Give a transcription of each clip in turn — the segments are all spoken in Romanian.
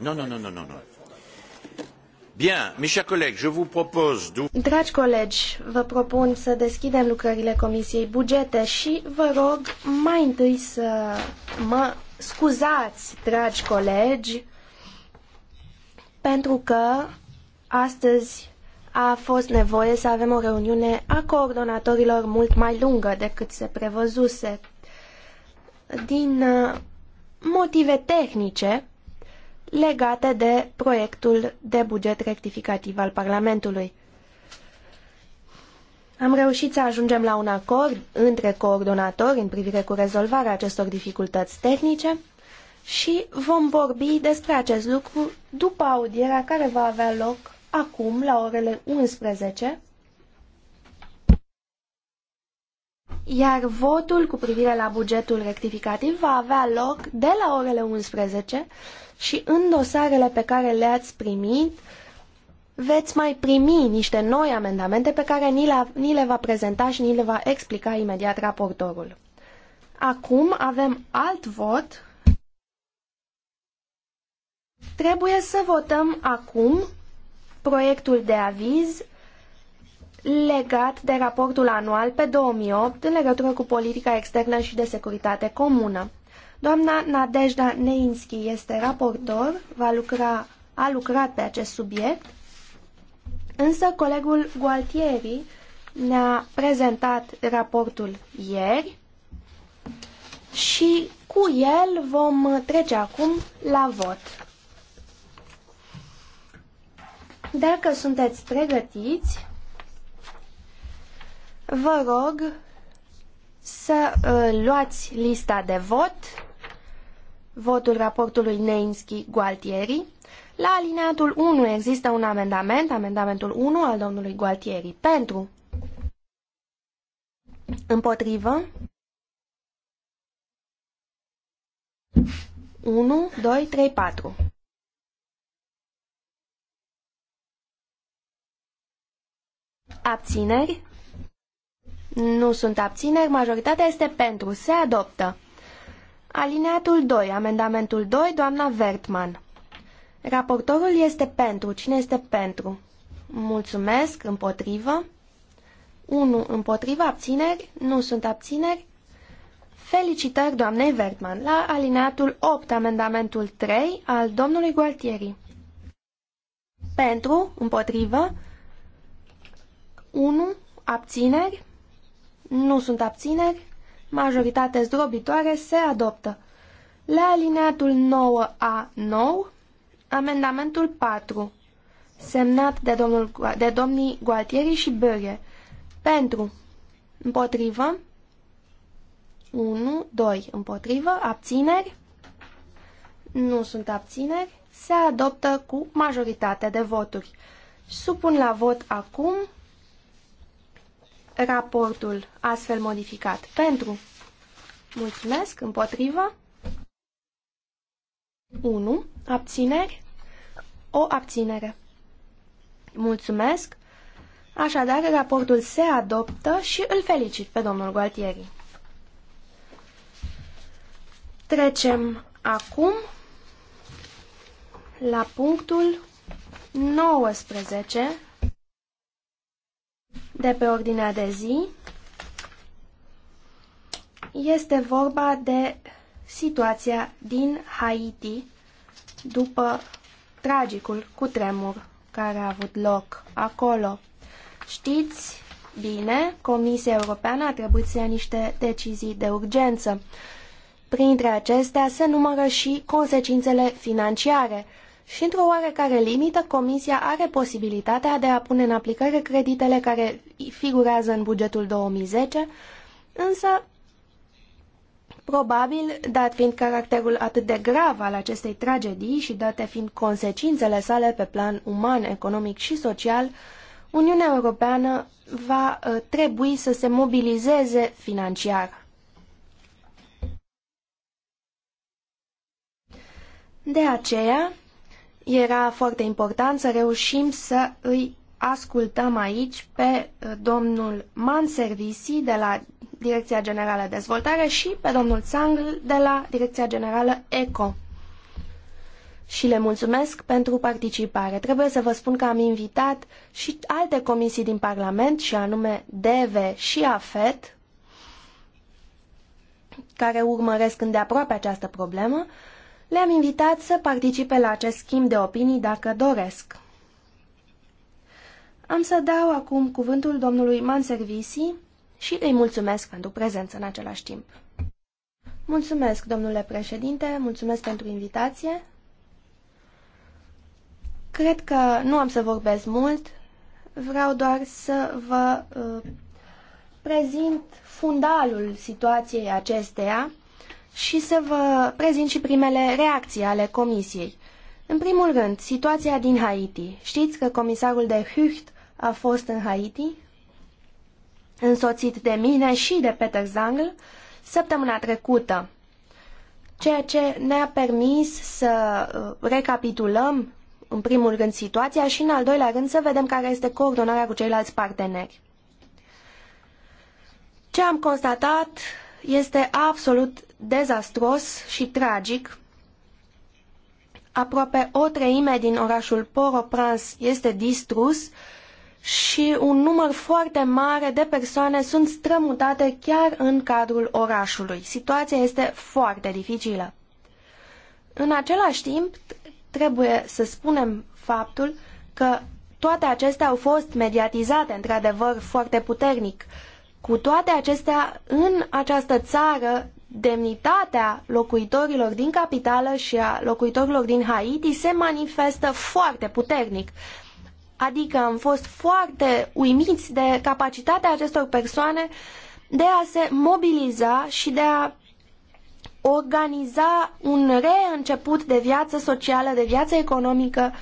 Non, non, non, non, non. Bien, mes chers collègues, je vous propose de... Dragi colegi, vă propun să deschidem lucrările Comisiei Bugete și vă rog mai întâi să mă scuzați, dragi colegi, pentru că astăzi a fost nevoie să avem o reuniune a coordonatorilor mult mai lungă decât se prevăzuse. Din uh, motive tehnice, legate de proiectul de buget rectificativ al Parlamentului. Am reușit să ajungem la un acord între coordonatori în privire cu rezolvarea acestor dificultăți tehnice și vom vorbi despre acest lucru după audierea care va avea loc acum la orele 11 iar votul cu privire la bugetul rectificativ va avea loc de la orele 11 și în dosarele pe care le-ați primit veți mai primi niște noi amendamente pe care ni, le, ni le va prezenta și ni le va explica imediat raportorul. Acum avem alt vot. Trebuie să votăm acum proiectul de aviz legat de raportul anual pe 2008 în legătură cu politica externă și de securitate comună. Doamna Nadejda Neinski este raportor, va lucra, a lucrat pe acest subiect, însă colegul Gualtieri ne-a prezentat raportul ieri și cu el vom trece acum la vot. Dacă sunteți pregătiți, Vă rog să uh, luați lista de vot, votul raportului Neinski-Gualtieri. La alineatul 1 există un amendament, amendamentul 1 al domnului Gualtieri. Pentru. Împotrivă. 1, 2, 3, 4. Abțineri. Nu sunt abțineri, majoritatea este pentru. Se adoptă. Alineatul 2, amendamentul 2, doamna Vertman. Raportorul este pentru. Cine este pentru? Mulțumesc, împotrivă. 1 Împotrivă, abțineri, nu sunt abțineri. Felicitări doamnei Vertman la alineatul 8, amendamentul 3 al domnului Gualtieri. Pentru, împotrivă, 1, abțineri, nu sunt abțineri, majoritate zdrobitoare, se adoptă. La alineatul 9A9, amendamentul 4, semnat de, domnul, de domnii Gualtieri și Bărie, pentru, împotrivă, 1, 2, împotrivă, abțineri, nu sunt abțineri, se adoptă cu majoritate de voturi. Supun la vot acum raportul astfel modificat. Pentru. Mulțumesc. Împotrivă. 1. Abțineri. O abținere. Mulțumesc. Așadar, raportul se adoptă și îl felicit pe domnul Gualtieri. Trecem acum la punctul 19 de pe ordinea de zi. Este vorba de situația din Haiti după tragicul cutremur care a avut loc acolo. Știți bine, Comisia Europeană a trebuit să ia niște decizii de urgență. Printre acestea se numără și consecințele financiare și, într-o oarecare limită, Comisia are posibilitatea de a pune în aplicare creditele care figurează în bugetul 2010, însă, probabil, dat fiind caracterul atât de grav al acestei tragedii și date fiind consecințele sale pe plan uman, economic și social, Uniunea Europeană va ă, trebui să se mobilizeze financiar. De aceea, era foarte important să reușim să îi ascultăm aici pe uh, domnul Manservisi de la Direcția Generală Dezvoltare și pe domnul Tsang de la Direcția Generală ECO. Și le mulțumesc pentru participare. Trebuie să vă spun că am invitat și alte comisii din Parlament, și anume DEVE și AFET, care urmăresc îndeaproape această problemă le-am invitat să participe la acest schimb de opinii dacă doresc. Am să dau acum cuvântul domnului Manservisi și îi mulțumesc pentru prezență în același timp. Mulțumesc, domnule președinte, mulțumesc pentru invitație. Cred că nu am să vorbesc mult, vreau doar să vă uh, prezint fundalul situației acesteia și să vă prezint și primele reacții ale Comisiei. În primul rând, situația din Haiti. Știți că comisarul de Hucht a fost în Haiti, însoțit de mine și de Peter Zangl, săptămâna trecută, ceea ce ne-a permis să uh, recapitulăm, în primul rând, situația și, în al doilea rând, să vedem care este coordonarea cu ceilalți parteneri. Ce am constatat este absolut dezastros și tragic. Aproape o treime din orașul Port-au-Prince este distrus și un număr foarte mare de persoane sunt strămutate chiar în cadrul orașului. Situația este foarte dificilă. În același timp, trebuie să spunem faptul că toate acestea au fost mediatizate, într-adevăr, foarte puternic. Cu toate acestea, în această țară demnitatea locuitorilor din capitală și a locuitorilor din Haiti se manifestă foarte puternic. Adică am fost foarte uimiți de capacitatea acestor persoane de a se mobiliza și de a organiza un reînceput de viață socială, de viață economică,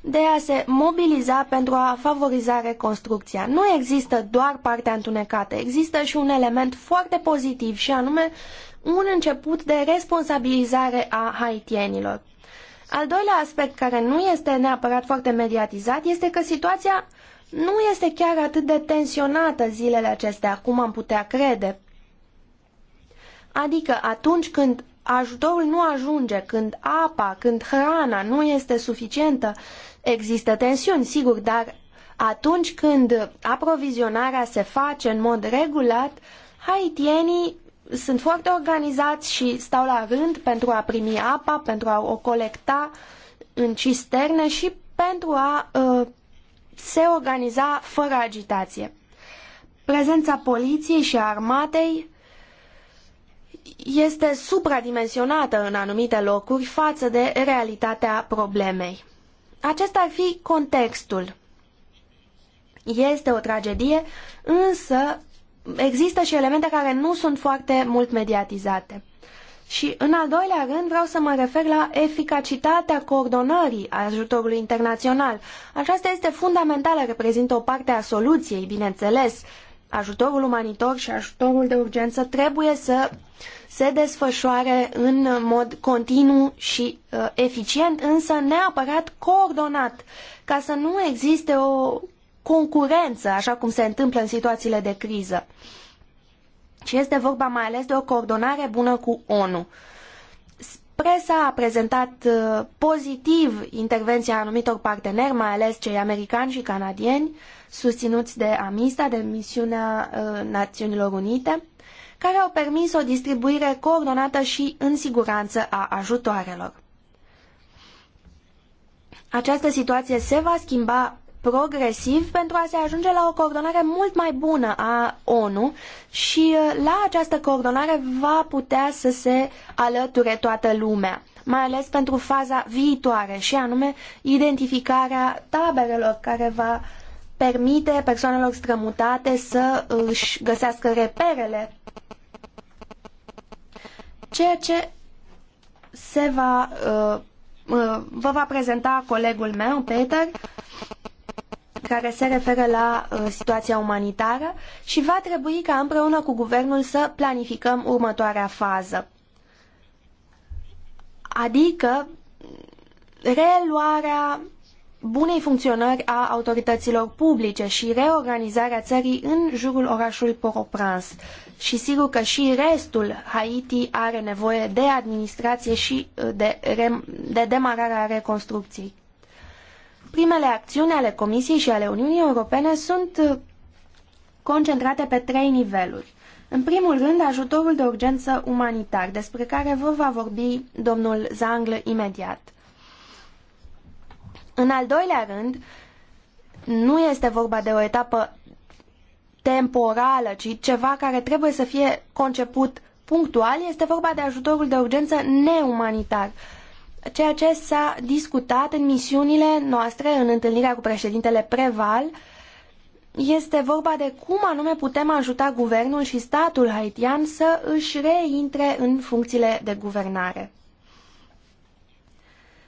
de a se mobiliza pentru a favoriza reconstrucția. Nu există doar partea întunecată, există și un element foarte pozitiv și anume un început de responsabilizare a haitienilor. Al doilea aspect care nu este neapărat foarte mediatizat este că situația nu este chiar atât de tensionată zilele acestea, cum am putea crede. Adică atunci când ajutorul nu ajunge, când apa, când hrana nu este suficientă, există tensiuni, sigur, dar atunci când aprovizionarea se face în mod regulat, haitienii sunt foarte organizați și stau la rând pentru a primi apa, pentru a o colecta în cisterne și pentru a uh, se organiza fără agitație. Prezența poliției și a armatei este supradimensionată în anumite locuri față de realitatea problemei. Acesta ar fi contextul. Este o tragedie, însă există și elemente care nu sunt foarte mult mediatizate. Și în al doilea rând vreau să mă refer la eficacitatea coordonării ajutorului internațional. Aceasta este fundamentală, reprezintă o parte a soluției, bineînțeles. Ajutorul umanitor și ajutorul de urgență trebuie să se desfășoare în mod continuu și uh, eficient, însă neapărat coordonat, ca să nu existe o concurență, așa cum se întâmplă în situațiile de criză. Și este vorba mai ales de o coordonare bună cu ONU. Presa a prezentat uh, pozitiv intervenția anumitor parteneri, mai ales cei americani și canadieni, susținuți de AMISTA, de misiunea uh, Națiunilor Unite, care au permis o distribuire coordonată și în siguranță a ajutoarelor. Această situație se va schimba progresiv pentru a se ajunge la o coordonare mult mai bună a ONU și uh, la această coordonare va putea să se alăture toată lumea mai ales pentru faza viitoare și anume identificarea taberelor care va permite persoanelor strămutate să își găsească reperele ceea ce se va, uh, uh, vă va prezenta colegul meu, Peter, care se referă la uh, situația umanitară și va trebui ca împreună cu guvernul să planificăm următoarea fază. Adică reluarea bunei funcționări a autorităților publice și reorganizarea țării în jurul orașului Port-au-Prince. Și sigur că și restul Haiti are nevoie de administrație și uh, de, de demararea reconstrucției. Primele acțiuni ale Comisiei și ale Uniunii Europene sunt uh, concentrate pe trei niveluri. În primul rând, ajutorul de urgență umanitar, despre care vă va vorbi domnul Zanglă imediat. În al doilea rând, nu este vorba de o etapă temporală, ci ceva care trebuie să fie conceput punctual, este vorba de ajutorul de urgență neumanitar. Uh, ceea ce s-a discutat în misiunile noastre, în întâlnirea cu președintele Preval, este vorba de cum anume putem ajuta guvernul și statul haitian să își reintre în funcțiile de guvernare.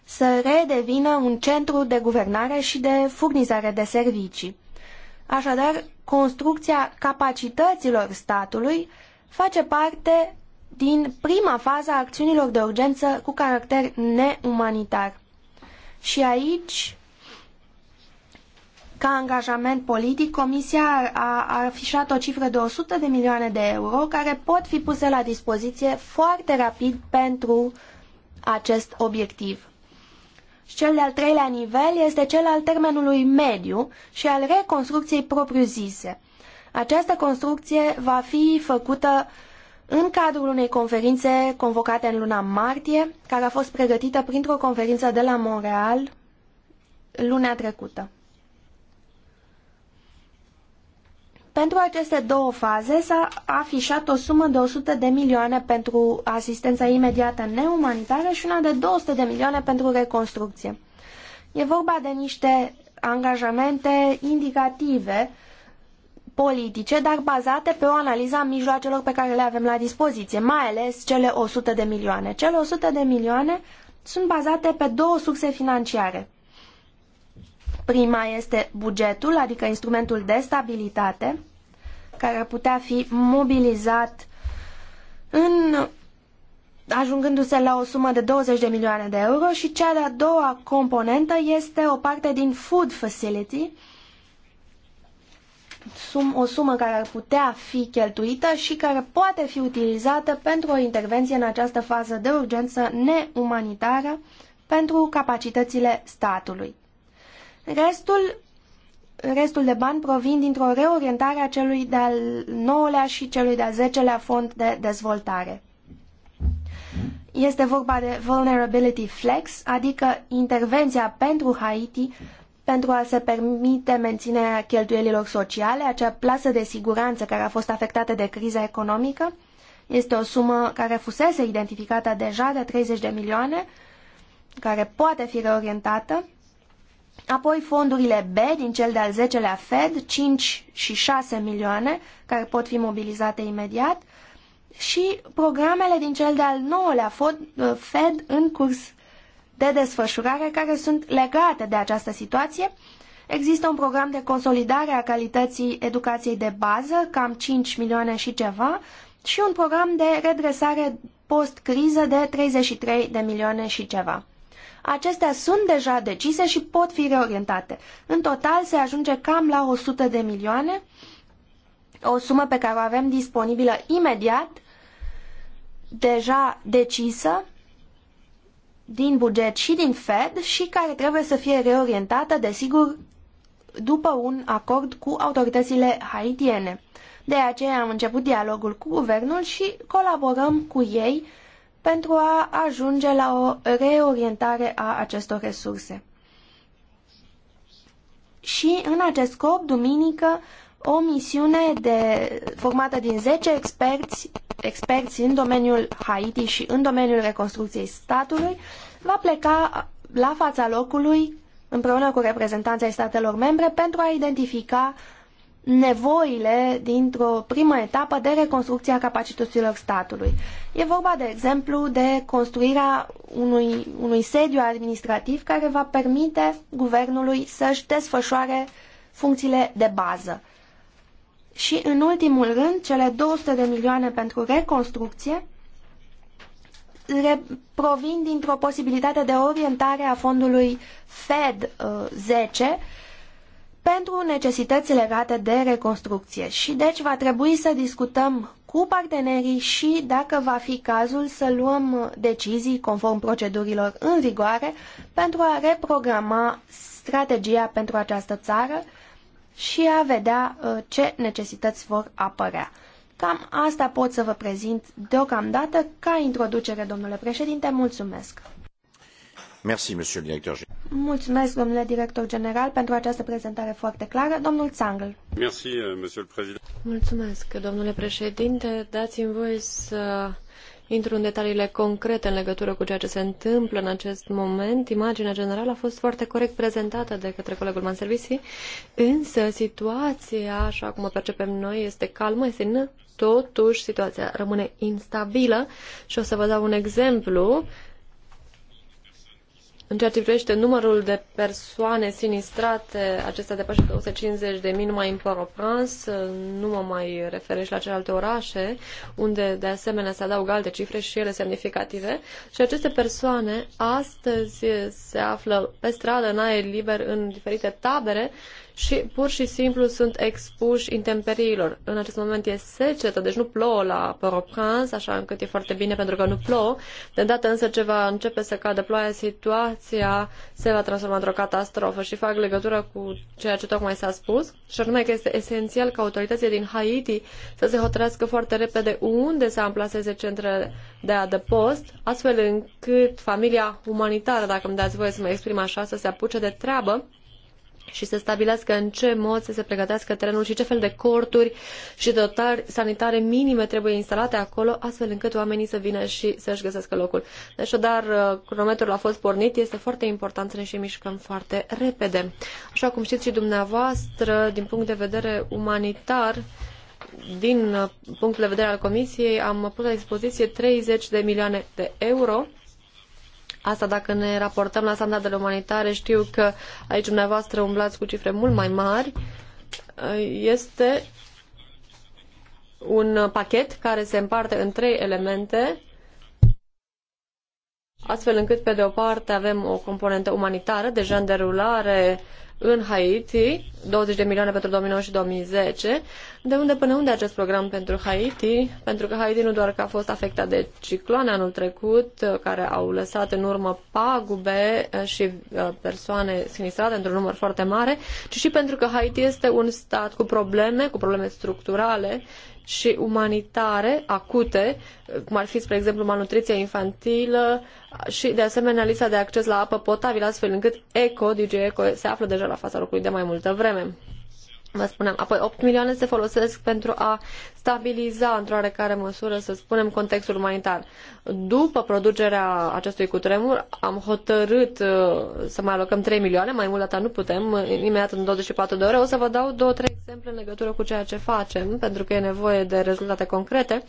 Să redevină un centru de guvernare și de furnizare de servicii. Așadar, construcția capacităților statului face parte din prima fază a acțiunilor de urgență cu caracter neumanitar. Și aici, ca angajament politic, Comisia a, afișat o cifră de 100 de milioane de euro care pot fi puse la dispoziție foarte rapid pentru acest obiectiv. Și cel de-al treilea nivel este cel al termenului mediu și al reconstrucției propriu-zise. Această construcție va fi făcută uh, în cadrul unei conferințe convocate în luna martie, care a fost pregătită printr-o conferință de la Montreal luna trecută. Pentru aceste două faze s-a afișat o sumă de 100 de milioane pentru asistența imediată neumanitară și una de 200 de milioane pentru reconstrucție. E vorba de niște angajamente indicative politice, dar bazate pe o analiză a mijloacelor pe care le avem la dispoziție, mai ales cele 100 de milioane. Cele 100 de milioane sunt bazate pe două surse financiare. Prima este bugetul, adică instrumentul de stabilitate, care ar putea fi mobilizat în ajungându-se la o sumă de 20 de milioane de euro și cea de-a doua componentă este o parte din Food Facility, sum, o sumă care ar putea fi cheltuită și care poate fi utilizată pentru o intervenție în această fază de urgență neumanitară pentru capacitățile statului. Restul, restul de bani provin dintr-o reorientare a celui de-al 9-lea și celui de-al 10-lea fond de dezvoltare. Este vorba de Vulnerability Flex, adică intervenția pentru Haiti pentru a se permite menținerea cheltuielilor sociale, acea plasă de siguranță care a fost afectată de criza economică. Este o sumă care fusese identificată deja de 30 de milioane, care poate fi reorientată. Apoi fondurile B din cel de-al 10-lea Fed, 5 și 6 milioane, care pot fi mobilizate imediat. Și programele din cel de-al 9-lea Fed în curs de desfășurare care sunt legate de această situație. Există un program de consolidare a calității educației de bază, cam 5 milioane și ceva, și un program de redresare post-criză de 33 de milioane și ceva. Acestea sunt deja decise și pot fi reorientate. În total se ajunge cam la 100 de milioane, o sumă pe care o avem disponibilă imediat, deja decisă din buget și din Fed și care trebuie să fie reorientată, desigur, după un acord cu autoritățile haitiene. De aceea am început dialogul cu guvernul și colaborăm cu ei pentru a ajunge la o reorientare a acestor resurse. Și în acest scop, duminică, o misiune de, formată din 10 experți, experți în domeniul Haiti și în domeniul reconstrucției statului, va pleca la fața locului împreună cu reprezentanții statelor membre pentru a identifica nevoile dintr-o primă etapă de reconstrucție a capacităților statului. E vorba, de exemplu, de construirea unui, unui sediu administrativ care va permite guvernului să-și desfășoare funcțiile de bază. Și, în ultimul rând, cele 200 de milioane pentru reconstrucție provin dintr-o posibilitate de orientare a fondului FED 10 uh, pentru necesități legate de reconstrucție. Și deci va trebui să discutăm cu partenerii și, dacă va fi cazul, să luăm decizii conform procedurilor în vigoare pentru a reprograma strategia pentru această țară și a vedea uh, ce necesități vor apărea. Cam asta pot să vă prezint deocamdată ca introducere, domnule președinte. Mulțumesc! Merci, monsieur le directeur. Mulțumesc, domnule director general, pentru această prezentare foarte clară. Domnul Tsangl. Merci, euh, monsieur le président. Mulțumesc, domnule președinte. Dați-mi voie să intru în detaliile concrete în legătură cu ceea ce se întâmplă în acest moment. Imaginea generală a fost foarte corect prezentată de către colegul Manservisi, însă situația, așa cum o percepem noi, este calmă, este în totuși situația rămâne instabilă și o să vă dau un exemplu în ceea ce privește numărul de persoane sinistrate, acesta depășește 250 de mii numai în Port-au-Prince, nu mă mai refer la celelalte orașe, unde de asemenea se adaugă alte cifre și ele semnificative. Și aceste persoane astăzi se află pe stradă, în aer liber, în diferite tabere și pur și simplu sunt expuși intemperiilor. În acest moment e secetă, deci nu plouă la Port-au-Prince, așa încât e foarte bine pentru că nu plouă. De data însă ce va începe să cadă ploaia, situația se va transforma într-o catastrofă și fac legătură cu ceea ce tocmai s-a spus și anume că este esențial ca autoritățile din Haiti să se hotărască foarte repede unde să amplaseze centrele de adăpost, astfel încât familia umanitară, dacă îmi dați voie să mă exprim așa, să se apuce de treabă și să stabilească în ce mod să se pregătească terenul și ce fel de corturi și dotări sanitare minime trebuie instalate acolo, astfel încât oamenii să vină și să-și găsească locul. Deci, dar uh, cronometrul a fost pornit, este foarte important să ne și mișcăm foarte repede. Așa cum știți și dumneavoastră, din punct de vedere umanitar, din uh, punctul de vedere al Comisiei, am pus la dispoziție 30 de milioane de euro Asta dacă ne raportăm la standardele umanitare, știu că aici dumneavoastră umblați cu cifre mult mai mari, este un pachet care se împarte în trei elemente, astfel încât, pe de o parte, avem o componentă umanitară, deja în derulare, în Haiti, 20 de milioane pentru 2009 și 2010. De unde până unde acest program pentru Haiti? Pentru că Haiti nu doar că a fost afectat de cicloane anul trecut, care au lăsat în urmă pagube și uh, persoane sinistrate într-un număr foarte mare, ci și pentru că Haiti este un stat cu probleme, cu probleme structurale și umanitare acute, cum ar fi, spre exemplu, malnutriția infantilă și, de asemenea, lipsa de acces la apă potabilă, astfel încât ECO, DG ECO, se află deja la fața locului de mai multă vreme. Vă spuneam, apoi 8 milioane se folosesc pentru a stabiliza într-o oarecare măsură, să spunem, contextul umanitar. După producerea acestui cutremur, am hotărât uh, să mai alocăm 3 milioane, mai mult data nu putem, uh, imediat în 24 de ore. O să vă dau două, trei exemple în legătură cu ceea ce facem, pentru că e nevoie de rezultate concrete.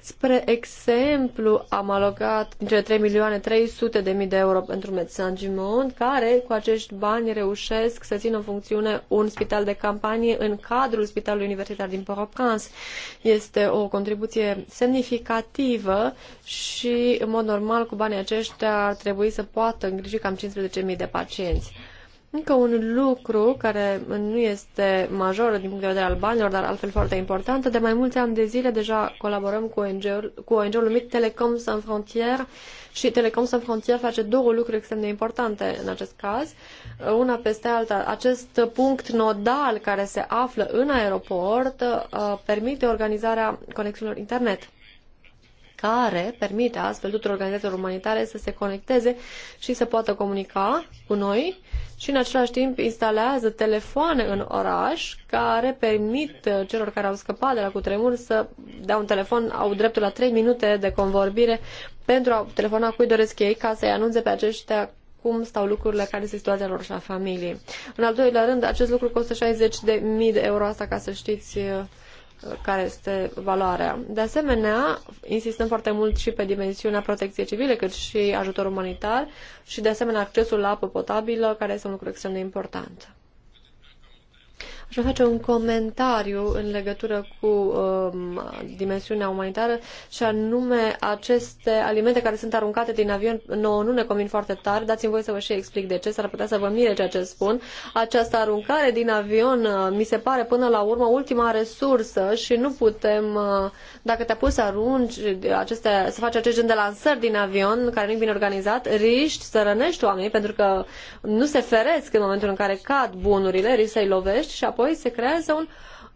Spre exemplu, am alocat din cele 3 milioane 300 de mii de euro pentru Medecins Gimond, care cu acești bani reușesc să țină în funcțiune un spital de campanie în cadrul Spitalului Universitar din Port-au-Prince. Este o contribuție semnificativă și, în mod normal, cu banii aceștia ar trebui să poată îngriji cam 15.000 de pacienți. Încă un lucru care nu este major din punct de vedere al banilor, dar altfel foarte important. De mai mulți ani de zile deja colaborăm cu ONG-ul, cu ONG-ul numit Telecom Sans Frontières și Telecom Sans Frontières face două lucruri extrem de importante în acest caz una peste alta. Acest punct nodal care se află în aeroport uh, permite organizarea conexiunilor internet care permite astfel tuturor organizațiilor umanitare să se conecteze și să poată comunica cu noi și în același timp instalează telefoane în oraș care permit uh, celor care au scăpat de la cutremur să dea un telefon, au dreptul la 3 minute de convorbire pentru a telefona cui doresc ei ca să-i anunțe pe aceștia cum stau lucrurile, care este situația lor și a familiei. În al doilea rând, acest lucru costă 60 de mii de euro, asta ca să știți uh, care este valoarea. De asemenea, insistăm foarte mult și pe dimensiunea protecției civile, cât și ajutor umanitar și, de asemenea, accesul la apă potabilă, care este un lucru extrem de important. Aș face un comentariu în legătură cu um, dimensiunea umanitară și anume aceste alimente care sunt aruncate din avion nouă nu ne convin foarte tare. Dați-mi voie să vă și explic de ce. S-ar putea să vă mire ceea ce spun. Această aruncare din avion uh, mi se pare până la urmă ultima resursă și nu putem, uh, dacă te-a pus să arunci, uh, aceste, să faci acest gen de lansări din avion care nu e bine organizat, riști să rănești oamenii pentru că nu se feresc în momentul în care cad bunurile, riști să-i lovești și apoi apoi se creează un,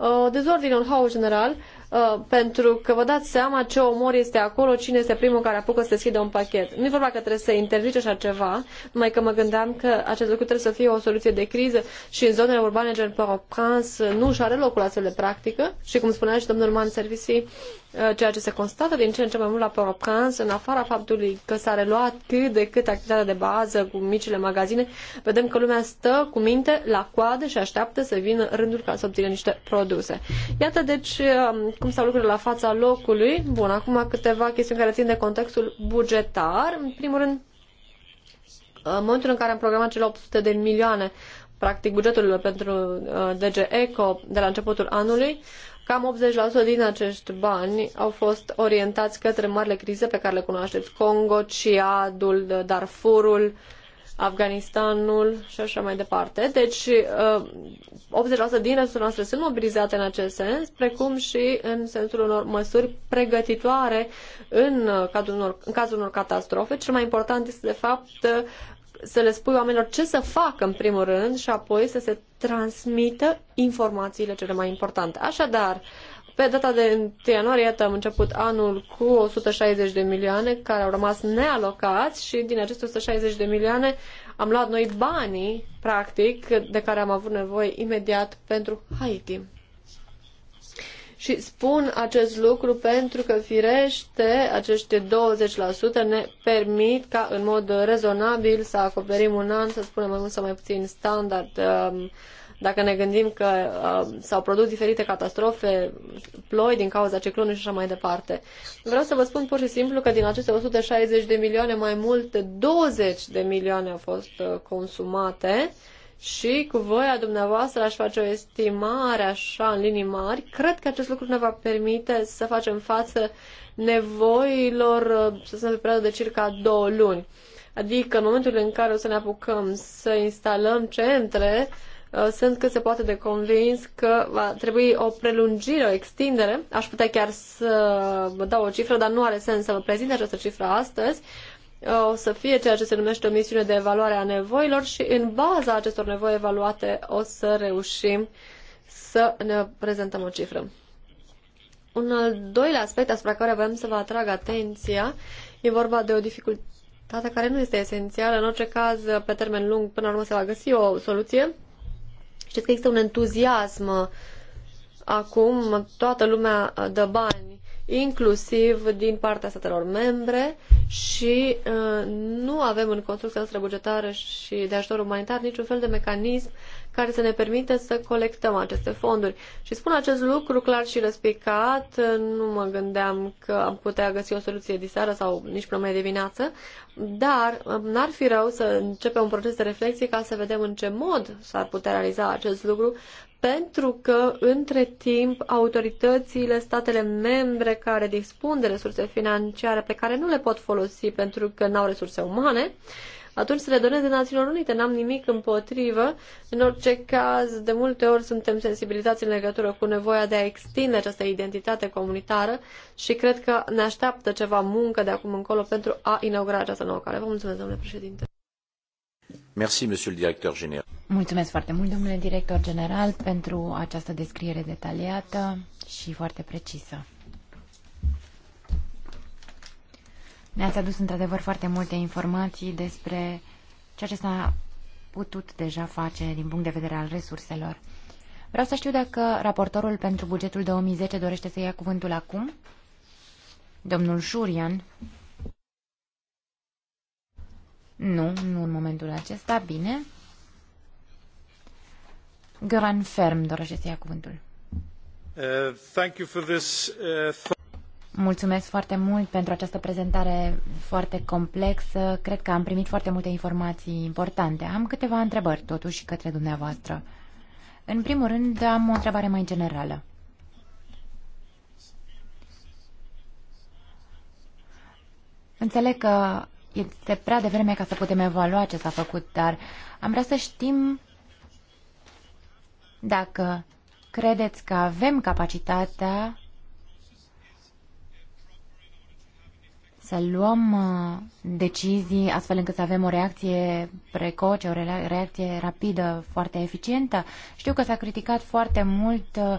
o uh, dezordine, un haos general Uh, pentru că vă dați seama ce omor este acolo, cine este primul care apucă să deschidă un pachet. Nu e vorba că trebuie să interzice așa ceva, numai că mă gândeam că acest lucru trebuie să fie o soluție de criză și în zonele urbane, gen Port-au-Prince, nu și are locul astfel de practică și, cum spunea și domnul Man Servisi, uh, ceea ce se constată din ce în ce mai mult la Port-au-Prince, în afara faptului că s-a reluat cât de cât activitatea de bază cu micile magazine, vedem că lumea stă cu minte la coadă și așteaptă să vină rândul ca să obțină niște produse. Iată, deci, um, cum stau lucrurile la fața locului. Bun, acum câteva chestiuni care țin de contextul bugetar. În primul rând, în momentul în care am programat cele 800 de milioane, practic bugetul pentru uh, DG ECO de la începutul anului, Cam 80% din acești bani au fost orientați către marile crize pe care le cunoașteți, Congo, Ciadul, Darfurul, Afganistanul și așa mai departe. Deci, 80% uh, din resursele noastre sunt mobilizate în acest sens, precum și în sensul unor măsuri pregătitoare în, uh, cazul unor, în cazul unor catastrofe. Cel mai important este, de fapt, uh, să le spui oamenilor ce să facă în primul rând și apoi să se transmită informațiile cele mai importante. Așadar, pe data de 1 ianuarie, iată, am început anul cu 160 de milioane care au rămas nealocați și din aceste 160 de milioane am luat noi banii, practic, de care am avut nevoie imediat pentru Haiti. Și spun acest lucru pentru că, firește, acești 20% ne permit ca, în mod rezonabil, să acoperim un an, să spunem mai mult sau mai puțin, standard uh, dacă ne gândim că uh, s-au produs diferite catastrofe, ploi din cauza ciclonului și așa mai departe. Vreau să vă spun pur și simplu că din aceste 160 de milioane, mai mult 20 de milioane au fost uh, consumate și cu voia dumneavoastră aș face o estimare așa în linii mari. Cred că acest lucru ne va permite să facem față nevoilor, uh, să se pe perioadă de circa două luni. Adică în momentul în care o să ne apucăm să instalăm centre, uh, Uh, sunt cât se poate de convins că va trebui o prelungire, o extindere. Aș putea chiar să vă dau o cifră, dar nu are sens să vă prezint această cifră astăzi. Uh, o să fie ceea ce se numește o misiune de evaluare a nevoilor și în baza acestor nevoi evaluate o să reușim să ne prezentăm o cifră. Un al doilea aspect asupra care vrem să vă atrag atenția e vorba de o dificultate care nu este esențială, în orice caz, pe termen lung, până la urmă se va găsi o soluție, Știți că există un entuziasm uh, acum, toată lumea uh, dă bani, inclusiv din partea statelor membre și uh, nu avem în construcția noastră bugetară și de ajutor umanitar niciun fel de mecanism care să ne permită să colectăm aceste fonduri. Și spun acest lucru clar și răspicat, nu mă gândeam că am putea găsi o soluție de seară sau nici până mai dimineață, dar n-ar fi rău să începem un proces de reflexie ca să vedem în ce mod s-ar putea realiza acest lucru, pentru că, între timp, autoritățile, statele membre care dispun de resurse financiare pe care nu le pot folosi pentru că nu au resurse umane, uh, atunci să le doneze Națiunilor Unite. N-am nimic împotrivă. În orice caz, de multe ori suntem sensibilizați în legătură cu nevoia de a extinde această identitate comunitară și cred că ne așteaptă ceva muncă de acum încolo pentru a inaugura această nouă cale. Vă mulțumesc, domnule președinte. Merci, monsieur le directeur general. Mulțumesc foarte mult, domnule director general, pentru această descriere detaliată și foarte precisă. Ne-ați adus într-adevăr foarte multe informații despre ceea ce s-a putut deja face din punct de vedere al resurselor. Vreau să știu dacă raportorul pentru bugetul 2010 dorește să ia cuvântul acum. Domnul Șurian. Nu, nu în momentul acesta. Bine. Göran Ferm dorește să ia cuvântul. Uh, thank you for this, uh, Mulțumesc foarte mult pentru această prezentare foarte complexă. Cred că am primit foarte multe informații importante. Am câteva întrebări, totuși, către dumneavoastră. În primul rând, am o întrebare mai generală. Înțeleg că este prea devreme ca să putem evalua ce s-a făcut, dar am vrea să știm dacă credeți că avem capacitatea să luăm uh, decizii astfel încât să avem o reacție precoce, o reacție rapidă, foarte eficientă. Știu că s-a criticat foarte mult uh,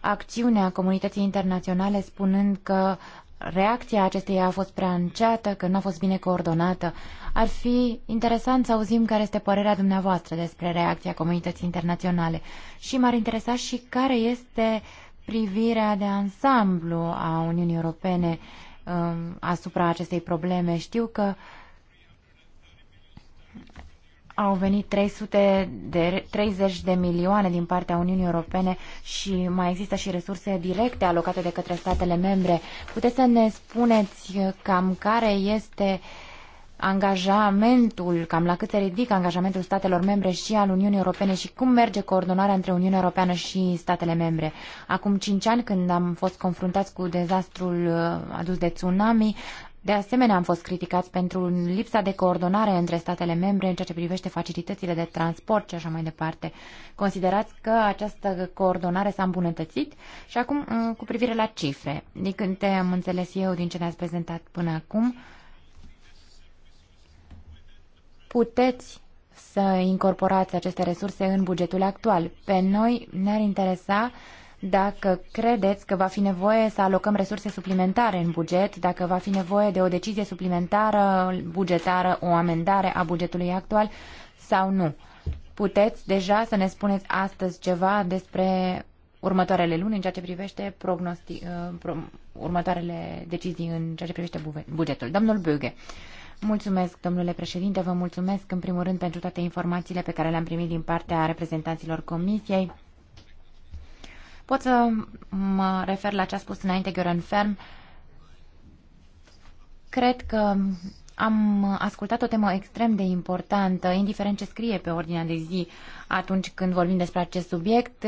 acțiunea comunității internaționale spunând că reacția acesteia a fost prea înceată, că nu a fost bine coordonată. Ar fi interesant să auzim care este părerea dumneavoastră despre reacția comunității internaționale și m-ar interesa și care este privirea de ansamblu a Uniunii Europene uh, um, asupra acestei probleme. Știu că au venit 300 de, 30 de milioane din partea Uniunii Europene și mai există și resurse directe alocate de către statele membre. Puteți să ne spuneți cam care este uh, angajamentul, cam la cât se ridică angajamentul statelor membre și al Uniunii Europene și cum merge coordonarea între Uniunea Europeană și statele membre. Acum cinci ani, când am fost confruntați cu dezastrul uh, adus de tsunami, de asemenea, am fost criticați pentru lipsa de coordonare între statele membre în ceea ce privește facilitățile de transport și așa mai departe. Considerați că această coordonare s-a îmbunătățit? Și acum, uh, cu privire la cifre, din câte am înțeles eu din ce ne-ați prezentat până acum, puteți să incorporați aceste resurse în bugetul actual. Pe noi ne-ar interesa dacă credeți că va fi nevoie să alocăm resurse suplimentare în buget, dacă va fi nevoie de o decizie suplimentară bugetară, o amendare a bugetului actual sau nu. Puteți deja să ne spuneți astăzi ceva despre următoarele luni în ceea ce privește prognosti, uh, pro, următoarele decizii în ceea ce privește bugetul. Domnul Böge, Mulțumesc, domnule președinte, vă mulțumesc în primul rând pentru toate informațiile pe care le-am primit din partea reprezentanților comisiei. Pot să mă refer la ce a spus înainte Gheorghe Ferm. Cred că am ascultat o temă extrem de importantă, indiferent ce scrie pe ordinea de zi atunci când vorbim despre acest subiect.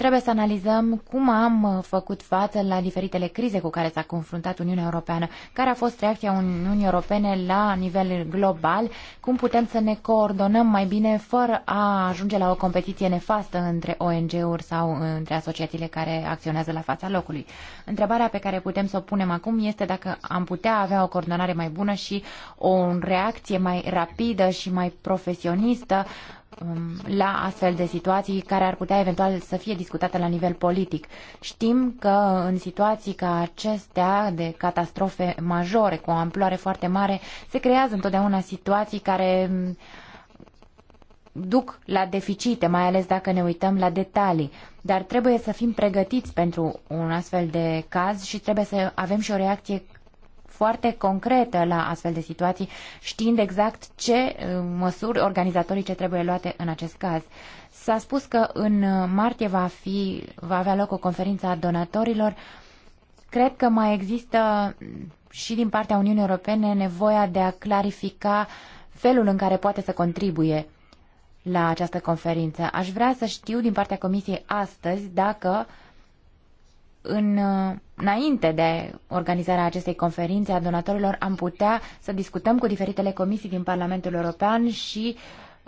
Trebuie să analizăm cum am uh, făcut față la diferitele crize cu care s-a confruntat Uniunea Europeană, care a fost reacția Uniunii Europene la nivel global, cum putem să ne coordonăm mai bine fără a ajunge la o competiție nefastă între ONG-uri sau uh, între asociațiile care acționează la fața locului. Întrebarea pe care putem să o punem acum este dacă am putea avea o coordonare mai bună și o reacție mai rapidă și mai profesionistă Um, la astfel de situații care ar putea eventual să fie discutate la nivel politic. Știm că în situații ca acestea de catastrofe majore cu o amploare foarte mare se creează întotdeauna situații care um, duc la deficite, mai ales dacă ne uităm la detalii. Dar trebuie să fim pregătiți pentru un astfel de caz și trebuie să avem și o reacție foarte concretă la astfel de situații, știind exact ce uh, măsuri organizatorii ce trebuie luate în acest caz. S-a spus că în uh, martie va, fi, va avea loc o conferință a donatorilor. Cred că mai există mm, și din partea Uniunii Europene nevoia de a clarifica felul în care poate să contribuie la această conferință. Aș vrea să știu din partea Comisiei astăzi dacă uh, în, uh, înainte de organizarea acestei conferințe a donatorilor am putea să discutăm cu diferitele comisii din Parlamentul European și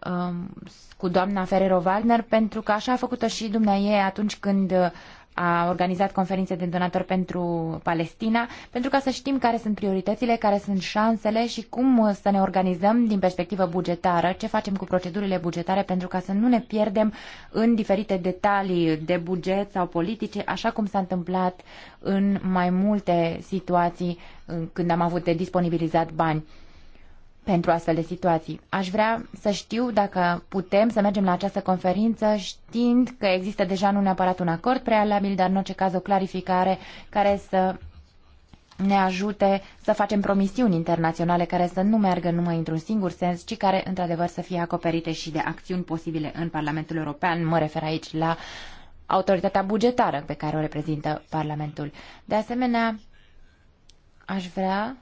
um, cu doamna Ferrero-Waldner, pentru că așa a făcut-o și dumneavoastră atunci când uh, a organizat conferințe de donatori pentru Palestina, pentru ca să știm care sunt prioritățile, care sunt șansele și cum să ne organizăm din perspectivă bugetară, ce facem cu procedurile bugetare pentru ca să nu ne pierdem în diferite detalii de buget sau politice, așa cum s-a întâmplat în mai multe situații când am avut de disponibilizat bani pentru astfel de situații. Aș vrea să știu dacă putem să mergem la această conferință știind că există deja nu neapărat un acord prealabil, dar în orice caz o clarificare care să ne ajute să facem promisiuni internaționale care să nu meargă numai într-un singur sens, ci care într-adevăr să fie acoperite și de acțiuni posibile în Parlamentul European. Mă refer aici la autoritatea bugetară pe care o reprezintă Parlamentul. De asemenea, aș vrea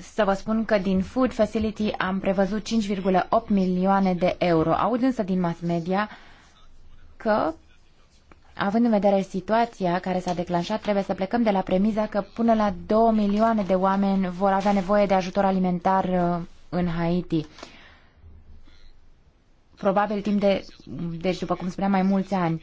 să vă spun că din Food Facility am prevăzut 5,8 milioane de euro. Aud însă din mass media că, având în vedere situația care s-a declanșat, trebuie să plecăm de la premiza că până la 2 milioane de oameni vor avea nevoie de ajutor alimentar uh, în Haiti. Probabil timp de, deci după cum spuneam, mai mulți ani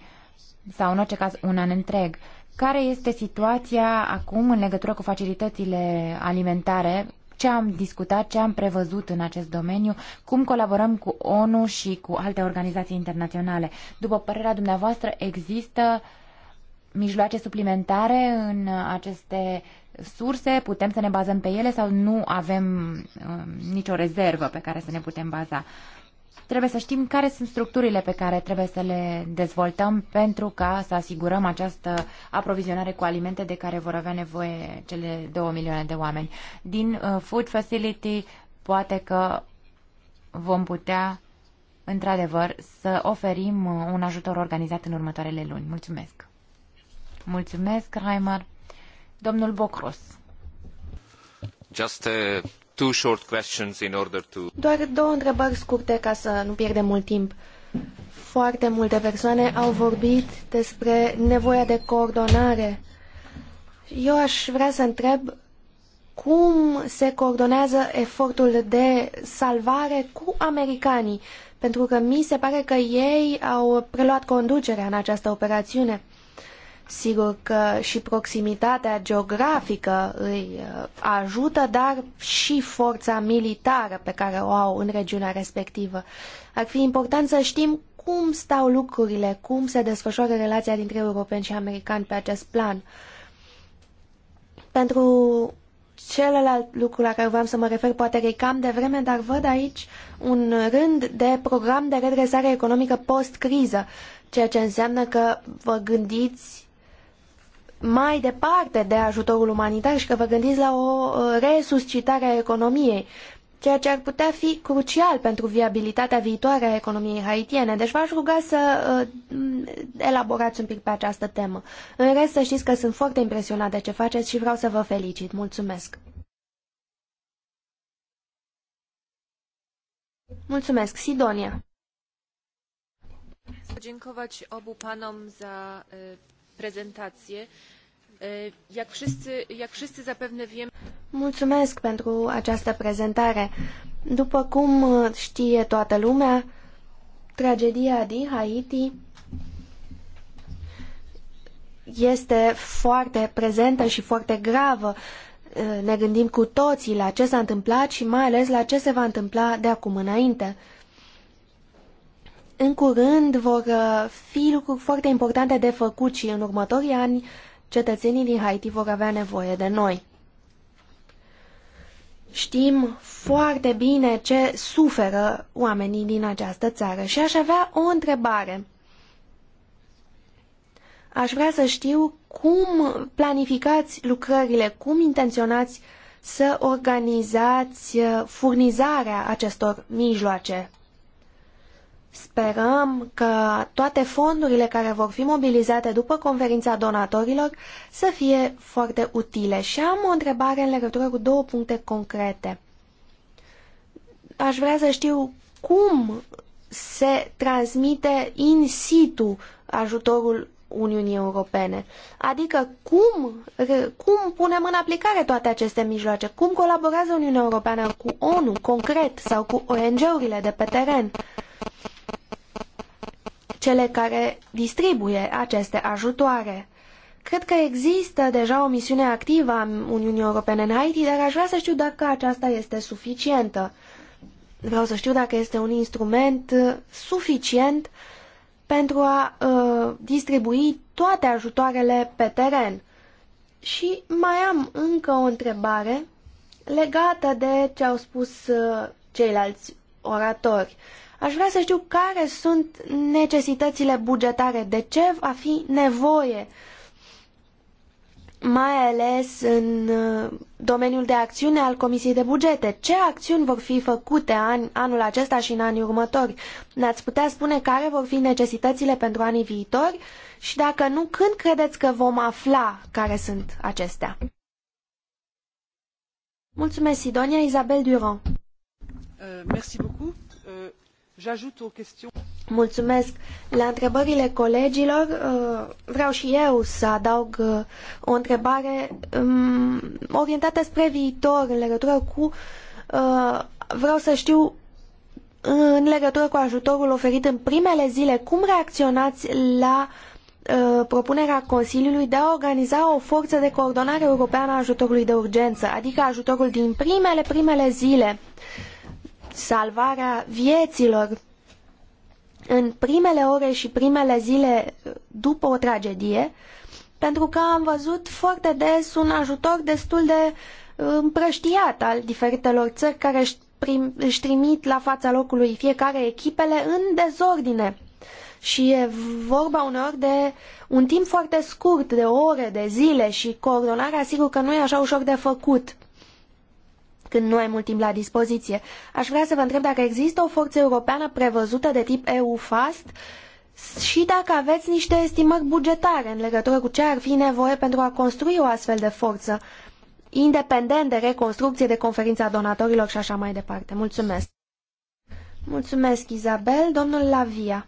sau în orice caz un an întreg. Care este situația acum în legătură cu facilitățile alimentare ce am discutat, ce am prevăzut în acest domeniu, cum colaborăm cu ONU și cu alte organizații internaționale. După părerea dumneavoastră, există mijloace suplimentare în aceste surse, putem să ne bazăm pe ele sau nu avem uh, nicio rezervă pe care să ne putem baza trebuie să știm care sunt structurile pe care trebuie să le dezvoltăm pentru ca să asigurăm această aprovizionare cu alimente de care vor avea nevoie cele două milioane de oameni. Din uh, Food Facility poate că vom putea într-adevăr să oferim uh, un ajutor organizat în următoarele luni. Mulțumesc! Mulțumesc, Reimer! Domnul Bocros. Just uh, two short questions in order to... Doar două întrebări scurte ca să nu pierdem mult timp. Foarte multe persoane au vorbit despre nevoia de coordonare. Eu aș vrea să întreb cum se coordonează efortul de salvare cu americanii, pentru că mi se pare că ei au preluat conducerea în această operațiune. Sigur că și proximitatea geografică îi uh, ajută, dar și forța militară pe care o au în regiunea respectivă. Ar fi important să știm cum stau lucrurile, cum se desfășoară relația dintre europeni și americani pe acest plan. Pentru celălalt lucru la care vreau să mă refer, poate că e cam de vreme, dar văd aici un rând de program de redresare economică post-criză, ceea ce înseamnă că vă gândiți mai departe de ajutorul umanitar și că vă gândiți la o uh, resuscitare a economiei, ceea ce ar putea fi crucial pentru viabilitatea viitoare a economiei haitiene. Deci v-aș ruga să uh, elaborați un pic pe această temă. În rest, să știți că sunt foarte impresionat de ce faceți și vreau să vă felicit. Mulțumesc! Mulțumesc, Sidonia! Dziękować obu panom za prezentację. Jak wszyscy, jak wszyscy zapewne wiemy... Mulțumesc pentru această prezentare. După cum știe toată lumea, tragedia din Haiti este foarte prezentă și foarte gravă. Ne gândim cu toții la ce s-a întâmplat și mai ales la ce se va întâmpla de acum înainte. În curând vor uh, fi lucruri foarte importante de făcut și în următorii ani cetățenii din Haiti vor avea nevoie de noi. Știm foarte bine ce suferă oamenii din această țară și aș avea o întrebare. Aș vrea să știu cum planificați lucrările, cum intenționați să organizați uh, furnizarea acestor mijloace Sperăm că toate fondurile care vor fi mobilizate după conferința donatorilor să fie foarte utile. Și am o întrebare în legătură cu două puncte concrete. Aș vrea să știu cum se transmite in situ ajutorul Uniunii Europene. Adică cum, cum punem în aplicare toate aceste mijloace? Cum colaborează Uniunea Europeană cu ONU concret sau cu ONG-urile de pe teren? cele care distribuie aceste ajutoare. Cred că există deja o misiune activă a Uniunii Europene în Haiti, dar aș vrea să știu dacă aceasta este suficientă. Vreau să știu dacă este un instrument suficient pentru a uh, distribui toate ajutoarele pe teren. Și mai am încă o întrebare legată de ce au spus uh, ceilalți oratori. Aș vrea să știu care sunt necesitățile bugetare, de ce va fi nevoie, mai ales în uh, domeniul de acțiune al Comisiei de Bugete. Ce acțiuni vor fi făcute an, anul acesta și în anii următori? Ne-ați putea spune care vor fi necesitățile pentru anii viitori? Și dacă nu, când credeți că vom afla care sunt acestea? Mulțumesc, Sidonia. Isabel Durand. Uh, Mulțumesc. La întrebările colegilor uh, vreau și eu să adaug uh, o întrebare um, orientată spre viitor în legătură cu uh, vreau să știu în legătură cu ajutorul oferit în primele zile, cum reacționați la propunerea Consiliului de a organiza o forță de coordonare europeană a ajutorului de urgență, adică ajutorul din primele primele zile salvarea vieților în primele ore și primele zile după o tragedie, pentru că am văzut foarte des un ajutor destul de uh, împrăștiat al diferitelor țări care își, prim, își trimit la fața locului fiecare echipele în dezordine. Și e vorba uneori de un timp foarte scurt, de ore, de zile și coordonarea sigur că nu e așa ușor de făcut când nu ai mult timp la dispoziție. Aș vrea să vă întreb dacă există o forță europeană prevăzută de tip EU-FAST și dacă aveți niște estimări bugetare în legătură cu ce ar fi nevoie pentru a construi o astfel de forță, independent de reconstrucție, de conferința donatorilor și așa mai departe. Mulțumesc! Mulțumesc, Izabel. Domnul Lavia.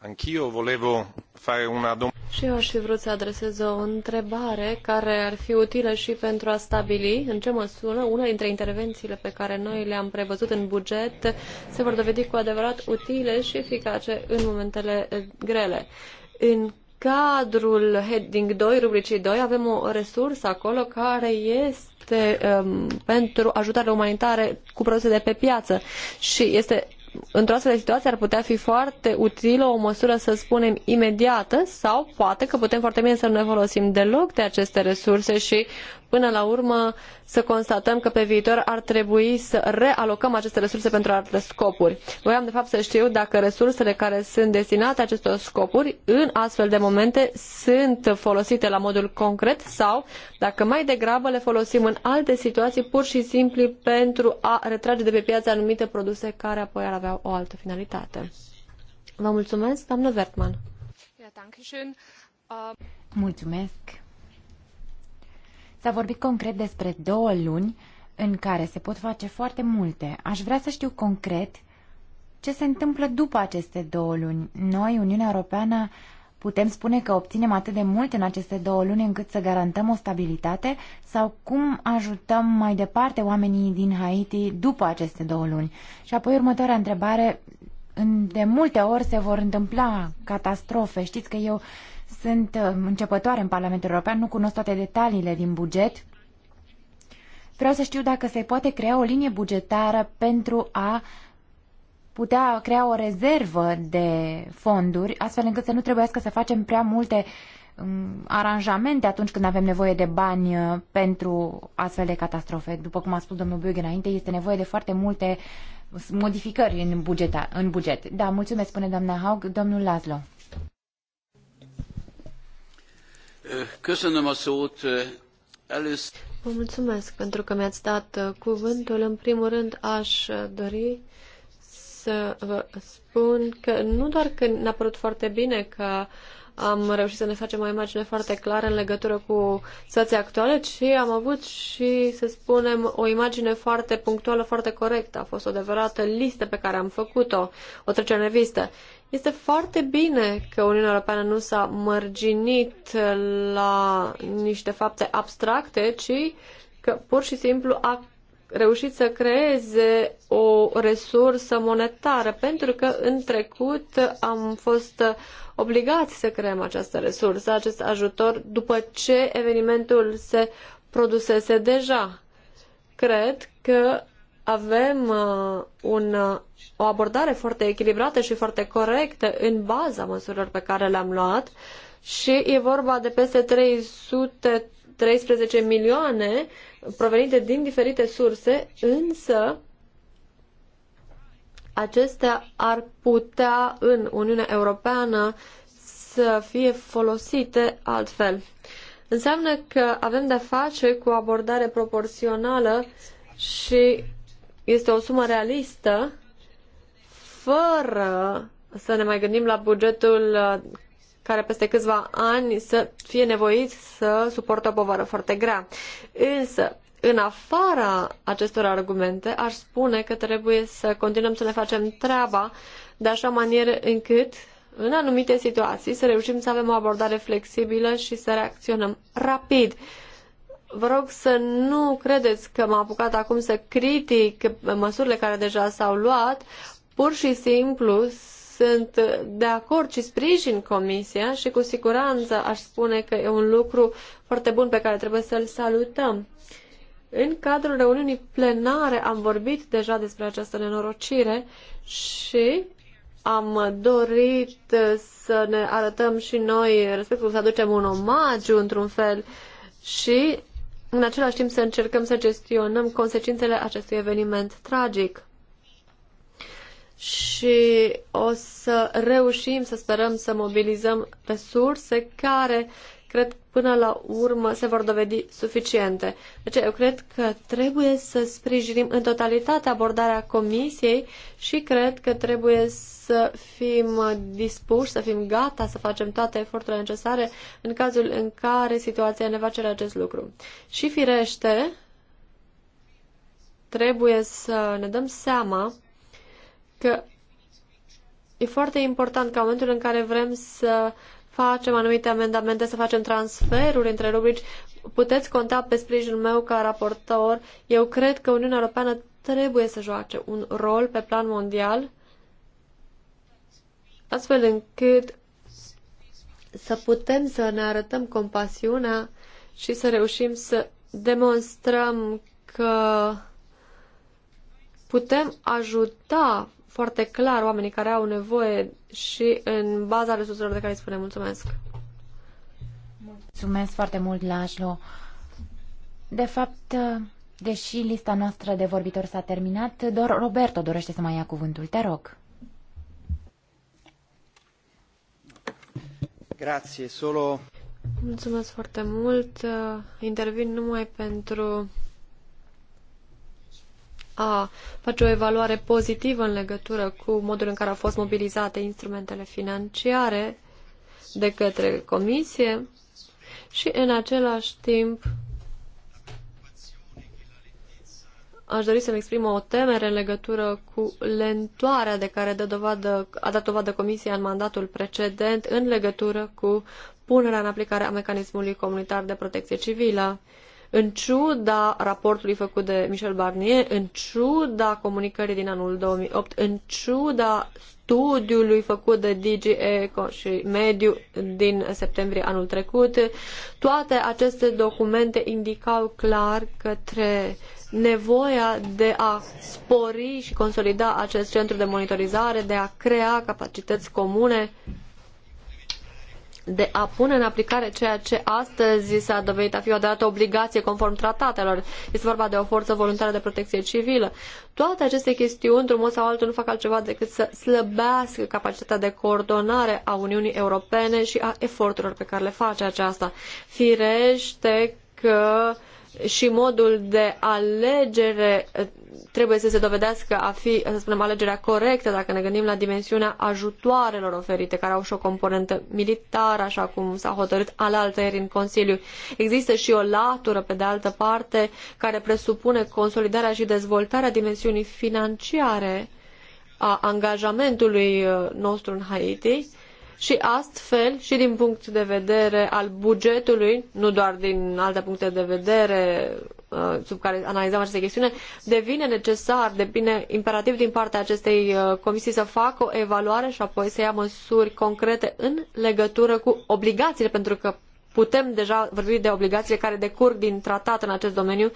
Anch'io volevo fare una Și eu aș fi vrut să adresez o întrebare care ar fi utilă și pentru a stabili în ce măsură una dintre intervențiile pe care noi le-am prevăzut în buget se vor dovedi cu adevărat utile și eficace în momentele eh, grele. În cadrul heading 2, rubricii 2, avem o resursă acolo care este um, pentru ajutare umanitare cu produse de pe piață și este într-o astfel de situație ar putea fi foarte utilă o măsură, să spunem, imediată sau poate că putem foarte bine să nu ne folosim deloc de aceste resurse și până la urmă să constatăm că pe viitor ar trebui să realocăm aceste resurse pentru alte scopuri. Voiam de fapt să știu dacă resursele care sunt destinate acestor scopuri în astfel de momente sunt folosite la modul concret sau dacă mai degrabă le folosim în alte situații pur și simplu pentru a retrage de pe piață anumite produse care apoi ar avea o altă finalitate. Vă mulțumesc, doamnă Vertman. Ähm, mulțumesc. S-a vorbit concret despre două luni în care se pot face foarte multe. Aș vrea să știu concret ce se întâmplă după aceste două luni. Noi, Uniunea Europeană, putem spune că obținem atât de mult în aceste două luni încât să garantăm o stabilitate sau cum ajutăm mai departe oamenii din Haiti după aceste două luni? Și apoi următoarea întrebare, de multe ori se vor întâmpla catastrofe. Știți că eu sunt uh, începătoare în Parlamentul European, nu cunosc toate detaliile din buget. Vreau să știu dacă se poate crea o linie bugetară pentru a putea crea o rezervă de fonduri, astfel încât să nu trebuiască să facem prea multe um, aranjamente atunci când avem nevoie de bani uh, pentru astfel de catastrofe. După cum a spus domnul Bug înainte, este nevoie de foarte multe modificări în, bugeta, în buget. Da, mulțumesc, spune doamna Haug, domnul Laszlo. Köszönöm a szót. Először... Vă mulțumesc pentru că mi-ați dat uh, cuvântul. În primul rând aș uh, dori să vă spun că nu doar că ne-a părut foarte bine că am reușit să ne facem o imagine foarte clară în legătură cu situația actuală, ci am avut și, să spunem, o imagine foarte punctuală, foarte corectă. A fost o adevărată listă pe care am făcut-o, o trecere în revistă. Este foarte bine că Uniunea Europeană nu s-a mărginit la niște fapte abstracte, ci că pur și simplu a reușit să creeze o resursă monetară, pentru că în trecut am fost obligați să creăm această resursă, acest ajutor, după ce evenimentul se produsese deja. Cred că avem uh, un, uh, o abordare foarte echilibrată și foarte corectă în baza măsurilor pe care le-am luat și e vorba de peste 313 milioane provenite din diferite surse, însă acestea ar putea în Uniunea Europeană să fie folosite altfel. Înseamnă că avem de-a face cu o abordare proporțională și este o sumă realistă fără să ne mai gândim la bugetul uh, care peste câțiva ani să fie nevoit să suporte o povară foarte grea. Însă, în afara acestor argumente, aș spune că trebuie să continuăm să ne facem treaba de așa manieră încât, în anumite situații, să reușim să avem o abordare flexibilă și să reacționăm rapid. Vă rog să nu credeți că m-am apucat acum să critic măsurile care deja s-au luat. Pur și simplu sunt de acord și sprijin Comisia și cu siguranță aș spune că e un lucru foarte bun pe care trebuie să-l salutăm. În cadrul reuniunii plenare am vorbit deja despre această nenorocire și am dorit să ne arătăm și noi respectul, să aducem un omagiu într-un fel și în același timp să încercăm să gestionăm consecințele acestui eveniment tragic. Și o să reușim să sperăm să mobilizăm resurse care cred până la urmă se vor dovedi suficiente. Deci eu cred că trebuie să sprijinim în totalitate abordarea comisiei și cred că trebuie să fim dispuși, să fim gata să facem toate eforturile necesare în cazul în care situația ne va cere acest lucru. Și firește, trebuie să ne dăm seama că e foarte important ca în momentul în care vrem să facem anumite amendamente, să facem transferuri între rubrici, puteți conta pe sprijinul meu ca raportor. Eu cred că Uniunea Europeană trebuie să joace un rol pe plan mondial, astfel încât să putem să ne arătăm compasiunea și să reușim să demonstrăm că putem ajuta foarte clar oamenii care au nevoie și în baza resurselor de care îi spunem. Mulțumesc! Mulțumesc foarte mult, Lajlo. De fapt, deși lista noastră de vorbitori s-a terminat, doar Roberto dorește să mai ia cuvântul. Te rog. solo... Mulțumesc foarte mult. Intervin numai pentru a face o evaluare pozitivă în legătură cu modul în care au fost mobilizate instrumentele financiare de către Comisie și în același timp aș dori să-mi exprim o temere în legătură cu lentoarea de care dă dovadă, a dat dovadă Comisia în mandatul precedent în legătură cu punerea în aplicare a mecanismului comunitar de protecție civilă în ciuda raportului făcut de Michel Barnier, în ciuda comunicării din anul 2008, în ciuda studiului făcut de DG și Mediu din septembrie anul trecut, toate aceste documente indicau clar către nevoia de a spori și consolida acest centru de monitorizare, de a crea capacități comune de a pune în aplicare ceea ce astăzi s-a dovedit a fi o adevărată obligație conform tratatelor. Este vorba de o forță voluntară de protecție civilă. Toate aceste chestiuni, într-un mod sau altul, nu fac altceva decât să slăbească capacitatea de coordonare a Uniunii Europene și a eforturilor pe care le face aceasta. Firește că și modul de alegere trebuie să se dovedească a fi, să spunem, alegerea corectă dacă ne gândim la dimensiunea ajutoarelor oferite, care au și o componentă militară, așa cum s-a hotărât alaltă ieri în Consiliu. Există și o latură, pe de altă parte, care presupune consolidarea și dezvoltarea dimensiunii financiare a angajamentului uh, nostru în Haiti și astfel și din punct de vedere al bugetului, nu doar din alte puncte de vedere uh, sub care analizăm aceste chestiune, devine necesar, devine imperativ din partea acestei uh, comisii să facă o evaluare și apoi să ia măsuri concrete în legătură cu obligațiile, pentru că putem deja vorbi de obligațiile care decurg din tratat în acest domeniu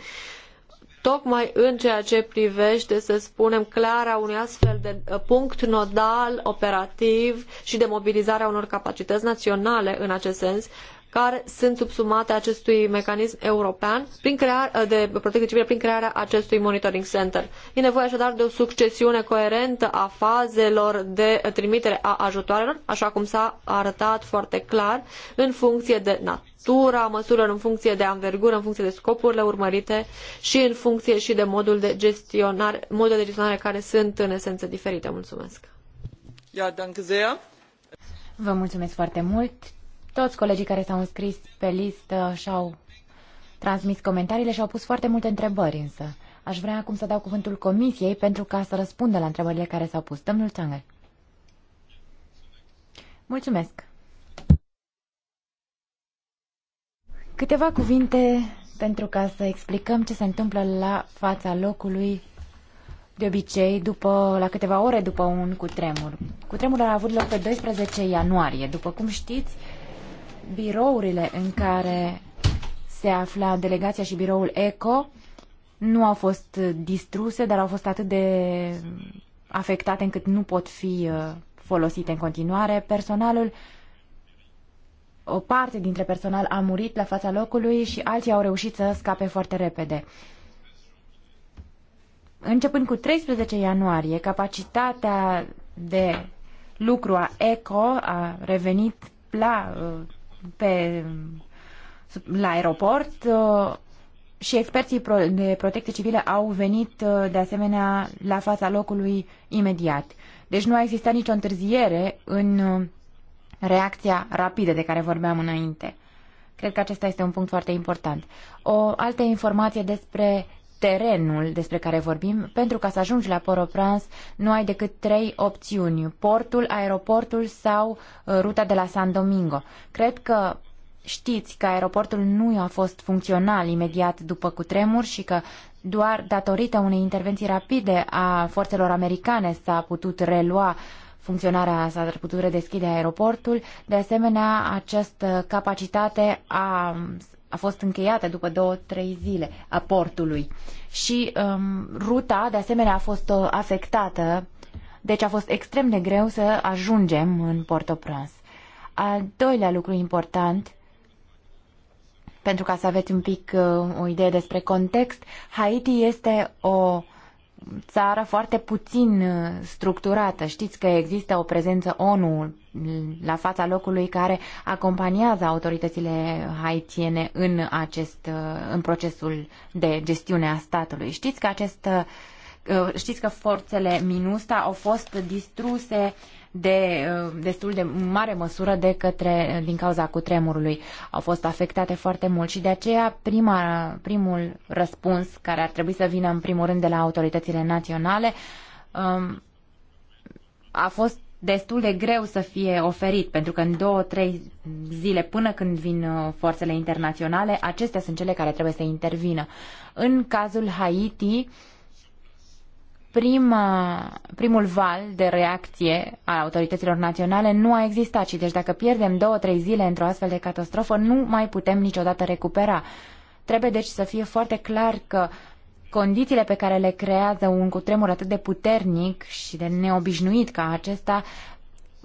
tocmai în ceea ce privește, să spunem, clara unui astfel de uh, punct nodal operativ și de a unor capacități naționale în acest sens, care sunt subsumate acestui mecanism european prin crear, de protecție civilă prin crearea acestui monitoring center. E nevoie așadar de o succesiune coerentă a fazelor de trimitere a ajutoarelor, așa cum s-a arătat foarte clar, în funcție de natura măsurilor, în funcție de anvergură, în funcție de scopurile urmărite și în funcție și de modul de gestionare, modul de gestionare care sunt în esență diferite. Mulțumesc! Ja, danke sehr. Vă mulțumesc foarte mult. Toți colegii care s-au înscris pe listă și-au transmis comentariile și au pus foarte multe întrebări însă. Aș vrea acum să dau cuvântul comisiei pentru ca să răspundă la întrebările care s-au pus. Domnul Țangă. Mulțumesc. Câteva cuvinte pentru ca să explicăm ce se întâmplă la fața locului de obicei după, la câteva ore după un cutremur. Cutremurul a avut loc pe 12 ianuarie. După cum știți, birourile în care se afla delegația și biroul ECO nu au fost distruse, dar au fost atât de afectate încât nu pot fi uh, folosite în continuare. Personalul, o parte dintre personal a murit la fața locului și alții au reușit să scape foarte repede. Începând cu 13 ianuarie, capacitatea de lucru a ECO a revenit la uh, pe, la aeroport uh, și experții de protecție civilă au venit uh, de asemenea la fața locului imediat. Deci nu a existat nicio întârziere în uh, reacția rapidă de care vorbeam înainte. Cred că acesta este un punct foarte important. O altă informație despre terenul despre care vorbim, pentru ca să ajungi la Port-au-Prince, nu ai decât trei opțiuni, portul, aeroportul sau uh, ruta de la San Domingo. Cred că știți că aeroportul nu a fost funcțional imediat după cutremur și că doar datorită unei intervenții rapide a forțelor americane s-a putut relua funcționarea, s-a putut redeschide aeroportul. De asemenea, această capacitate a a fost încheiată după două-trei zile a portului și um, ruta de asemenea a fost uh, afectată, deci a fost extrem de greu să ajungem în Port-au-Prince. Al doilea lucru important, pentru ca să aveți un pic uh, o idee despre context, Haiti este o țară foarte puțin uh, structurată. Știți că există o prezență ONU la fața locului care acompaniază autoritățile haitiene în, acest, uh, în procesul de gestiune a statului. Știți că acest uh, Știți că forțele Minusta au fost distruse de uh, destul de mare măsură de către, din cauza cutremurului. Au fost afectate foarte mult și de aceea prima, primul răspuns care ar trebui să vină în primul rând de la autoritățile naționale um, a fost destul de greu să fie oferit, pentru că în două, trei zile până când vin uh, forțele internaționale, acestea sunt cele care trebuie să intervină. În cazul Haiti, uh, prima, uh, primul val de reacție a autorităților naționale nu a existat și deci dacă pierdem două-trei zile într-o astfel de catastrofă, nu mai putem niciodată recupera. Trebuie deci să fie foarte clar că condițiile pe care le creează un cutremur atât de puternic și de neobișnuit ca acesta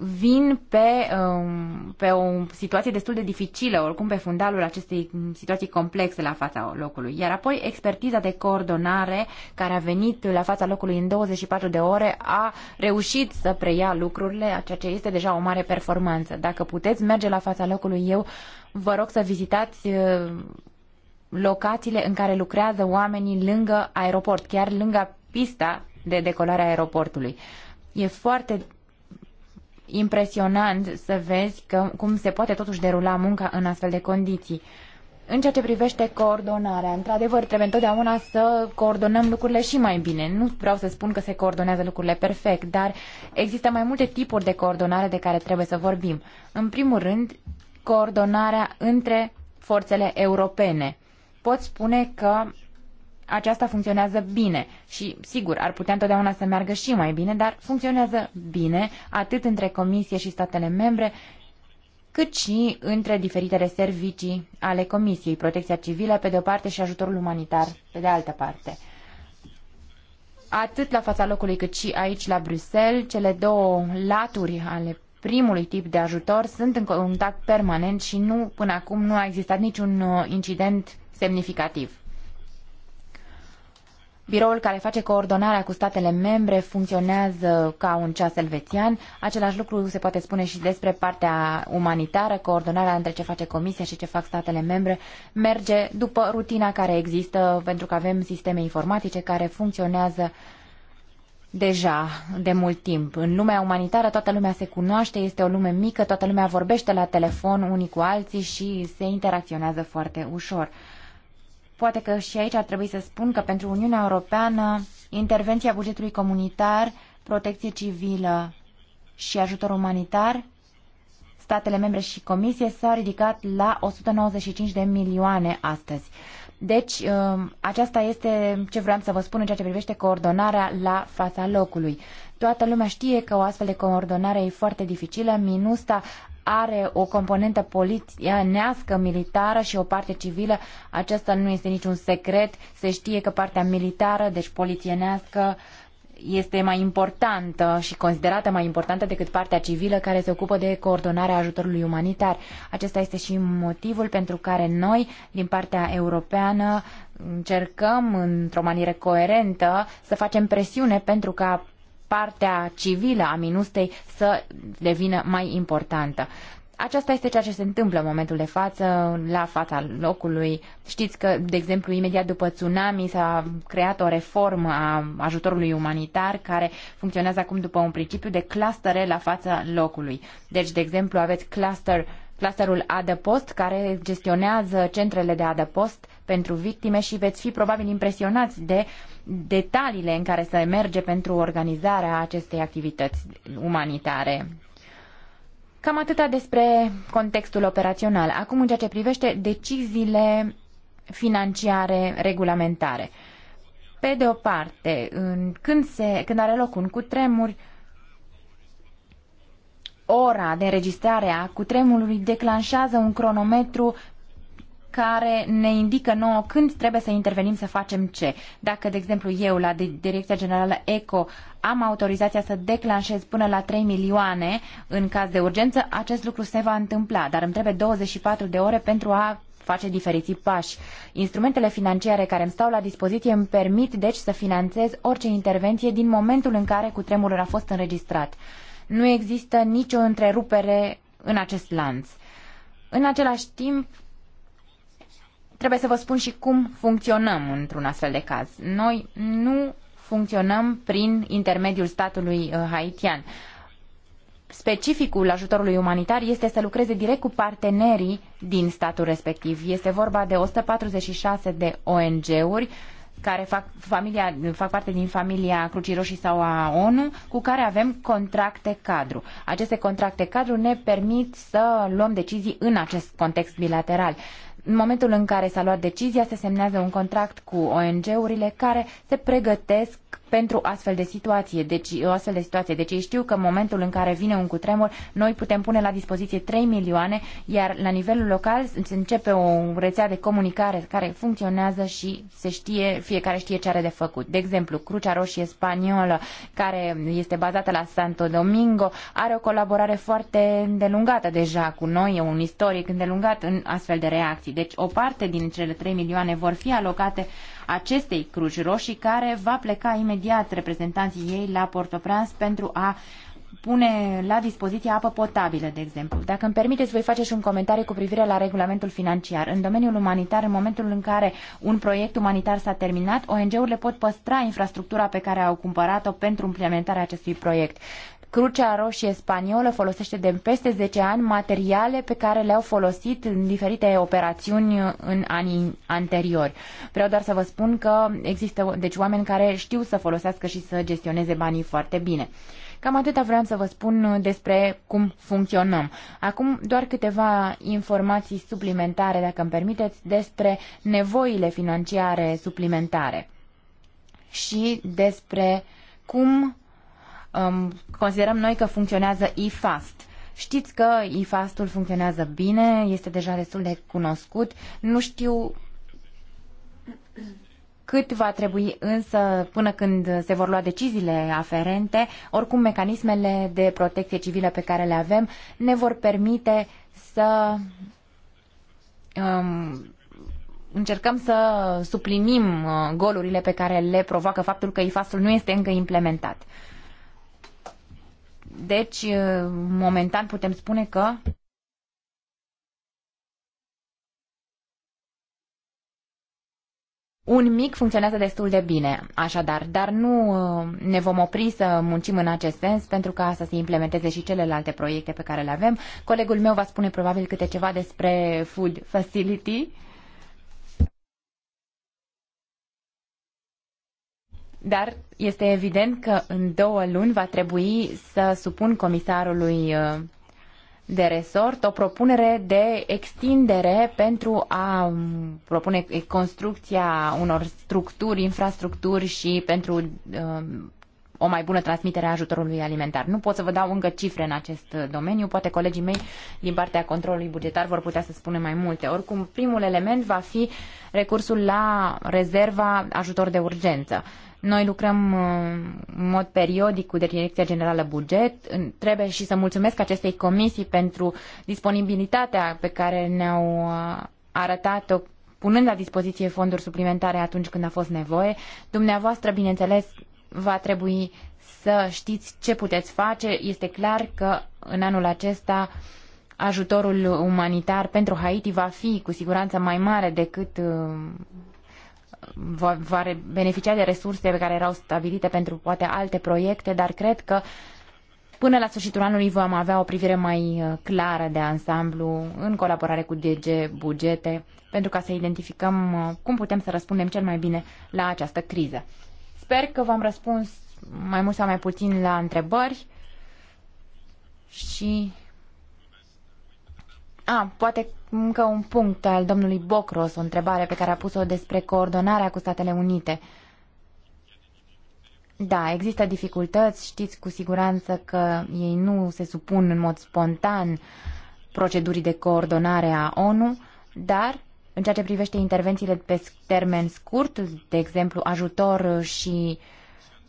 vin pe, um, pe o situație destul de dificilă, oricum pe fundalul acestei situații complexe la fața locului. Iar apoi expertiza de coordonare care a venit la fața locului în 24 de ore a reușit să preia lucrurile, ceea ce este deja o mare performanță. Dacă puteți merge la fața locului, eu vă rog să vizitați uh, locațiile în care lucrează oamenii lângă aeroport, chiar lângă pista de decolare a aeroportului. E foarte impresionant să vezi că, cum se poate totuși derula munca în astfel de condiții. În ceea ce privește coordonarea, într-adevăr, trebuie întotdeauna să coordonăm lucrurile și mai bine. Nu vreau să spun că se coordonează lucrurile perfect, dar există mai multe tipuri de coordonare de care trebuie să vorbim. În primul rând, coordonarea între forțele europene. Pot spune că aceasta funcționează bine și, sigur, ar putea întotdeauna să meargă și mai bine, dar funcționează bine atât între Comisie și statele membre, cât și între diferitele servicii ale Comisiei, protecția civilă pe de o parte și ajutorul umanitar pe de altă parte. Atât la fața locului cât și aici la Bruxelles, cele două laturi ale primului tip de ajutor sunt în contact permanent și nu, până acum nu a existat niciun uh, incident semnificativ. Biroul care face coordonarea cu statele membre funcționează ca un ceas elvețian. Același lucru se poate spune și despre partea umanitară, coordonarea între ce face Comisia și ce fac statele membre merge după rutina care există, pentru că avem sisteme informatice care funcționează deja de mult timp. În lumea umanitară toată lumea se cunoaște, este o lume mică, toată lumea vorbește la telefon unii cu alții și se interacționează foarte ușor. Poate că și aici ar trebui să spun că pentru Uniunea Europeană intervenția bugetului comunitar, protecție civilă și ajutor umanitar, statele membre și comisie s-a ridicat la 195 de milioane astăzi. Deci, um, aceasta este ce vreau să vă spun în ceea ce privește coordonarea la fața locului. Toată lumea știe că o astfel de coordonare e foarte dificilă. Minusta are o componentă polițienească, militară și o parte civilă. Aceasta nu este niciun secret. Se știe că partea militară, deci polițienească, este mai importantă și considerată mai importantă decât partea civilă care se ocupă de coordonarea ajutorului umanitar. Acesta este și motivul pentru care noi, din partea europeană, încercăm într-o manieră coerentă să facem presiune pentru ca partea civilă a minustei să devină mai importantă. Aceasta este ceea ce se întâmplă în momentul de față, la fața locului. Știți că, de exemplu, imediat după tsunami s-a creat o reformă a ajutorului umanitar care funcționează acum după un principiu de clustere la fața locului. Deci, de exemplu, aveți cluster, clusterul Adăpost care gestionează centrele de adăpost pentru victime și veți fi probabil impresionați de uh, detaliile în care să merge pentru organizarea acestei activități umanitare. Cam atâta despre contextul operațional. Acum, în ceea ce privește deciziile financiare regulamentare. Pe de o parte, în, când, se, când are loc un cutremur, ora de înregistrare a cutremurului declanșează un cronometru care ne indică nouă când trebuie să intervenim să facem ce. Dacă, de exemplu, eu la Direcția Generală ECO am autorizația să declanșez până la 3 milioane în caz de urgență, acest lucru se va întâmpla, dar îmi trebuie 24 de ore pentru a face diferiții pași. Instrumentele financiare care îmi stau la dispoziție îmi permit, deci, să finanțez orice intervenție din momentul în care cutremurul a fost înregistrat. Nu există nicio întrerupere în acest lanț. În același timp, trebuie să vă spun și cum funcționăm într-un astfel de caz. Noi nu funcționăm prin intermediul statului uh, haitian. Specificul ajutorului umanitar este să lucreze direct cu partenerii din statul respectiv. Este vorba de 146 de ONG-uri care fac, familia, fac parte din familia Crucii Roșii sau a ONU, cu care avem contracte cadru. Aceste contracte cadru ne permit să luăm decizii în acest context bilateral în momentul în care s-a luat decizia, se semnează un contract cu ONG-urile care se pregătesc pentru astfel de situație. Deci, o astfel de situație. Deci ei știu că în momentul în care vine un cutremur, noi putem pune la dispoziție 3 milioane, iar la nivelul local se începe o rețea de comunicare care funcționează și se știe, fiecare știe ce are de făcut. De exemplu, Crucea Roșie Spaniolă, care este bazată la Santo Domingo, are o colaborare foarte îndelungată deja cu noi, e un istoric îndelungat în astfel de reacții. Deci o parte din cele 3 milioane vor fi alocate acestei cruci roșii care va pleca imediat imediat reprezentanții ei la Port-au-Prince pentru a pune la dispoziție apă potabilă, de exemplu. Dacă îmi permiteți, voi face și un comentariu cu privire la regulamentul financiar. În domeniul umanitar, în momentul în care un proiect umanitar s-a terminat, ONG-urile pot păstra infrastructura pe care au cumpărat-o pentru implementarea acestui proiect. Crucea Roșie Spaniolă folosește de peste 10 ani materiale pe care le-au folosit în diferite operațiuni în anii anteriori. Vreau doar să vă spun că există deci oameni care știu să folosească și să gestioneze banii foarte bine. Cam atâta vreau să vă spun despre cum funcționăm. Acum doar câteva informații suplimentare, dacă îmi permiteți, despre nevoile financiare suplimentare și despre cum um, considerăm noi că funcționează e-fast. Știți că e-fastul funcționează bine, este deja destul de cunoscut. Nu știu cât va trebui însă până când se vor lua deciziile aferente, oricum mecanismele de protecție civilă pe care le avem ne vor permite să um, încercăm să suplinim uh, golurile pe care le provoacă faptul că IFAS-ul nu este încă implementat. Deci, uh, momentan putem spune că un mic funcționează destul de bine, așadar, dar nu uh, ne vom opri să muncim în acest sens pentru ca să se implementeze și celelalte proiecte pe care le avem. Colegul meu va spune probabil câte ceva despre Food Facility, Dar este evident că în două luni va trebui să supun comisarului uh, de resort o propunere de extindere pentru a um, propune construcția unor structuri, infrastructuri și pentru um, o mai bună transmitere a ajutorului alimentar. Nu pot să vă dau încă cifre în acest uh, domeniu, poate colegii mei din partea controlului bugetar vor putea să spună mai multe. Oricum, primul element va fi recursul la rezerva ajutor de urgență. Uh, noi lucrăm uh, în mod periodic cu Direcția Generală Buget. Trebuie și să mulțumesc acestei comisii pentru disponibilitatea pe care ne-au uh, arătat-o punând la dispoziție fonduri suplimentare atunci când a fost nevoie. Dumneavoastră, bineînțeles, va trebui să știți ce puteți face. Este clar că în anul acesta ajutorul umanitar pentru Haiti va fi cu siguranță mai mare decât uh, va, va beneficia de resurse care erau stabilite pentru poate alte proiecte, dar cred că până la sfârșitul anului vom avea o privire mai uh, clară de ansamblu în colaborare cu DG Bugete pentru ca să identificăm uh, cum putem să răspundem cel mai bine la această criză. Sper că v-am răspuns mai mult sau mai puțin la întrebări și... A, poate încă un punct al domnului Bocros, o întrebare pe care a pus-o despre coordonarea cu Statele Unite. Da, există dificultăți, știți cu siguranță că ei nu se supun în mod spontan procedurii de coordonare a ONU, dar în ceea ce privește intervențiile pe termen scurt, de exemplu ajutor și uh,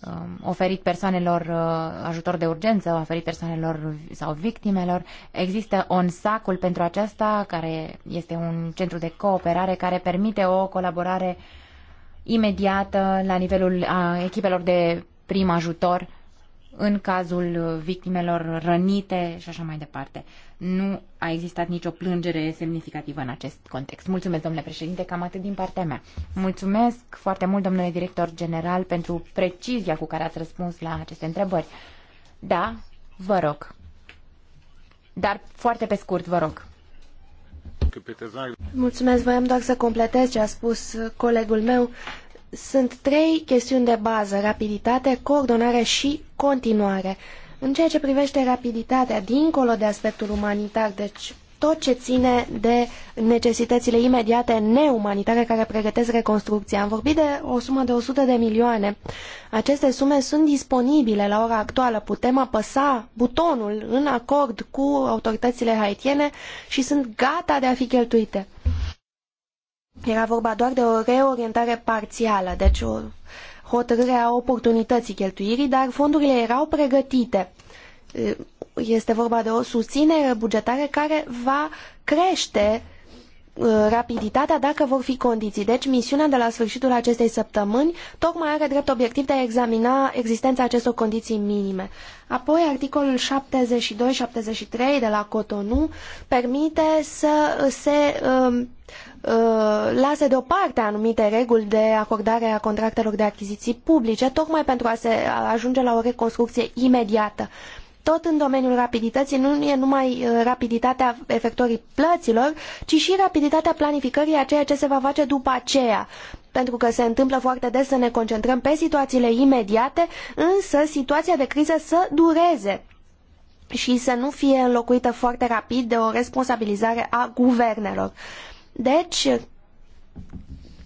Um, oferit persoanelor uh, ajutor de urgență, oferit persoanelor sau victimelor. Există un sacul pentru aceasta, care este un centru de cooperare care permite o colaborare imediată la nivelul echipelor de prim ajutor în cazul victimelor rănite și așa mai departe. Nu a existat nicio plângere semnificativă în acest context. Mulțumesc, domnule președinte, cam atât din partea mea. Mulțumesc foarte mult, domnule director general, pentru precizia cu care ați răspuns la aceste întrebări. Da, vă rog. Dar foarte pe scurt, vă rog. Mulțumesc, voiam doar să completez ce a spus colegul meu. Sunt trei chestiuni de bază, rapiditate, coordonare și continuare. În ceea ce privește rapiditatea, dincolo de aspectul umanitar, deci tot ce ține de necesitățile imediate neumanitare care pregătesc reconstrucția. Am vorbit de o sumă de 100 de milioane. Aceste sume sunt disponibile la ora actuală. Putem apăsa butonul în acord cu autoritățile haitiene și sunt gata de a fi cheltuite. Era vorba doar de o reorientare parțială, deci o hotărâre a oportunității cheltuirii, dar fondurile erau pregătite. Este vorba de o susținere bugetară care va crește rapiditatea dacă vor fi condiții. Deci misiunea de la sfârșitul acestei săptămâni tocmai are drept obiectiv de a examina existența acestor condiții minime. Apoi articolul 72-73 de la Cotonou permite să se Uh, Lasă deoparte anumite reguli de acordare a contractelor de achiziții publice, tocmai pentru a se ajunge la o reconstrucție imediată. Tot în domeniul rapidității nu e numai uh, rapiditatea efectorii plăților, ci și rapiditatea planificării a ceea ce se va face după aceea. Pentru că se întâmplă foarte des să ne concentrăm pe situațiile imediate, însă situația de criză să dureze și să nu fie înlocuită foarte rapid de o responsabilizare a guvernelor. Deci,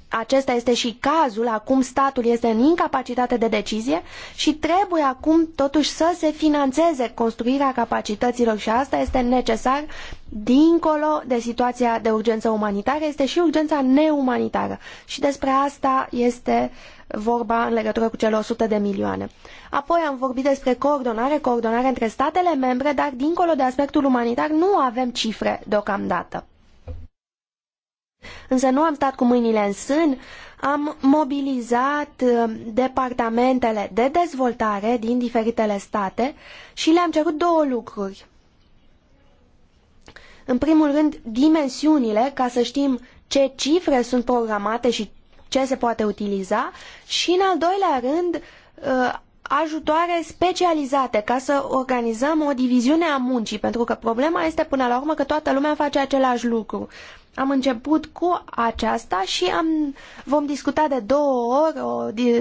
acesta este și cazul, acum statul este în incapacitate de decizie și trebuie acum totuși să se financeze construirea capacităților și asta este necesar dincolo de situația de urgență umanitară, este și urgența neumanitară și despre asta este vorba în legătură cu cele 100 de milioane. Apoi am vorbit despre coordonare, coordonare între statele membre, dar dincolo de aspectul umanitar nu avem cifre deocamdată. Însă nu am stat cu mâinile în sân, am mobilizat uh, departamentele de dezvoltare din diferitele state și le-am cerut două lucruri. În primul rând, dimensiunile, ca să știm ce cifre sunt programate și ce se poate utiliza și, în al doilea rând, uh, ajutoare specializate ca să organizăm o diviziune a muncii, pentru că problema este până la urmă că toată lumea face același lucru. Am început cu aceasta și am, vom discuta de două ori, o di,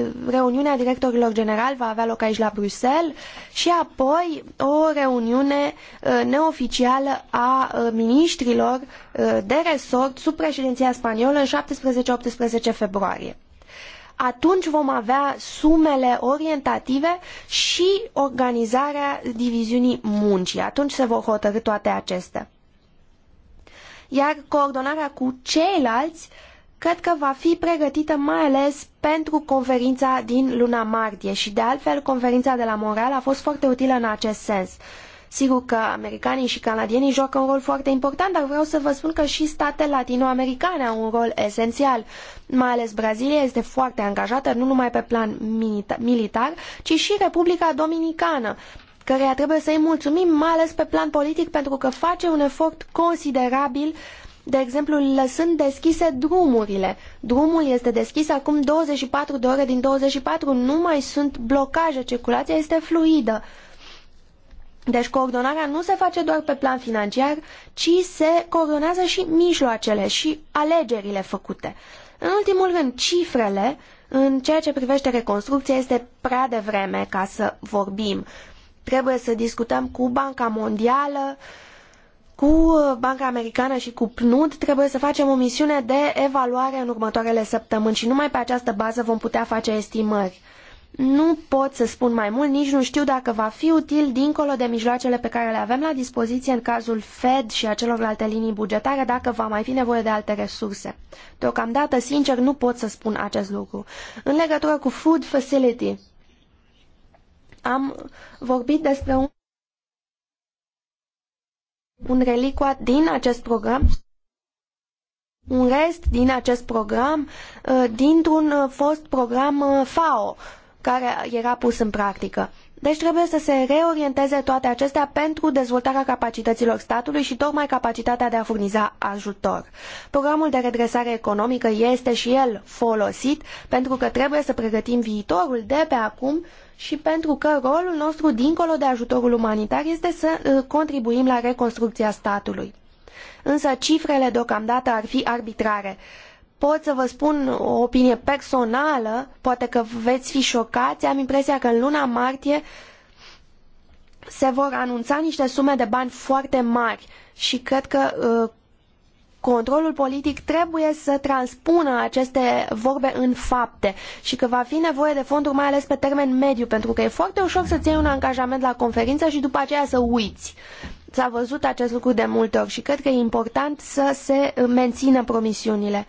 directorilor generali va avea loc aici la Bruxelles și apoi o reuniune uh, neoficială a uh, miniștrilor uh, de resort sub președinția spaniolă în 17-18 februarie. Atunci vom avea sumele orientative și organizarea diviziunii muncii. Atunci se vor hotărî toate acestea iar coordonarea cu ceilalți cred că va fi pregătită mai ales pentru conferința din luna martie și de altfel conferința de la Montreal a fost foarte utilă în acest sens. Sigur că americanii și canadienii joacă un rol foarte important, dar vreau să vă spun că și statele latinoamericane au un rol esențial. Mai ales Brazilia este foarte angajată, nu numai pe plan militar, ci și Republica Dominicană, căreia trebuie să-i mulțumim, mai ales pe plan politic, pentru că face un efort considerabil, de exemplu, lăsând deschise drumurile. Drumul este deschis acum 24 de ore din 24, nu mai sunt blocaje, circulația este fluidă. Deci coordonarea nu se face doar pe plan financiar, ci se coordonează și mijloacele și alegerile făcute. În ultimul rând, cifrele în ceea ce privește reconstrucția este prea devreme ca să vorbim. Trebuie să discutăm cu Banca Mondială, cu Banca Americană și cu PNUD. Trebuie să facem o misiune de evaluare în următoarele săptămâni și numai pe această bază vom putea face estimări. Nu pot să spun mai mult, nici nu știu dacă va fi util dincolo de mijloacele pe care le avem la dispoziție în cazul Fed și a celorlalte linii bugetare, dacă va mai fi nevoie de alte resurse. Deocamdată, sincer, nu pot să spun acest lucru. În legătură cu Food Facility, am vorbit despre un, un relicuat din acest program, un rest din acest program, uh, dintr-un uh, fost program uh, FAO, care era pus în practică. Deci trebuie să se reorienteze toate acestea pentru dezvoltarea capacităților statului și tocmai capacitatea de a furniza ajutor. Programul de redresare economică este și el folosit pentru că trebuie să pregătim viitorul de pe acum și pentru că rolul nostru, dincolo de ajutorul umanitar, este să uh, contribuim la reconstrucția statului. Însă cifrele deocamdată ar fi arbitrare. Pot să vă spun o opinie personală, poate că veți fi șocați, am impresia că în luna martie se vor anunța niște sume de bani foarte mari și cred că uh, controlul politic trebuie să transpună aceste vorbe în fapte și că va fi nevoie de fonduri mai ales pe termen mediu, pentru că e foarte ușor să-ți iei un angajament la conferință și după aceea să uiți. S-a văzut acest lucru de multe ori și cred că e important să se mențină promisiunile.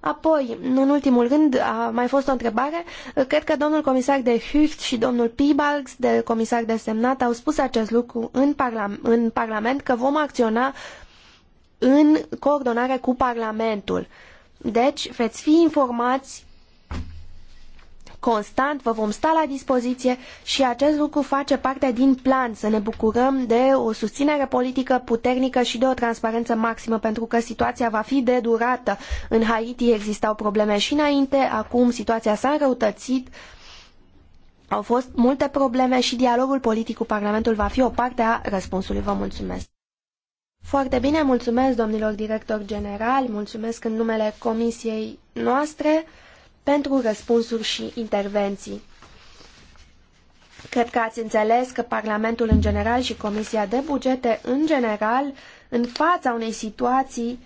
Apoi, în ultimul rând, a mai fost o întrebare. Cred că domnul comisar de Hucht și domnul Pibalgs, de comisar desemnat, au spus acest lucru în, parla în Parlament, că vom acționa în coordonare cu Parlamentul. Deci veți fi informați constant, vă vom sta la dispoziție și acest lucru face parte din plan, să ne bucurăm de o susținere politică puternică și de o transparență maximă, pentru că situația va fi de durată. În Haiti existau probleme și înainte, acum situația s-a înrăutățit, au fost multe probleme și dialogul politic cu Parlamentul va fi o parte a răspunsului. Vă mulțumesc! Foarte bine, mulțumesc domnilor director general, mulțumesc în numele comisiei noastre pentru răspunsuri și intervenții. Cred că ați înțeles că Parlamentul în general și Comisia de Bugete în general, în fața unei situații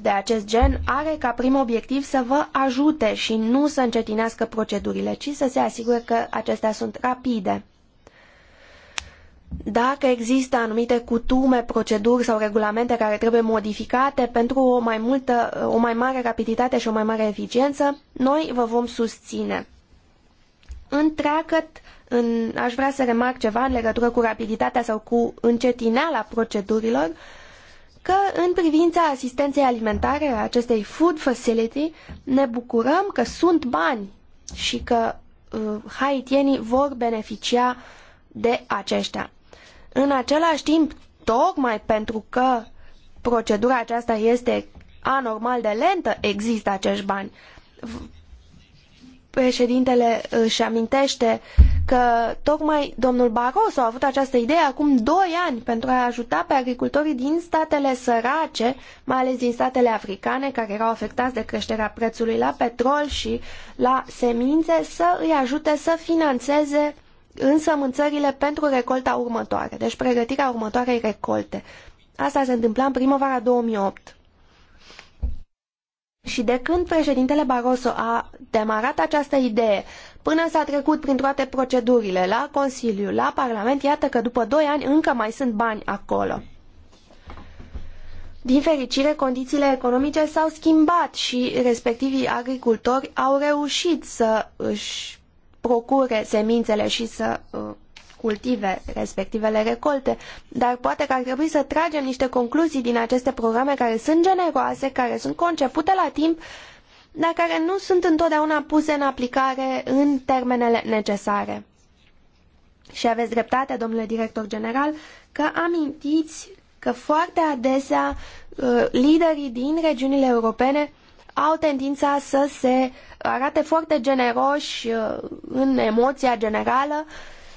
de acest gen, are ca prim obiectiv să vă ajute și nu să încetinească procedurile, ci să se asigure că acestea sunt rapide dacă există anumite cutume, proceduri sau regulamente care trebuie modificate pentru o mai, multă, o mai mare rapiditate și o mai mare eficiență, noi vă vom susține. Întreagăt, în, aș vrea să remarc ceva în legătură cu rapiditatea sau cu încetineala procedurilor, că în privința asistenței alimentare a acestei food facility ne bucurăm că sunt bani și că uh, haitienii vor beneficia de aceștia. În același timp, tocmai pentru că procedura aceasta este anormal de lentă, există acești bani. Președintele își amintește că tocmai domnul Barroso a avut această idee acum doi ani pentru a ajuta pe agricultorii din statele sărace, mai ales din statele africane, care erau afectați de creșterea prețului la petrol și la semințe, să îi ajute să financeze însă în țările pentru recolta următoare, deci pregătirea următoarei recolte. Asta se întâmpla în primăvara 2008. Și de când președintele Barroso a demarat această idee până s-a trecut prin toate procedurile la Consiliu, la Parlament, iată că după doi ani încă mai sunt bani acolo. Din fericire, condițiile economice s-au schimbat și respectivii agricultori au reușit să își procure semințele și să uh, cultive respectivele recolte, dar poate că ar trebui să tragem niște concluzii din aceste programe care sunt generoase, care sunt concepute la timp, dar care nu sunt întotdeauna puse în aplicare în termenele necesare. Și aveți dreptate, domnule director general, că amintiți că foarte adesea uh, liderii din regiunile europene au tendința să se arate foarte generoși uh, în emoția generală,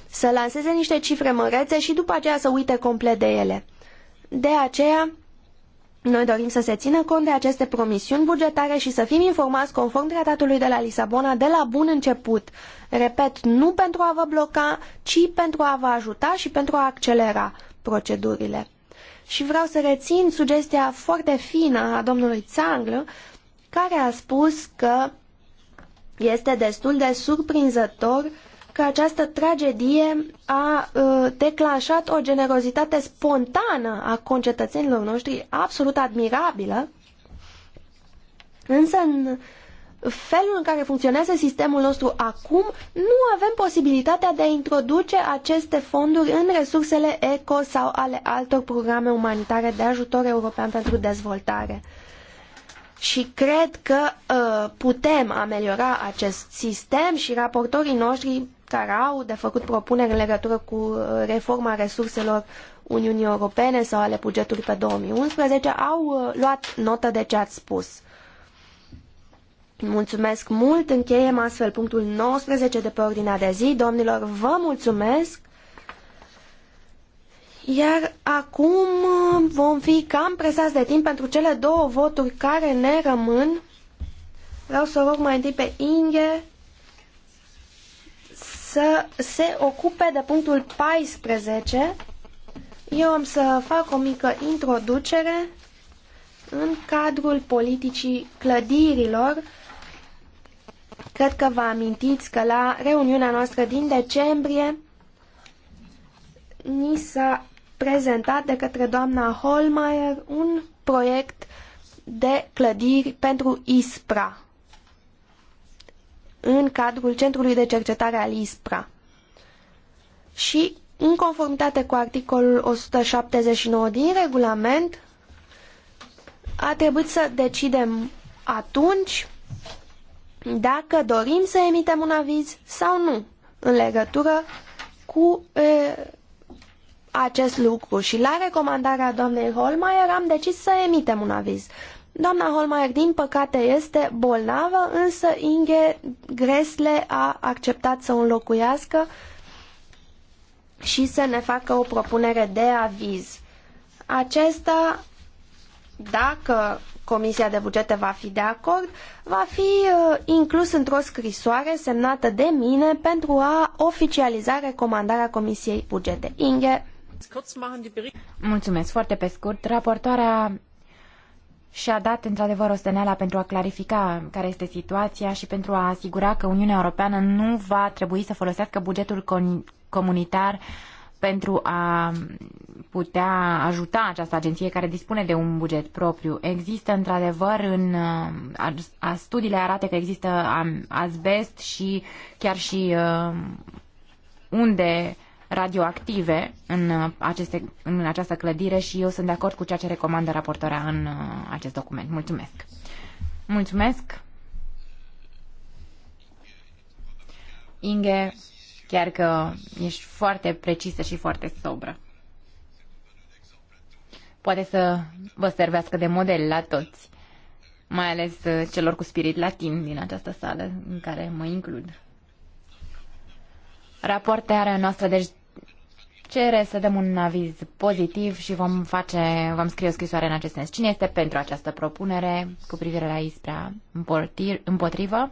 să lanseze niște cifre mărețe și după aceea să uite complet de ele. De aceea, noi dorim să se țină cont de aceste promisiuni bugetare și să fim informați conform tratatului de la Lisabona de la bun început. Repet, nu pentru a vă bloca, ci pentru a vă ajuta și pentru a accelera procedurile. Și vreau să rețin sugestia foarte fină a domnului Țanglă care a spus că este destul de surprinzător că această tragedie a uh, declanșat o generozitate spontană a concetățenilor noștri absolut admirabilă, însă în felul în care funcționează sistemul nostru acum, nu avem posibilitatea de a introduce aceste fonduri în resursele ECO sau ale altor programe umanitare de ajutor european pentru dezvoltare și cred că uh, putem ameliora acest sistem și raportorii noștri care au de făcut propuneri în legătură cu uh, reforma resurselor Uniunii Europene sau ale bugetului pe 2011 au uh, luat notă de ce ați spus. Mulțumesc mult, încheiem astfel punctul 19 de pe ordinea de zi. Domnilor, vă mulțumesc iar acum uh, vom fi cam presați de timp pentru cele două voturi care ne rămân. Vreau să rog mai întâi pe Inge să se ocupe de punctul 14. Eu am să fac o mică introducere în cadrul politicii clădirilor. Cred că vă amintiți că la reuniunea noastră din decembrie ni s-a prezentat de către doamna Holmeier un proiect de clădiri pentru ISPRA în cadrul Centrului de Cercetare al ISPRA. Și în conformitate cu articolul 179 din regulament, a trebuit să decidem atunci dacă dorim să emitem un aviz sau nu în legătură cu e, acest lucru și la recomandarea doamnei Holmeier am decis să emitem un aviz. Doamna Holmeier, din păcate, este bolnavă, însă Inge Gresle a acceptat să o înlocuiască și să ne facă o propunere de aviz. Acesta, dacă Comisia de Bugete va fi de acord, va fi uh, inclus într-o scrisoare semnată de mine pentru a oficializa recomandarea Comisiei Bugete. Inge, Mulțumesc foarte pe scurt. Raportoarea și-a dat într-adevăr o steneală pentru a clarifica care este situația și pentru a asigura că Uniunea Europeană nu va trebui să folosească bugetul comunitar pentru a putea ajuta această agenție care dispune de un buget propriu. Există într-adevăr în a, studiile arată că există azbest și chiar și uh, unde uh, radioactive în, uh, aceste, în această clădire și eu sunt de acord cu ceea ce recomandă raportoarea în uh, acest document. Mulțumesc! Mulțumesc! Inge, chiar că ești foarte precisă și foarte sobră. Poate să vă servească de model la toți, mai ales uh, celor cu spirit latin din această sală, în care mă includ. Raportarea noastră deci cere să dăm un aviz pozitiv și vom face, vom scrie o scrisoare în acest sens. Cine este pentru această propunere cu privire la ISPRA? Împotrivă?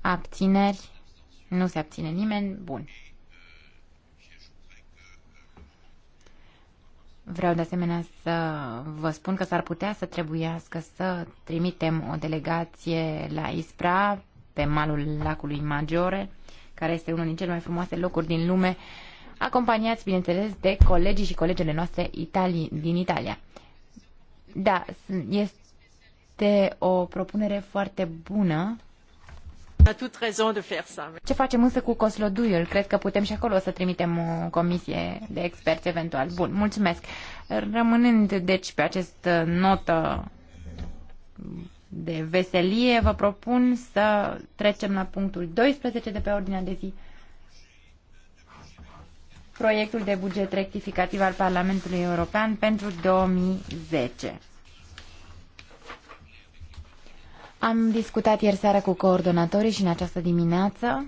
Abțineri? Nu se abține nimeni? Bun. Vreau de asemenea să vă spun că s-ar putea să trebuiască să trimitem o delegație la ISPRA pe malul lacului Maggiore, care este unul din cele mai frumoase locuri din lume acompaniați, bineînțeles, de colegii și colegele noastre Itali- din Italia. Da, este o propunere foarte bună. Ce facem însă cu Cosloduyul? Cred că putem și acolo să trimitem o comisie de experți eventual. Bun, mulțumesc. Rămânând deci pe această notă de veselie, vă propun să trecem la punctul 12 de pe ordinea de zi proiectul de buget rectificativ al Parlamentului European pentru 2010. Am discutat ieri seară cu coordonatorii și în această dimineață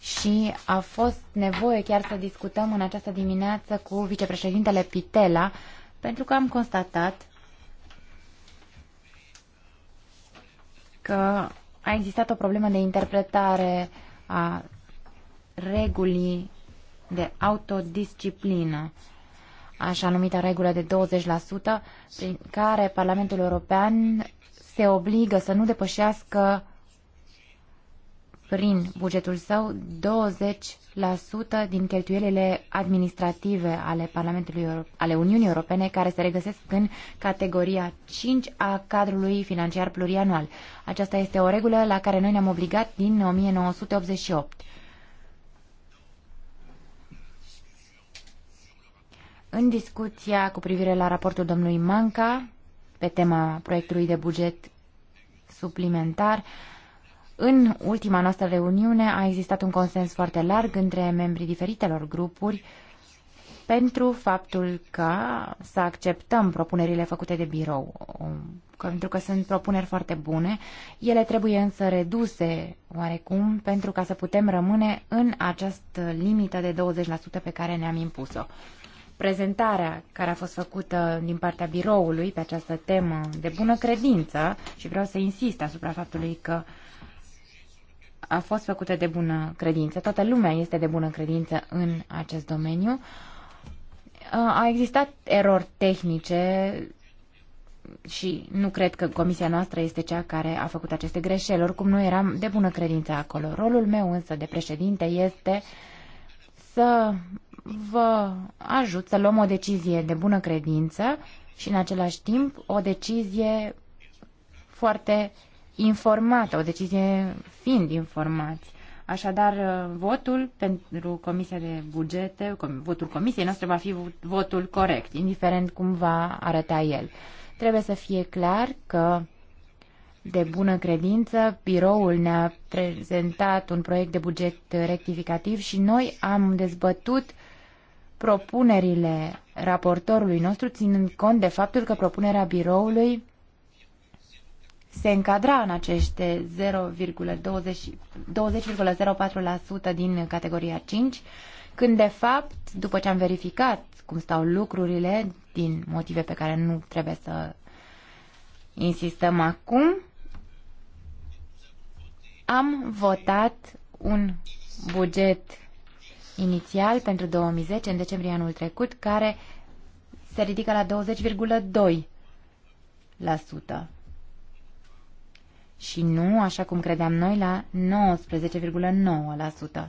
și a fost nevoie chiar să discutăm în această dimineață cu vicepreședintele Pitela pentru că am constatat că a existat o problemă de interpretare a regulii de autodisciplină, așa numită regulă de 20%, prin care Parlamentul European se obligă să nu depășească prin bugetul său 20% din cheltuielile administrative ale Parlamentului Euro- ale Uniunii Europene care se regăsesc în categoria 5 a cadrului financiar plurianual. Aceasta este o regulă la care noi ne-am obligat din 1988. În discuția cu privire la raportul domnului Manca pe tema proiectului de buget suplimentar, în ultima noastră reuniune a existat un consens foarte larg între membrii diferitelor grupuri pentru faptul că să acceptăm propunerile făcute de birou, um, pentru că sunt propuneri foarte bune. Ele trebuie însă reduse oarecum pentru ca să putem rămâne în această limită de 20% pe care ne-am impus-o prezentarea care a fost făcută din partea biroului pe această temă de bună credință și vreau să insist asupra faptului că a fost făcută de bună credință, toată lumea este de bună credință în acest domeniu. A existat erori tehnice și nu cred că comisia noastră este cea care a făcut aceste greșeli, oricum nu eram de bună credință acolo. Rolul meu însă de președinte este să vă ajut să luăm o decizie de bună credință și în același timp o decizie foarte informată, o decizie fiind informați. Așadar, votul pentru Comisia de Bugete, votul Comisiei noastre va fi votul corect, indiferent cum va arăta el. Trebuie să fie clar că de bună credință, biroul ne-a prezentat un proiect de buget rectificativ și noi am dezbătut propunerile raportorului nostru, ținând cont de faptul că propunerea biroului se încadra în aceste 20,04% din categoria 5, când de fapt, după ce am verificat cum stau lucrurile, din motive pe care nu trebuie să insistăm acum, am votat un buget inițial pentru 2010, în decembrie anul trecut, care se ridică la 20,2% și nu, așa cum credeam noi, la 19,9%.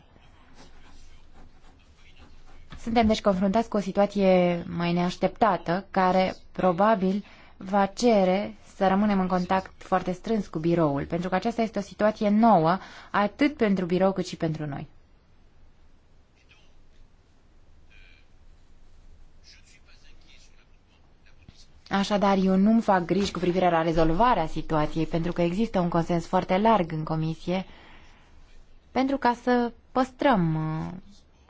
Suntem deci confruntați cu o situație mai neașteptată, care probabil va cere să rămânem în contact foarte strâns cu biroul, pentru că aceasta este o situație nouă, atât pentru birou cât și pentru noi. Așadar, eu nu-mi fac griji cu privire la rezolvarea situației, pentru că există un consens foarte larg în comisie pentru ca să păstrăm uh,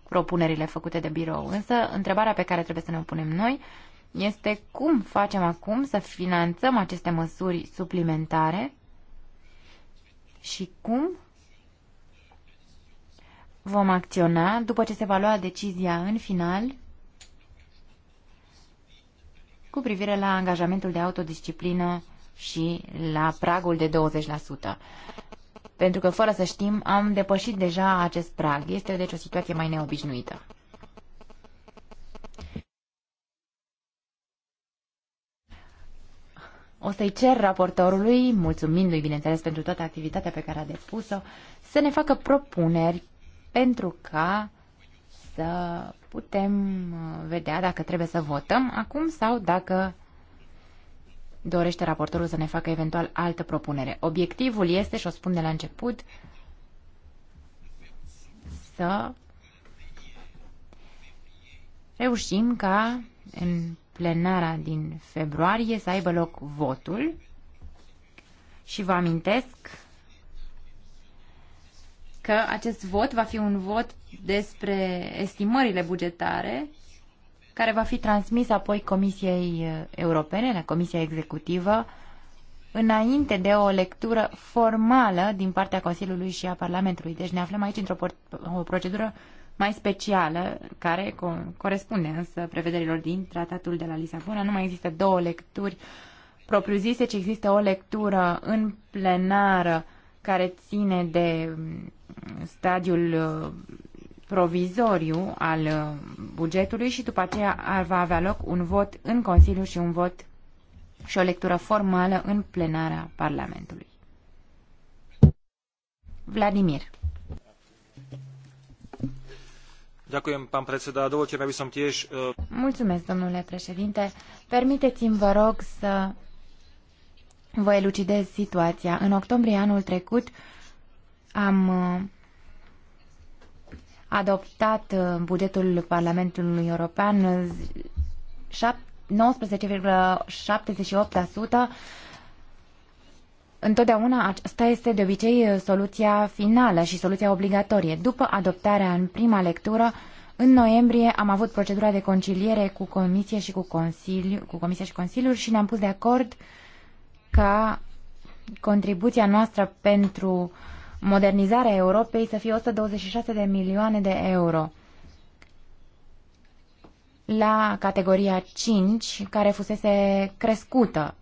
propunerile făcute de birou. Însă, întrebarea pe care trebuie să ne punem noi este cum facem acum să finanțăm aceste măsuri suplimentare și cum vom acționa după ce se va lua decizia în final cu privire la angajamentul de autodisciplină și la pragul de 20%. Pentru că, fără să știm, am depășit deja acest prag. Este, deci, o situație mai neobișnuită. O să-i cer raportorului, mulțumindu-i, bineînțeles, pentru toată activitatea pe care a depus-o, să ne facă propuneri pentru ca să putem uh, vedea dacă trebuie să votăm acum sau dacă dorește raportorul să ne facă eventual altă propunere. Obiectivul este, și o spun de la început, să reușim ca în plenara din februarie să aibă loc votul și vă amintesc că acest vot va fi un vot despre estimările bugetare, care va fi transmis apoi Comisiei uh, Europene, la Comisia Executivă, înainte de o lectură formală din partea Consiliului și a Parlamentului. Deci ne aflăm aici într-o o procedură mai specială, care co corespunde însă prevederilor din Tratatul de la Lisabona. Nu mai există două lecturi propriu-zise, ci există o lectură în plenară care ține de mm, stadiul uh, provizoriu al uh, bugetului și după aceea ar va avea loc un vot în Consiliu și un vot și o lectură formală în plenarea Parlamentului. Vladimir. Mulțumesc, domnule președinte. Permiteți-mi, vă rog, să vă elucidez situația. În octombrie anul trecut am adoptat uh, bugetul Parlamentului European 19,78%. Uh, Întotdeauna asta este de obicei uh, soluția finală și soluția obligatorie. După adoptarea în prima lectură, în noiembrie am avut procedura de conciliere cu Comisia și cu, Consiliu, cu Comisia și Consiliul și ne-am pus de acord ca contribuția noastră pentru uh, modernizarea Europei să fie 126 de milioane de euro la categoria 5, care fusese crescută.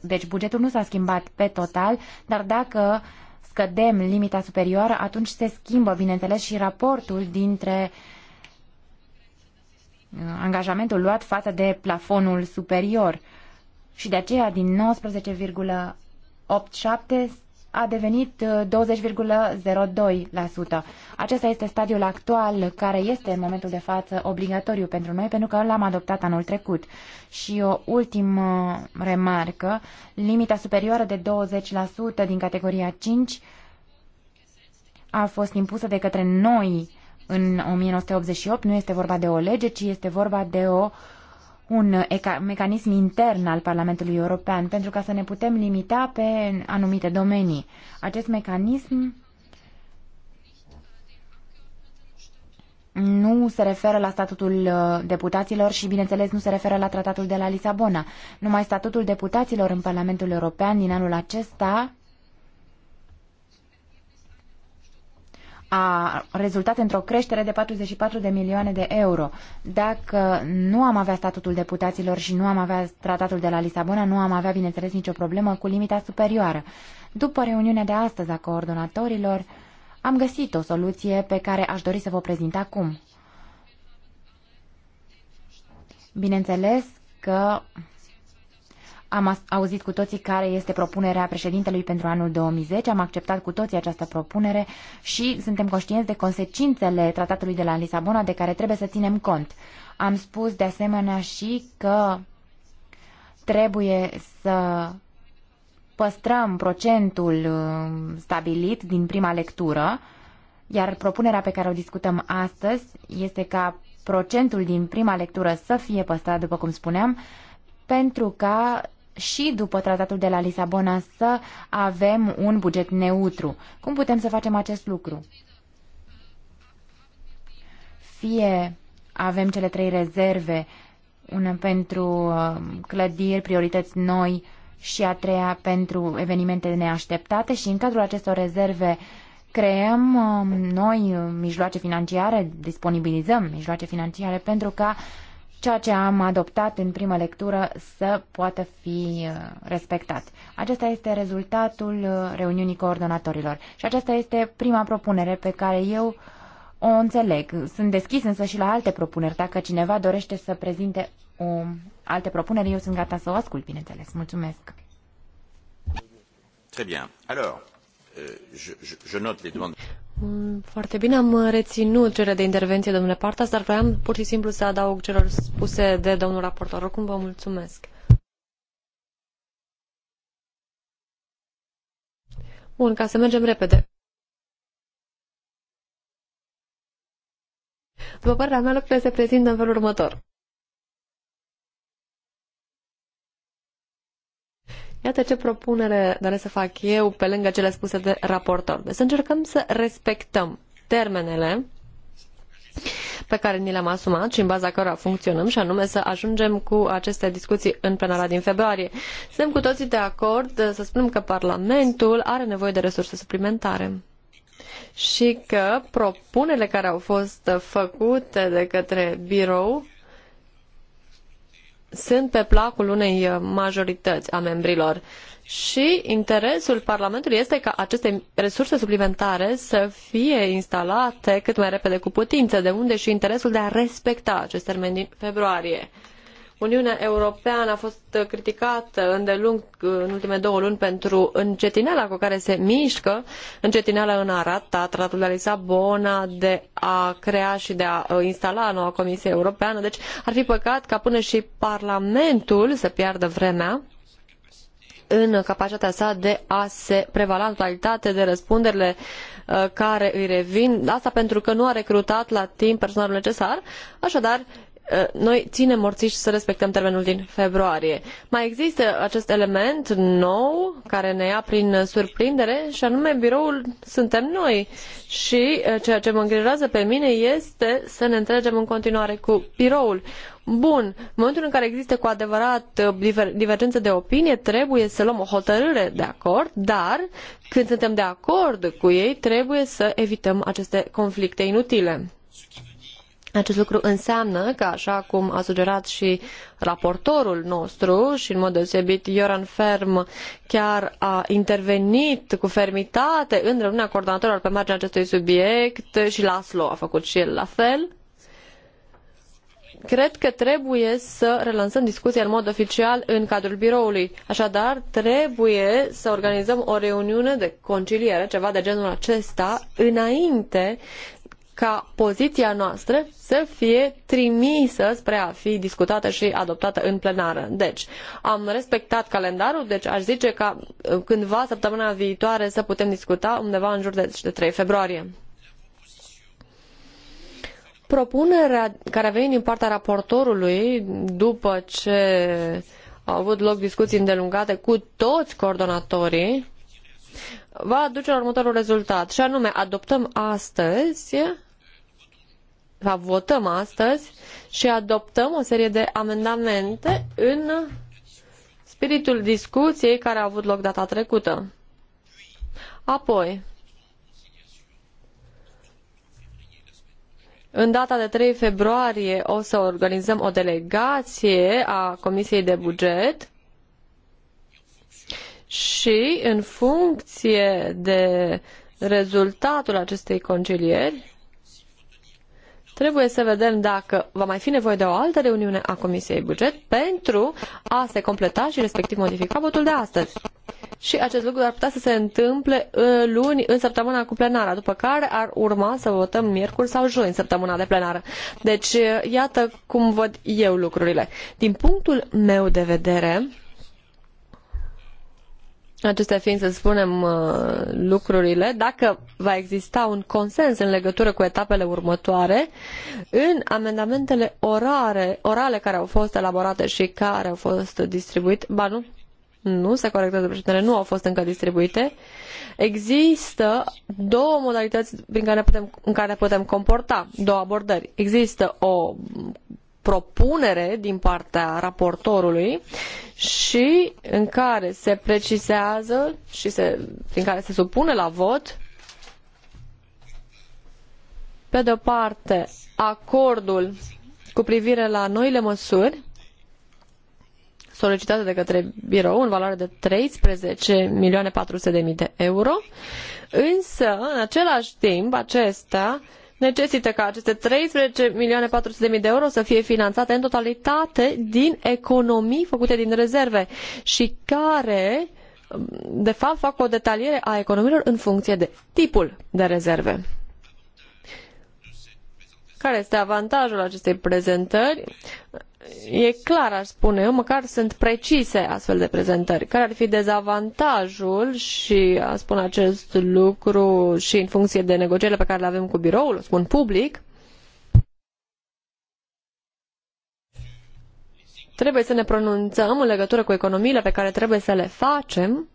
Deci bugetul nu s-a schimbat pe total, dar dacă scădem limita superioară, atunci se schimbă, bineînțeles, și raportul dintre uh, angajamentul luat față de plafonul superior. Și de aceea, din 19,87 a devenit 20,02%. Uh, Acesta este stadiul actual care este în momentul de față obligatoriu pentru noi pentru că l-am adoptat anul trecut. Și o ultimă remarcă, limita superioară de 20% din categoria 5 a fost impusă de către noi în 1988. Nu este vorba de o lege, ci este vorba de o uh, un mecanism intern al Parlamentului European pentru ca să ne putem limita pe anumite domenii. Acest mecanism nu se referă la statutul uh, deputaților și, bineînțeles, nu se referă la tratatul de la Lisabona. Numai statutul deputaților în Parlamentul European din anul acesta a rezultat într-o creștere de 44 de milioane de euro. Dacă nu am avea statutul deputaților și nu am avea tratatul de la Lisabona, nu am avea, bineînțeles, nicio problemă cu limita superioară. După reuniunea de astăzi a coordonatorilor, am găsit o soluție pe care aș dori să vă prezint acum. Bineînțeles că am auzit cu toții care este propunerea președintelui pentru anul 2010, am acceptat cu toții această propunere și suntem conștienți de consecințele tratatului de la Lisabona de care trebuie să ținem cont. Am spus de asemenea și că trebuie să păstrăm procentul uh, stabilit din prima lectură, iar propunerea pe care o discutăm astăzi este ca procentul din prima lectură să fie păstrat, după cum spuneam, pentru ca și după tratatul de la Lisabona să avem un buget neutru. Cum putem să facem acest lucru? Fie avem cele trei rezerve, una pentru uh, clădiri, priorități noi și a treia pentru evenimente neașteptate și în cadrul acestor rezerve creăm uh, noi uh, mijloace financiare, disponibilizăm mijloace financiare pentru ca ceea ce am adoptat în primă lectură să poată fi uh, respectat. Acesta este rezultatul uh, reuniunii coordonatorilor și aceasta este prima propunere pe care eu o înțeleg. Sunt deschis însă și la alte propuneri. Dacă cineva dorește să prezinte o, alte propuneri, eu sunt gata să o ascult, bineînțeles. Mulțumesc. Très bien. Alors, euh, je, je, je note les demandes. Mm, foarte bine, am reținut cererea de intervenție, domnule Partas, dar voiam pur și simplu să adaug celor spuse de domnul raportor. Oricum, vă mulțumesc. Bun, ca să mergem repede. După părerea mea, lucrurile se prezintă în felul următor. Iată ce propunere doresc să fac eu pe lângă cele spuse de raportor. Deci să încercăm să respectăm termenele pe care ni le-am asumat și în baza cărora funcționăm și anume să ajungem cu aceste discuții în plenara din februarie. Suntem cu toții de acord să spunem că Parlamentul are nevoie de resurse suplimentare și că propunerile care au fost făcute de către birou sunt pe placul unei uh, majorități a membrilor. Și interesul Parlamentului este ca aceste resurse suplimentare să fie instalate cât mai repede cu putință, de unde și interesul de a respecta acest termen din februarie. Uniunea Europeană a fost criticată îndelung în ultimele două luni pentru încetineala cu care se mișcă, încetineala în arata tratul de la Lisabona de a crea și de a ă, instala noua Comisie Europeană. Deci ar fi păcat ca până și Parlamentul să piardă vremea în capacitatea sa de a se prevala în totalitate de răspunderile ă, care îi revin, asta pentru că nu a recrutat la timp personalul necesar, așadar Eh, noi ținem morțiși să respectăm termenul din februarie. Mai există acest element nou care ne ia prin surprindere și anume biroul suntem noi și eh, ceea ce mă îngrijorează pe mine este să ne întregem în continuare cu biroul. Bun, în momentul în care există cu adevărat eh, diver, divergență de opinie, trebuie să luăm o hotărâre de acord, dar când suntem de acord cu ei, trebuie să evităm aceste conflicte inutile. Acest lucru înseamnă că, așa cum a sugerat și raportorul nostru și în mod deosebit Ioran Ferm chiar a intervenit cu fermitate în reuniunea coordonatorilor pe marginea acestui subiect și Laslo a făcut și el la fel, cred că trebuie să relansăm discuția în mod oficial în cadrul biroului. Așadar, trebuie să organizăm o reuniune de conciliere, ceva de genul acesta, înainte ca poziția noastră să fie trimisă spre a fi discutată și adoptată în plenară. Deci, am respectat calendarul, deci aș zice ca uh, cândva săptămâna viitoare să putem discuta undeva în jur de 3 februarie. Propunerea care a venit din partea raportorului după ce au avut loc discuții îndelungate cu toți coordonatorii va aduce la următorul rezultat și anume adoptăm astăzi va votăm astăzi și adoptăm o serie de amendamente în spiritul discuției care a avut loc data trecută. Apoi, În data de 3 februarie o să organizăm o delegație a Comisiei de Buget și în funcție de rezultatul acestei concilieri Trebuie să vedem dacă va mai fi nevoie de o altă reuniune a Comisiei Buget pentru a se completa și respectiv modifica votul de astăzi. Și acest lucru ar putea să se întâmple uh, luni în săptămâna cu plenara, după care ar urma să votăm miercuri sau joi în săptămâna de plenară. Deci, uh, iată cum văd eu lucrurile. Din punctul meu de vedere, Acestea fiind să spunem uh, lucrurile, dacă va exista un consens în legătură cu etapele următoare, în amendamentele orare, orale care au fost elaborate și care au fost distribuite, ba nu, nu se corectează președintele, nu au fost încă distribuite, există două modalități prin care putem, în care putem comporta, două abordări. Există o propunere din partea raportorului și în care se precizează și se, prin care se supune la vot pe de o parte acordul cu privire la noile măsuri solicitate de către birou în valoare de 13 milioane 400 de mii de euro, însă în același timp acesta necesită ca aceste 13 milioane 400 de de euro să fie finanțate în totalitate din economii făcute din rezerve și care de fapt fac o detaliere a economiilor în funcție de tipul de rezerve. Care este avantajul acestei prezentări? e clar, aș spune eu, măcar sunt precise astfel de prezentări. Care ar fi dezavantajul și a spun acest lucru și în funcție de negocierile pe care le avem cu biroul, o spun public, trebuie să ne pronunțăm în legătură cu economiile pe care trebuie să le facem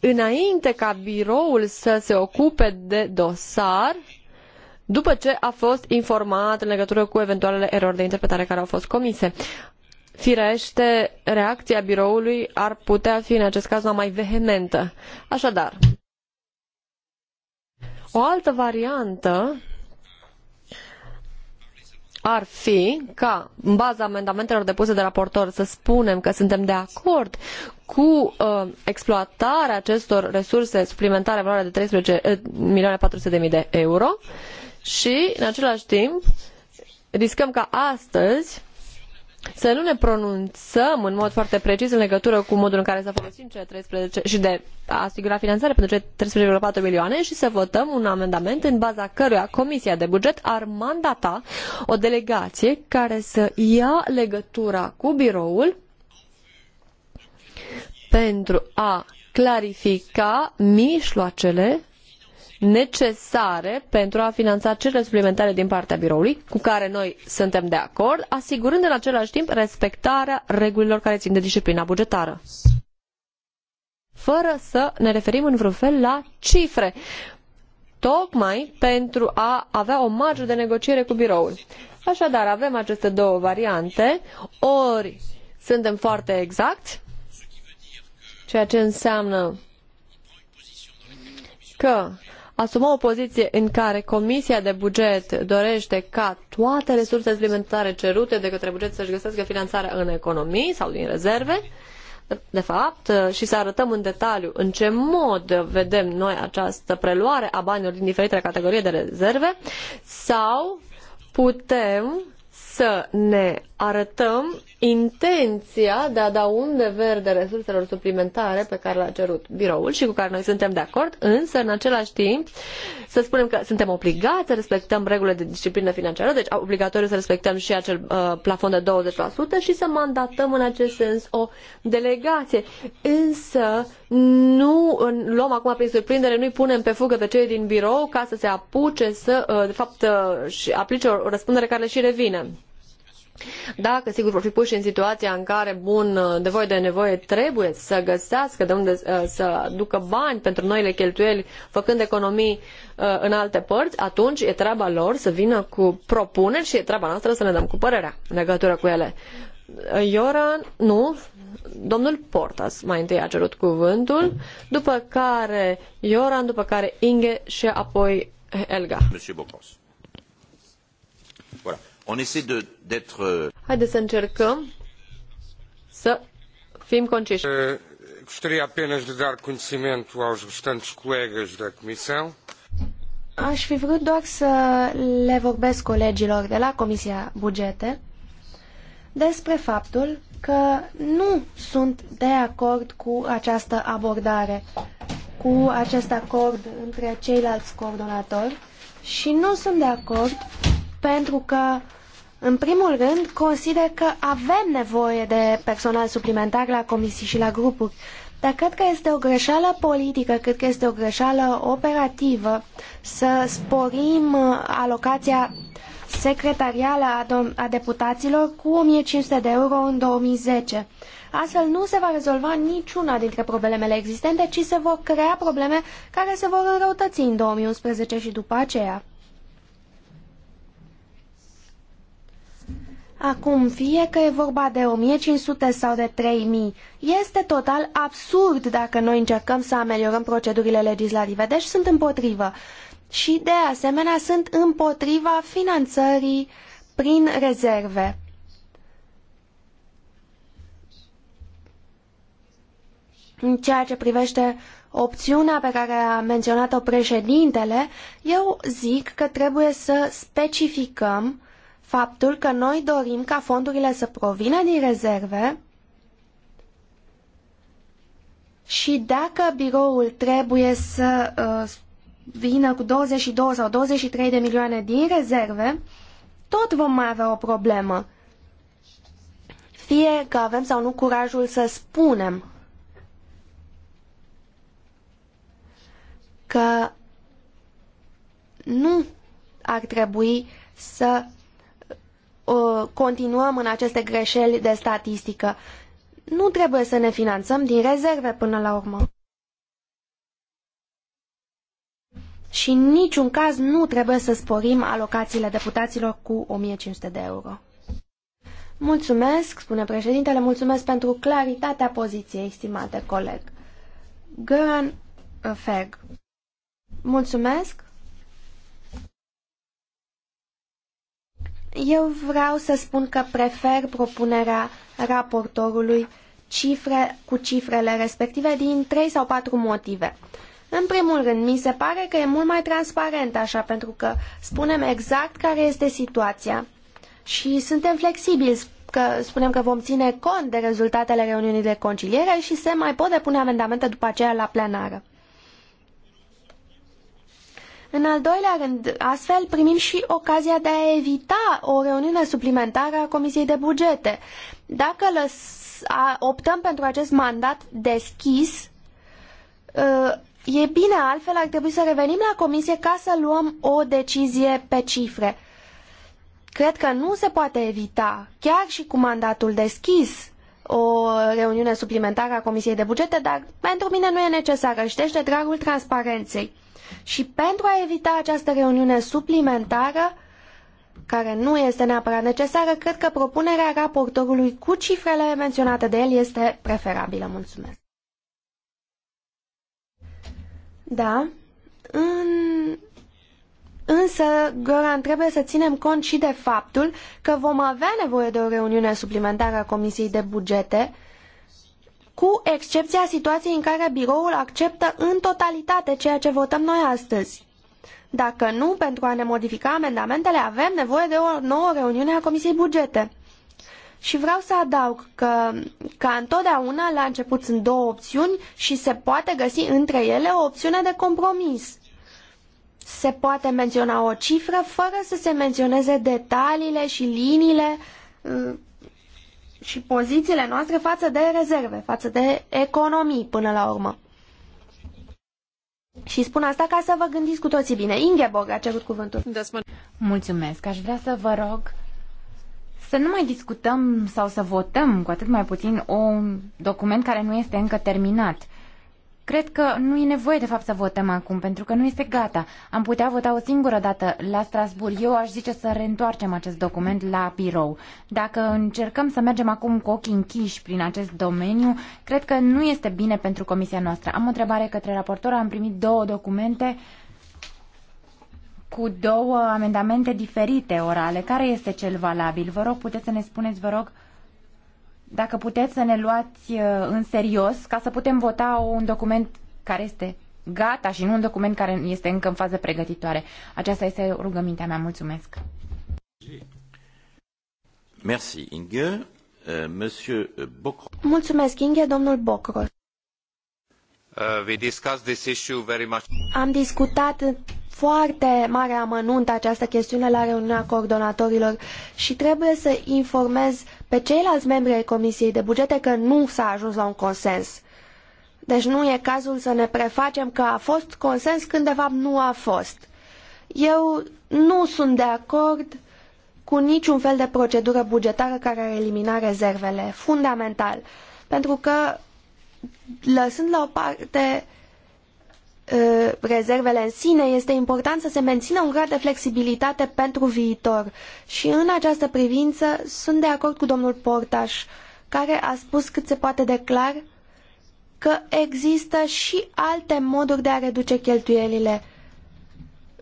înainte ca biroul să se ocupe de dosar după ce a fost informat în legătură cu eventualele erori de interpretare care au fost comise. Firește, reacția biroului ar putea fi în acest caz una mai vehementă. Așadar, o altă variantă ar fi ca, în baza amendamentelor depuse de raportor, să spunem că suntem de acord cu uh, exploatarea acestor resurse suplimentare în valoare de 13.400.000 eh, de de euro, uh, și, în același timp, riscăm ca astăzi să nu ne pronunțăm în mod foarte precis în legătură cu modul în care să folosim cele 13 și de a asigura finanțare pentru cele 13,4 milioane și să votăm un amendament în baza căruia Comisia de Buget ar mandata o delegație care să ia legătura cu biroul pentru a clarifica mijloacele necesare pentru a finanța cele suplimentare din partea biroului, cu care noi suntem de acord, asigurând în același timp respectarea regulilor care țin de disciplina bugetară. Fără să ne referim în vreun fel la cifre, tocmai pentru a avea o marjă de negociere cu biroul. Așadar, avem aceste două variante, ori suntem foarte exact, ceea ce înseamnă că asuma o poziție în care Comisia de Buget dorește ca toate resursele suplimentare cerute de către buget să-și găsească finanțarea în economii sau din rezerve, de fapt, și să arătăm în detaliu în ce mod vedem noi această preluare a banilor din diferitele categorii de rezerve, sau putem să ne arătăm intenția de a da unde verde resurselor suplimentare pe care le-a cerut biroul și cu care noi suntem de acord, însă în același timp să spunem că suntem obligați să respectăm regulile de disciplină financiară, deci obligatoriu să respectăm și acel uh, plafon de 20% și să mandatăm în acest sens o delegație. Însă nu luăm acum prin surprindere, nu-i punem pe fugă pe cei din birou ca să se apuce să, uh, de fapt, uh, și aplice o răspundere care le și revine. Dacă, sigur, vor fi puși în situația în care, bun, de voie de nevoie trebuie să găsească de unde uh, să ducă bani pentru noile cheltuieli, făcând economii uh, în alte părți, atunci e treaba lor să vină cu propuneri și e treaba noastră să ne dăm cu părerea în legătură cu ele. Ioran, nu, domnul Portas mai întâi a cerut cuvântul, după care Ioran, după care Inge și apoi Elga de, euh, Haideți să încercăm să fim conciși. Eh, gostaria apenas de dar conhecimento aos restantes colegas da Comissão. Aș fi vrut doar să le vorbesc colegilor de la Comisia Bugete despre faptul că nu sunt de acord cu această abordare, cu acest acord între ceilalți coordonatori și nu sunt de acord pentru că, în primul rând, consider că avem nevoie de personal suplimentar la comisii și la grupuri. Dar cred că este o greșeală politică, cred că este o greșeală operativă să sporim uh, alocația secretarială a, deputaților cu 1500 de euro în 2010. Astfel nu se va rezolva niciuna dintre problemele existente, ci se vor crea probleme care se vor înrăutăți în 2011 și după aceea. Acum, fie că e vorba de 1500 sau de 3000, este total absurd dacă noi încercăm să ameliorăm procedurile legislative, deci sunt împotrivă. Și, de asemenea, sunt împotriva finanțării prin rezerve. În ceea ce privește opțiunea pe care a menționat-o președintele, eu zic că trebuie să specificăm faptul că noi dorim ca fondurile să provină din rezerve și dacă biroul trebuie să uh, vină cu 22 sau 23 de milioane din rezerve, tot vom mai avea o problemă. Fie că avem sau nu curajul să spunem că nu ar trebui să Uh, continuăm în aceste greșeli de statistică. Nu trebuie să ne finanțăm din rezerve până la urmă. Și în niciun caz nu trebuie să sporim alocațiile deputaților cu 1500 de euro. Mulțumesc, spune președintele, mulțumesc pentru claritatea poziției, stimate coleg. Găran Feg. Mulțumesc. Eu vreau să spun că prefer propunerea raportorului cifre cu cifrele respective din trei sau patru motive. În primul rând, mi se pare că e mult mai transparent așa, pentru că spunem exact care este situația și suntem flexibili, că spunem că vom ține cont de rezultatele reuniunii de conciliere și se mai pot depune amendamente după aceea la plenară. În al doilea rând, astfel primim și ocazia de a evita o reuniune suplimentară a Comisiei de Bugete. Dacă optăm pentru acest mandat deschis, ă, e bine, altfel ar trebui să revenim la Comisie ca să luăm o decizie pe cifre. Cred că nu se poate evita, chiar și cu mandatul deschis, o reuniune suplimentară a Comisiei de Bugete, dar pentru mine nu e necesară și de dragul transparenței. Și pentru a evita această reuniune suplimentară, care nu este neapărat necesară, cred că propunerea raportorului cu cifrele menționate de el este preferabilă. Mulțumesc. Da. În... Însă, Goran, trebuie să ținem cont și de faptul că vom avea nevoie de o reuniune suplimentară a Comisiei de Bugete cu excepția situației în care biroul acceptă în totalitate ceea ce votăm noi astăzi. Dacă nu, pentru a ne modifica amendamentele, avem nevoie de o nouă reuniune a Comisiei Bugete. Și vreau să adaug că, ca întotdeauna, la început sunt două opțiuni și se poate găsi între ele o opțiune de compromis. Se poate menționa o cifră fără să se menționeze detaliile și liniile uh, și pozițiile noastre față de rezerve, față de economii până la urmă. Și spun asta ca să vă gândiți cu toții bine. Ingeborg a cerut cuvântul. Mulțumesc. Aș vrea să vă rog să nu mai discutăm sau să votăm, cu atât mai puțin, un document care nu este încă terminat. Cred că nu e nevoie de fapt să votăm acum, pentru că nu este gata. Am putea vota o singură dată la Strasbourg. Eu aș zice să reîntoarcem acest document la birou. Dacă încercăm să mergem acum cu ochii închiși prin acest domeniu, cred că nu este bine pentru comisia noastră. Am o întrebare către raportor. Am primit două documente cu două amendamente diferite orale. Care este cel valabil? Vă rog, puteți să ne spuneți, vă rog, uh, dacă puteți să ne luați uh, în serios ca să putem vota un document care este gata și nu un document care este încă în fază pregătitoare. Aceasta este rugămintea mea. Mulțumesc. Merci, Inge. Euh, monsieur euh, Bocro. Mulțumesc, Inge. Domnul Bocro. Uh, we this issue very much. Am discutat foarte mare amănunt această chestiune la reuniunea coordonatorilor și trebuie să informez pe ceilalți membri ai Comisiei de Bugete că nu s-a ajuns la un consens. Deci nu e cazul să ne prefacem că a fost consens când de fapt nu a fost. Eu nu sunt de acord cu niciun fel de procedură bugetară care ar elimina rezervele, fundamental, pentru că lăsând la o parte Uh, rezervele în sine, este important să se mențină un grad de flexibilitate pentru viitor. Și în această privință sunt de acord cu domnul Portaș, care a spus cât se poate de clar că există și alte moduri de a reduce cheltuielile,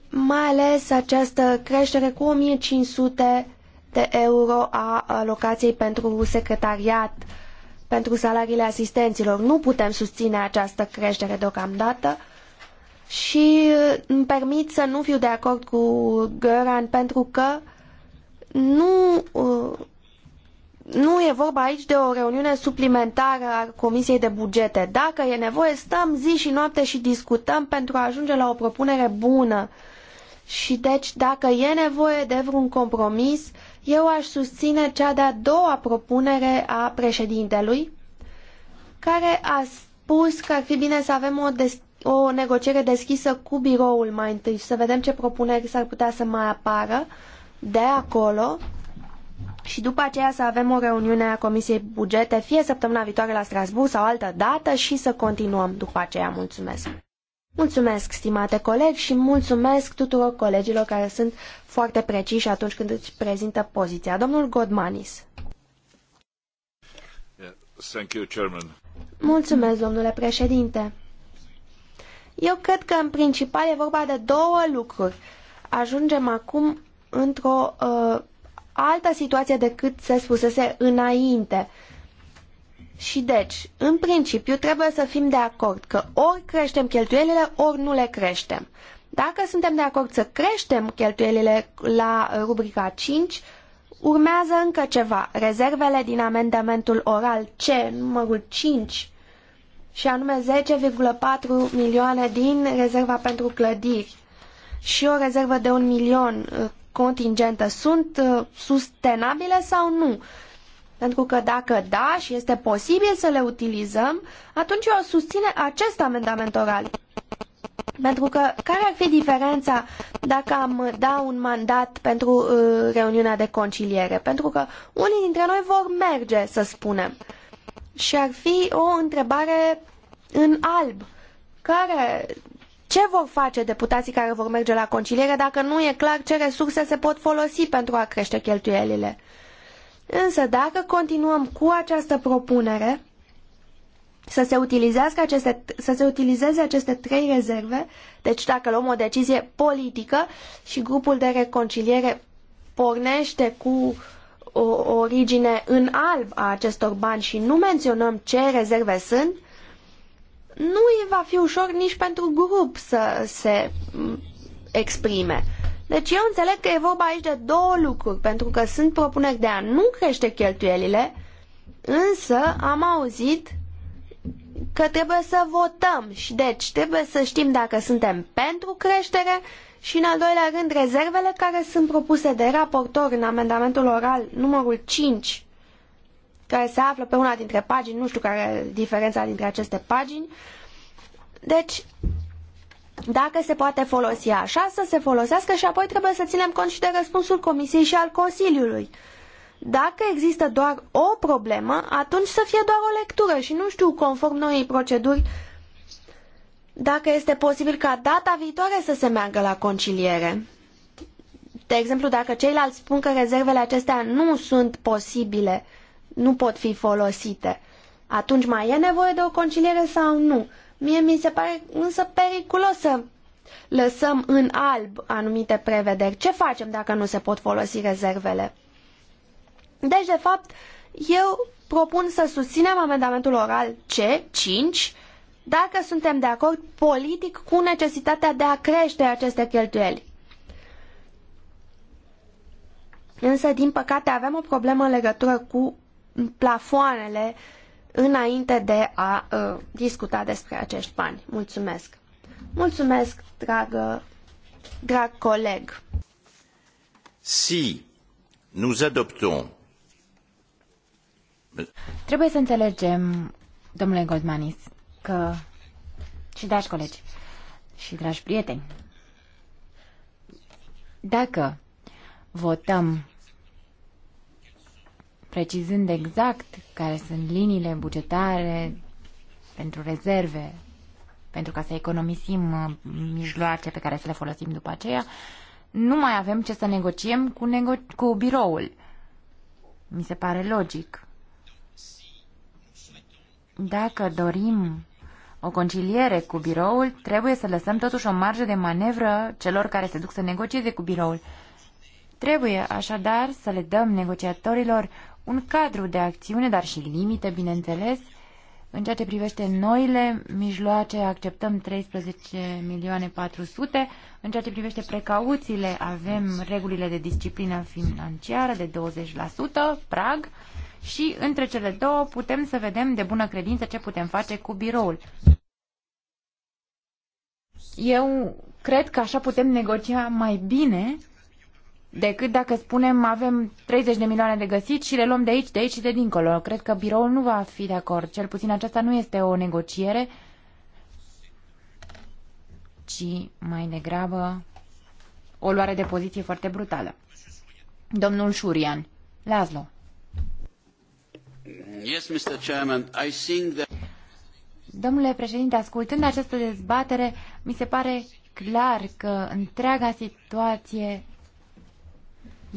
mai ales această creștere cu 1500 de euro a alocației pentru secretariat, pentru salariile asistenților. Nu putem susține această creștere deocamdată, și uh, îmi permit să nu fiu de acord cu Göran pentru că nu, uh, nu e vorba aici de o reuniune suplimentară a Comisiei de Bugete. Dacă e nevoie, stăm zi și noapte și discutăm pentru a ajunge la o propunere bună. Și deci, dacă e nevoie de vreun compromis, eu aș susține cea de-a doua propunere a președintelui, care a spus că ar fi bine să avem o des o negociere deschisă cu biroul mai întâi și să vedem ce propuneri s-ar putea să mai apară de acolo și după aceea să avem o reuniune a Comisiei Bugete, fie săptămâna viitoare la Strasbourg sau altă dată și să continuăm după aceea. Mulțumesc! Mulțumesc, stimate coleg, și mulțumesc tuturor colegilor care sunt foarte preciși atunci când îți prezintă poziția. Domnul Godmanis. Mulțumesc, domnule președinte. Eu cred că în principal e vorba de două lucruri. Ajungem acum într-o uh, altă situație decât se spusese înainte. Și deci, în principiu, trebuie să fim de acord că ori creștem cheltuielile, ori nu le creștem. Dacă suntem de acord să creștem cheltuielile la rubrica 5, urmează încă ceva. Rezervele din amendamentul oral C, numărul 5, și anume 10,4 milioane din rezerva pentru clădiri și o rezervă de un milion uh, contingentă sunt uh, sustenabile sau nu? Pentru că dacă da și este posibil să le utilizăm, atunci o susține acest amendament oral. Pentru că care ar fi diferența dacă am da un mandat pentru uh, reuniunea de conciliere? Pentru că unii dintre noi vor merge, să spunem. Uh, și ar fi o întrebare în alb. Care, ce vor face deputații care vor merge la conciliere dacă nu e clar ce resurse se pot folosi pentru a crește cheltuielile? Însă dacă continuăm cu această propunere, să se, utilizească aceste, să se utilizeze aceste trei rezerve, deci dacă luăm o decizie politică și grupul de reconciliere pornește cu o origine în alb a acestor bani și nu menționăm ce rezerve sunt, nu va fi ușor nici pentru grup să se exprime. Deci eu înțeleg că e vorba aici de două lucruri, pentru că sunt propuneri de a nu crește cheltuielile, însă am auzit că trebuie să votăm și deci trebuie să știm dacă suntem pentru creștere și în al doilea rând, rezervele care sunt propuse de raportor în amendamentul oral numărul 5, care se află pe una dintre pagini, nu știu care e diferența dintre aceste pagini. Deci, dacă se poate folosi așa, să se folosească și apoi trebuie să ținem cont și de răspunsul Comisiei și al Consiliului. Dacă există doar o problemă, atunci să fie doar o lectură și nu știu, conform noii proceduri, dacă este posibil ca data viitoare să se meargă la conciliere. De exemplu, dacă ceilalți spun că rezervele acestea nu sunt posibile, nu pot fi folosite, atunci mai e nevoie de o conciliere sau nu? Mie mi se pare însă periculos să lăsăm în alb anumite prevederi. Ce facem dacă nu se pot folosi rezervele? Deci, de fapt, eu propun să susținem amendamentul oral C5 dacă suntem de acord politic cu necesitatea de a crește aceste cheltuieli. Însă, din păcate, avem o problemă în legătură cu plafoanele înainte de a uh, discuta despre acești bani. Mulțumesc! Mulțumesc, dragă, drag coleg! Si nous adoptons... Trebuie să înțelegem, domnule Goldmanis, că și dragi colegi și dragi prieteni, dacă votăm precizând exact care sunt liniile bugetare pentru rezerve, pentru ca să economisim uh, mijloace pe care să le folosim după aceea, nu mai avem ce să negociem cu, nego- cu biroul. Mi se pare logic. Dacă dorim o conciliere cu biroul, trebuie să lăsăm totuși o marjă de manevră celor care se duc să negocieze cu biroul. Trebuie așadar să le dăm negociatorilor un cadru de acțiune, dar și limite, bineînțeles. În ceea ce privește noile mijloace, acceptăm 13 milioane 400. În ceea ce privește precauțiile, avem regulile de disciplină financiară de 20%, prag și între cele două putem să vedem de bună credință ce putem face cu biroul. Eu cred că așa putem negocia mai bine decât dacă spunem avem 30 de milioane de găsit și le luăm de aici, de aici și de dincolo. Cred că biroul nu va fi de acord. Cel puțin aceasta nu este o negociere, ci mai degrabă o luare de poziție foarte brutală. Domnul Șurian, Laszlo. Domnule președinte, ascultând această dezbatere, mi se pare clar că întreaga situație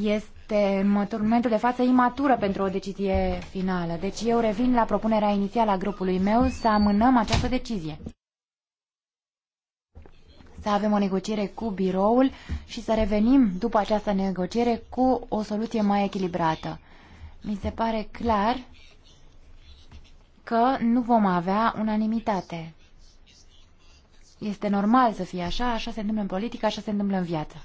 este în momentul de față imatură pentru o decizie finală. Deci eu revin la propunerea inițială a grupului meu să amânăm această decizie. Să avem o negociere cu biroul și să revenim după această negociere cu o soluție mai echilibrată. Mi se pare clar că nu vom avea unanimitate. Este normal să fie așa, așa se întâmplă în politică, așa se întâmplă în viață.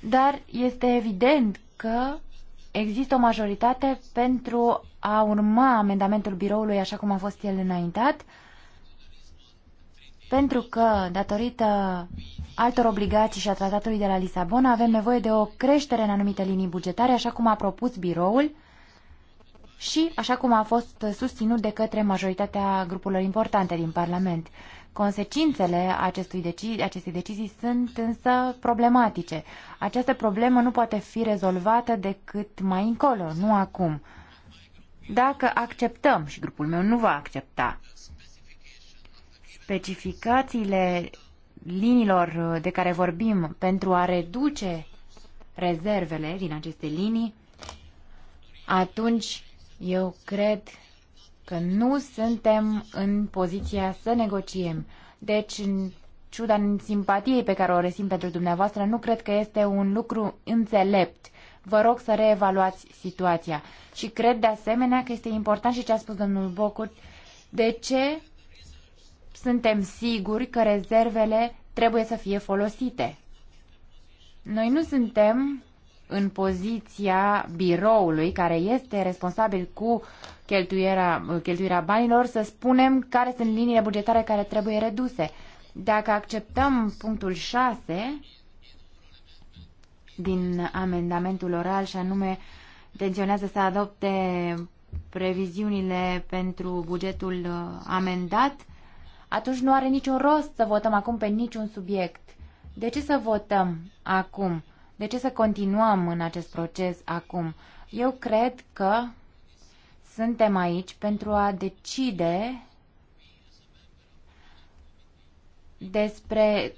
Dar este evident că există o majoritate pentru a urma amendamentul biroului așa cum a fost el înaintat, pentru că, datorită altor obligații și a tratatului de la Lisabona, avem nevoie de o creștere în anumite linii bugetare, așa cum a propus biroul, și așa cum a fost susținut de către majoritatea grupurilor importante din Parlament. Consecințele acestui deci- acestei decizii sunt însă problematice. Această problemă nu poate fi rezolvată decât mai încolo, nu acum. Dacă acceptăm, și grupul meu nu va accepta, specificațiile liniilor de care vorbim pentru a reduce rezervele din aceste linii, atunci eu cred că nu suntem în poziția să negociem. Deci, în ciuda în simpatiei pe care o resim pentru dumneavoastră, nu cred că este un lucru înțelept. Vă rog să reevaluați situația. Și cred de asemenea că este important și ce a spus domnul Bocut, de ce suntem siguri că rezervele trebuie să fie folosite. Noi nu suntem în poziția biroului care este responsabil cu cheltuirea, cheltuirea banilor să spunem care sunt liniile bugetare care trebuie reduse. Dacă acceptăm punctul 6 din amendamentul oral și anume intenționează să adopte previziunile pentru bugetul uh, amendat, atunci nu are niciun rost să votăm acum pe niciun subiect. De ce să votăm acum? De ce să continuăm în acest proces acum? Eu cred că suntem aici pentru a decide despre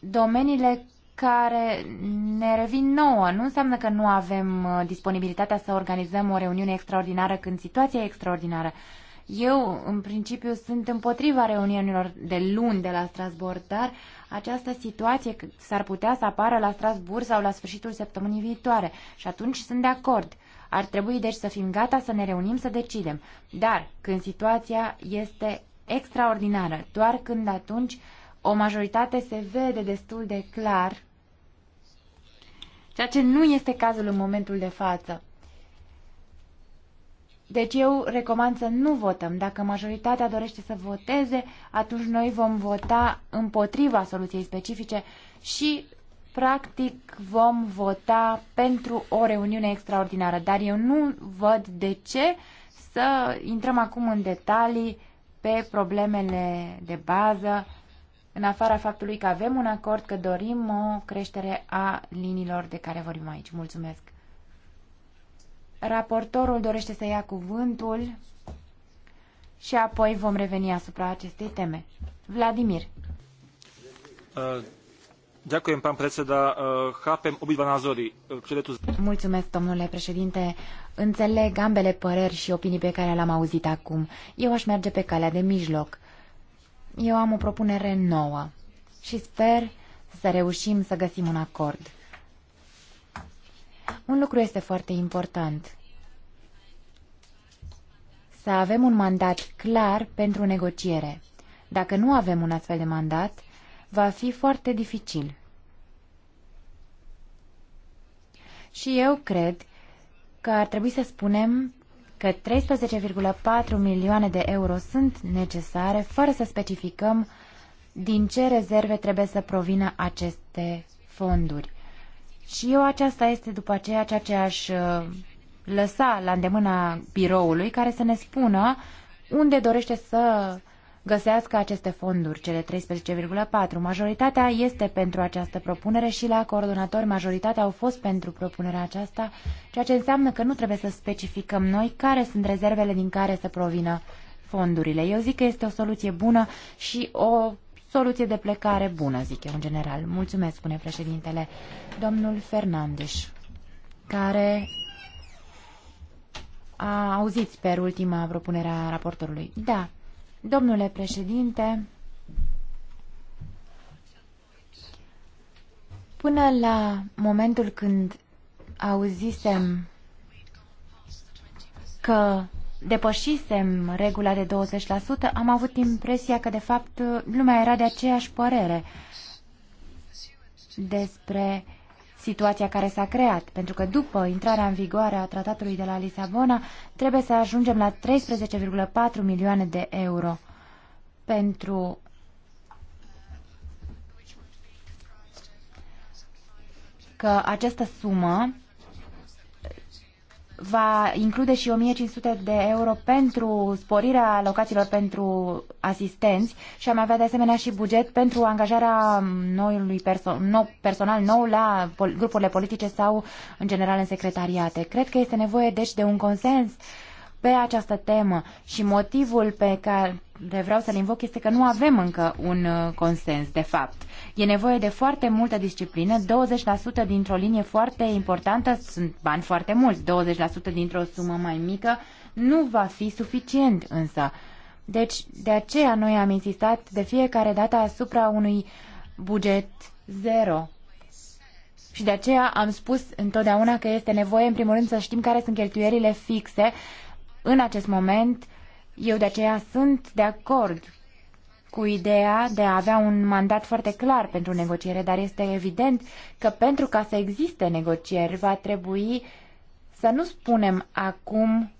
domeniile care ne revin nouă. Nu înseamnă că nu avem uh, disponibilitatea să organizăm o reuniune extraordinară când situația e extraordinară. Eu, în principiu, sunt împotriva reuniunilor de luni de la Strasbourg, dar această situație s-ar putea să apară la Strasbourg sau la sfârșitul săptămânii viitoare și atunci sunt de acord. Ar trebui deci să fim gata să ne reunim să decidem. Dar când situația este extraordinară, doar când atunci o majoritate se vede destul de clar, ceea ce nu este cazul în momentul de față. Deci eu recomand să nu votăm. Dacă majoritatea dorește să voteze, atunci noi vom vota împotriva soluției specifice și practic vom vota pentru o reuniune extraordinară. Dar eu nu văd de ce să intrăm acum în detalii pe problemele de bază, în afara faptului că avem un acord, că dorim o creștere a liniilor de care vorbim aici. Mulțumesc! Raportorul dorește să ia cuvântul și apoi vom reveni asupra acestei teme. Vladimir. Uh, ďakujem, pán predseda. Uh, chápem obidva názory, ktoré uh, tu... Mulțumesc, domnule președinte. Înțeleg ambele păreri și opinii pe care le-am auzit acum. Eu aș merge pe calea de mijloc. Eu am o propunere nouă și sper să reușim să găsim un acord. Un lucru este foarte important. Să avem un mandat clar pentru negociere. Dacă nu avem un astfel de mandat, va fi foarte dificil. Și eu cred că ar trebui să spunem că 13,4 milioane de euro sunt necesare, fără să specificăm din ce rezerve trebuie să provină aceste fonduri. Și eu aceasta este după aceea ceea ce aș uh, lăsa la îndemâna biroului care să ne spună unde dorește să găsească aceste fonduri, cele 13,4. Majoritatea este pentru această propunere și la coordonatori majoritatea au fost pentru propunerea aceasta, ceea ce înseamnă că nu trebuie să specificăm noi care sunt rezervele din care să provină fondurile. Eu zic că este o soluție bună și o soluție de plecare bună, zic eu, în general. Mulțumesc, spune președintele, domnul Fernandes, care a auzit pe ultima propunerea raportorului. Da, domnule președinte, până la momentul când auzisem că depășisem regula de 20%, am avut impresia că, de fapt, lumea era de aceeași părere despre situația care s-a creat, pentru că după intrarea în vigoare a tratatului de la Lisabona, trebuie să ajungem la 13,4 milioane de euro pentru că această sumă va include și 1500 de euro pentru sporirea locațiilor pentru asistenți și am avea de asemenea și buget pentru angajarea noului perso- nou, personal nou la pol- grupurile politice sau în general în secretariate. Cred că este nevoie deci de un consens pe această temă și motivul pe care de vreau să-l invoc este că nu avem încă un uh, consens, de fapt. E nevoie de foarte multă disciplină, 20% dintr-o linie foarte importantă sunt bani foarte mulți, 20% dintr-o sumă mai mică nu va fi suficient însă. Deci, de aceea noi am insistat de fiecare dată asupra unui buget zero. Și de aceea am spus întotdeauna că este nevoie, în primul rând, să știm care sunt cheltuierile fixe în acest moment eu de aceea sunt de acord cu ideea de a avea un mandat foarte clar pentru negociere, dar este evident că pentru ca să existe negocieri va trebui să nu spunem acum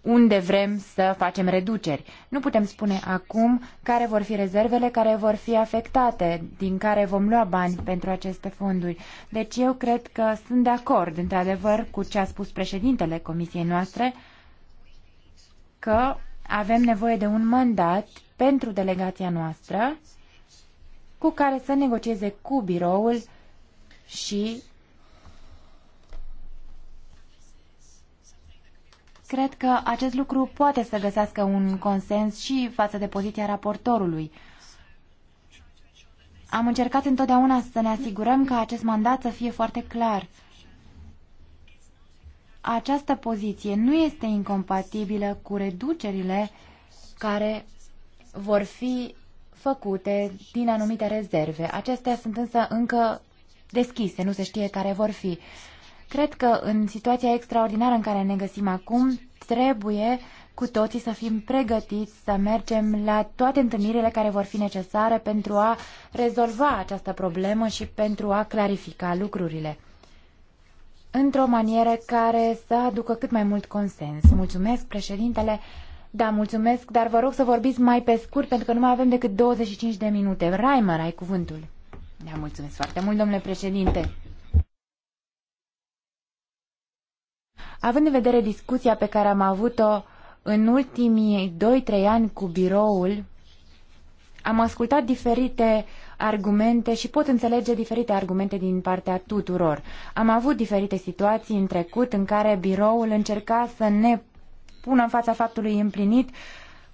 unde vrem să facem reduceri. Nu putem spune acum care vor fi rezervele care vor fi afectate, din care vom lua bani pentru aceste fonduri. Deci eu cred că sunt de acord, într-adevăr, cu ce a spus președintele comisiei noastre, că avem nevoie de un mandat pentru delegația noastră cu care să negocieze cu biroul și cred că acest lucru poate să găsească un consens și față de poziția raportorului. Am încercat întotdeauna să ne asigurăm că acest mandat să fie foarte clar această poziție nu este incompatibilă cu reducerile care vor fi făcute din anumite rezerve. Acestea sunt însă încă deschise, nu se știe care vor fi. Cred că în situația extraordinară în care ne găsim acum, trebuie cu toții să fim pregătiți să mergem la toate întâlnirile care vor fi necesare pentru a rezolva această problemă și pentru a clarifica lucrurile într-o manieră care să aducă cât mai mult consens. Mulțumesc, președintele. Da, mulțumesc, dar vă rog să vorbiți mai pe scurt, pentru că nu mai avem decât 25 de minute. Raimer, ai cuvântul. Da, mulțumesc foarte mult, domnule președinte. Având în vedere discuția pe care am avut-o în ultimii 2-3 ani cu biroul, am ascultat diferite uh, argumente și pot înțelege diferite argumente din partea tuturor. Am avut diferite situații în trecut în care biroul încerca să ne pună în fața faptului împlinit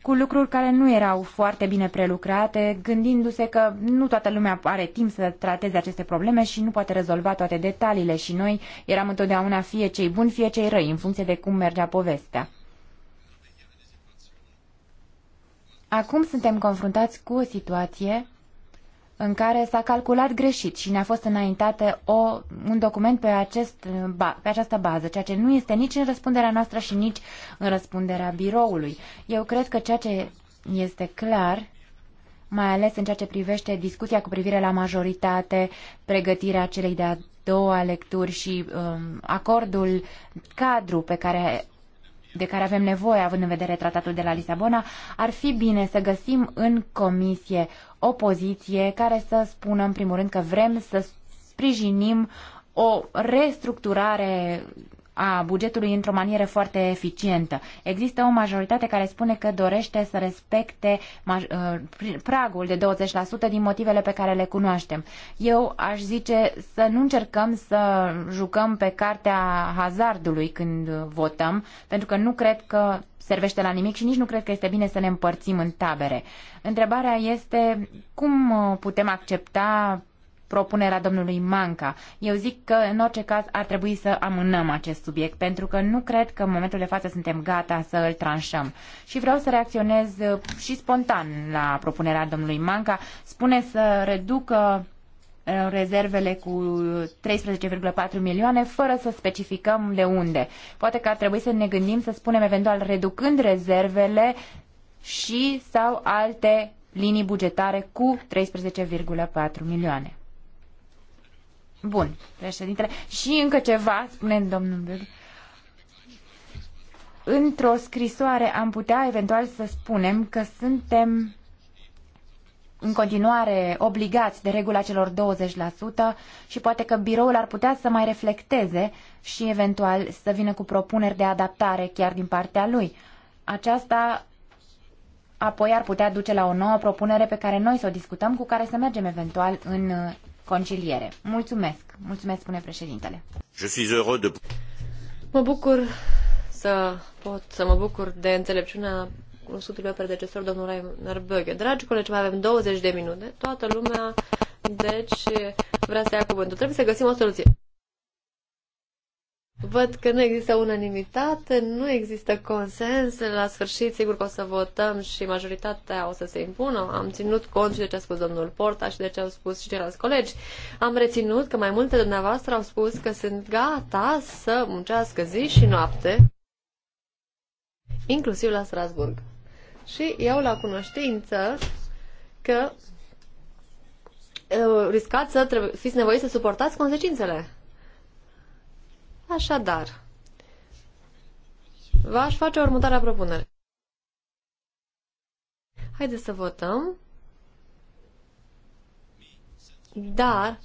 cu lucruri care nu erau foarte bine prelucrate, gândindu-se că nu toată lumea are timp să trateze aceste probleme și nu poate rezolva toate detaliile și noi eram întotdeauna fie cei buni, fie cei răi, în funcție de cum mergea povestea. Acum suntem confruntați cu o situație în care s-a calculat greșit și ne-a fost înaintate o, un document pe, acest, pe această bază, ceea ce nu este nici în răspunderea noastră și nici în răspunderea biroului. Eu cred că ceea ce este clar, mai ales în ceea ce privește discuția cu privire la majoritate, pregătirea celei de-a doua lecturi și um, acordul cadru pe care de care avem nevoie, având în vedere tratatul de la Lisabona, ar fi bine să găsim în comisie o poziție care să spună, în primul rând, că vrem să sprijinim o restructurare a bugetului într-o manieră foarte eficientă. Există o majoritate care spune că dorește să respecte uh, pragul de 20% din motivele pe care le cunoaștem. Eu aș zice să nu încercăm să jucăm pe cartea hazardului când votăm, pentru că nu cred că servește la nimic și nici nu cred că este bine să ne împărțim în tabere. Întrebarea este cum putem accepta propunerea domnului Manca. Eu zic că, în orice caz, ar trebui să amânăm acest subiect, pentru că nu cred că în momentul de față suntem gata să îl tranșăm. Și vreau să reacționez uh, și spontan la propunerea domnului Manca. Spune să reducă uh, rezervele cu 13,4 milioane fără să specificăm de unde. Poate că ar trebui să ne gândim să spunem eventual reducând rezervele și sau alte linii bugetare cu 13,4 milioane. Bun, președintele. Și încă ceva, spune domnul Băg. Într-o scrisoare am putea eventual să spunem că suntem în continuare obligați de regula celor 20% și poate că biroul ar putea să mai reflecteze și eventual să vină cu propuneri de adaptare chiar din partea lui. Aceasta apoi ar putea duce la o nouă propunere pe care noi să o discutăm, cu care să mergem eventual în conciliere. Mulțumesc. Mulțumesc, spune președintele. Je suis heureux de... Mă bucur să pot să mă bucur de înțelepciunea cunoscutului meu predecesor, domnul Rainer Böge. Dragi colegi, mai avem 20 de minute. Toată lumea, deci, vrea să ia cuvântul. Trebuie să găsim o soluție. Văd că nu există unanimitate, nu există consens. La sfârșit, sigur că o să votăm și majoritatea o să se impună. Am ținut cont și de ce a spus domnul Porta și de ce au spus și ceilalți colegi. Am reținut că mai multe dumneavoastră au spus că sunt gata să muncească zi și noapte, inclusiv la Strasburg. Și iau la cunoștință că uh, riscați să fiți nevoiți să suportați consecințele Așadar, v-aș face următoarea propunere. Haideți să votăm. Dar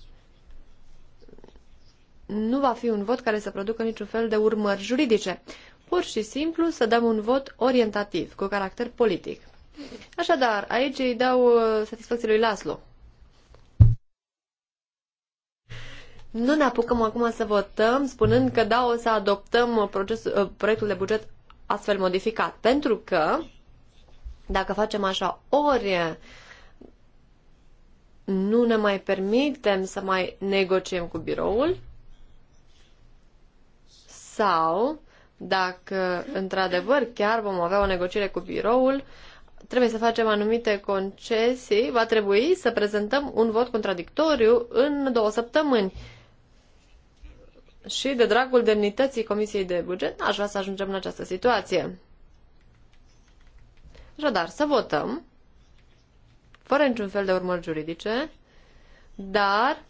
nu va fi un vot care să producă niciun fel de urmări juridice. Pur și simplu să dăm un vot orientativ, cu caracter politic. Așadar, aici îi dau uh, satisfacție lui Laslo. Nu ne apucăm acum să votăm spunând că da, o să adoptăm uh, proces, uh, proiectul de buget astfel modificat. Pentru că, dacă facem așa, ori nu ne mai permitem să mai negociem cu biroul, sau dacă într-adevăr chiar vom avea o negociere cu biroul, trebuie să facem anumite concesii, va trebui să prezentăm un vot contradictoriu în două săptămâni și de dragul demnității Comisiei de Buget, aș vrea să ajungem în această situație. Așadar, să votăm, fără niciun fel de urmări juridice, dar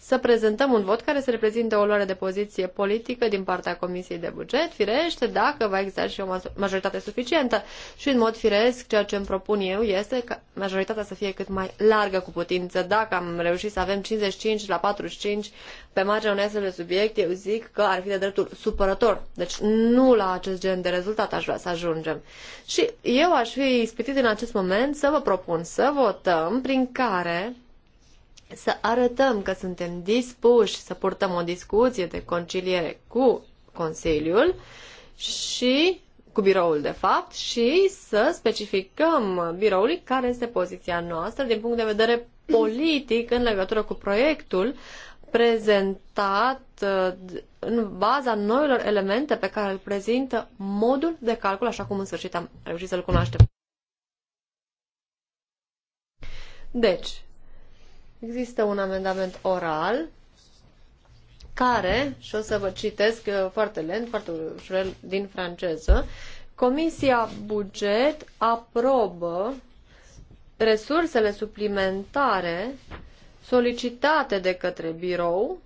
să prezentăm un vot care să reprezinte o luare de poziție politică din partea Comisiei de Buget, firește, dacă va exista și o majoritate suficientă. Și în mod firesc, ceea ce îmi propun eu este ca majoritatea să fie cât mai largă cu putință. Dacă am reușit să avem 55 la 45 pe marginea unui astfel de subiect, eu zic că ar fi de dreptul supărător. Deci nu la acest gen de rezultat aș vrea să ajungem. Și eu aș fi ispitit în acest moment să vă propun să votăm prin care să arătăm că suntem dispuși să purtăm o discuție de conciliere cu Consiliul și cu biroul, de fapt, și să specificăm biroului care este poziția noastră din punct de vedere politic în legătură cu proiectul prezentat uh, în baza noilor elemente pe care îl prezintă modul de calcul, așa cum în sfârșit am reușit să-l cunoaștem. Deci, Există un amendament oral care, și o să vă citesc uh, foarte lent, foarte ușor din franceză, Comisia Buget aprobă resursele suplimentare solicitate de către birou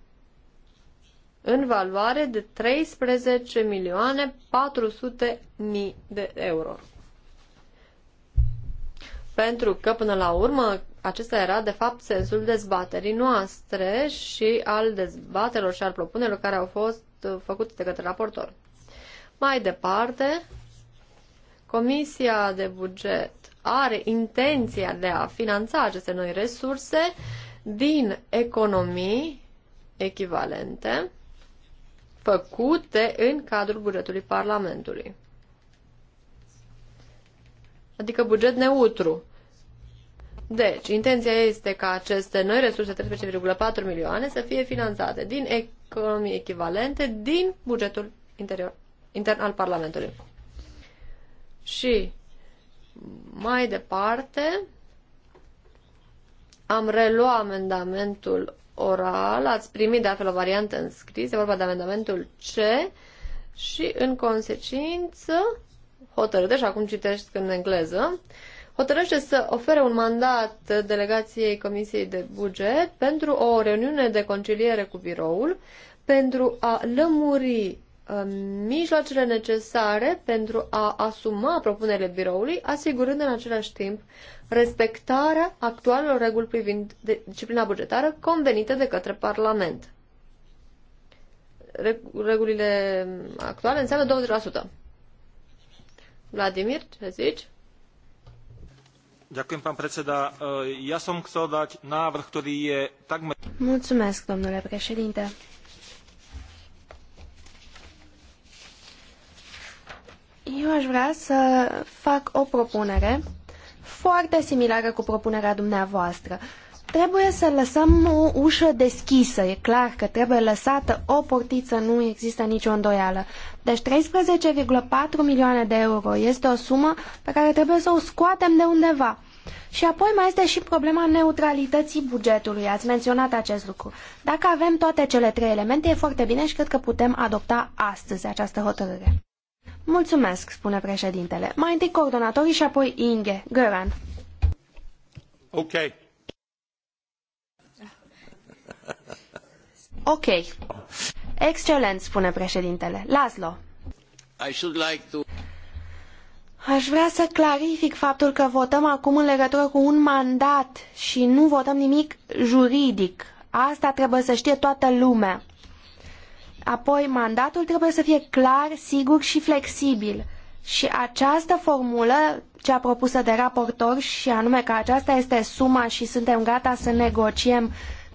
în valoare de 13 milioane 400 mii de euro. Pentru că, până la urmă, acesta era, de fapt, sensul dezbaterii noastre și al dezbaterilor și al propunerilor care au fost uh, făcute de către raportor. Mai departe, Comisia de Buget are intenția de a finanța aceste noi resurse din economii echivalente făcute în cadrul bugetului Parlamentului. Adică buget neutru. Deci, intenția este ca aceste noi resurse, 13,4 milioane, să fie finanțate din economii echivalente din bugetul interior, intern al Parlamentului. Și mai departe, am reluat amendamentul oral, ați primit de altfel o variantă în scris, e vorba de amendamentul C și în consecință hotărâte, și deci acum citești în engleză, hotărăște să ofere un mandat delegației Comisiei de Buget pentru o reuniune de conciliere cu biroul pentru a lămuri uh, mijloacele necesare pentru a asuma propunerile biroului, asigurând în același timp respectarea actualelor reguli privind disciplina bugetară convenite de către Parlament. Regulile actuale înseamnă 20%. Vladimir, ce zici? Ja som chcel dať návrh, ktorý je takmer... Mulțumesc, domnule președinte. Eu aș vrea să fac o propunere foarte similară cu propunerea dumneavoastră. Uh, Trebuie să lăsăm o ușă deschisă, e clar că trebuie lăsată o portiță, nu există nicio îndoială. Deci 13,4 milioane de euro este o sumă pe care trebuie să o scoatem de undeva. Și apoi mai este și problema neutralității bugetului. Ați menționat acest lucru. Dacă avem toate cele trei elemente, e foarte bine și cred că putem adopta astăzi această hotărâre. Mulțumesc, spune președintele. Mai întâi coordonatorii și apoi Inge. Göran. Okay. Ok. Excelent, spune președintele. Laslo. Like to... Aș vrea să clarific faptul că votăm acum în legătură cu un mandat și nu votăm nimic juridic. Asta trebuie să știe toată lumea. Apoi, mandatul trebuie să fie clar, sigur și flexibil. Și această formulă, cea propusă de raportor, și anume că aceasta este suma și suntem gata să negociem uh,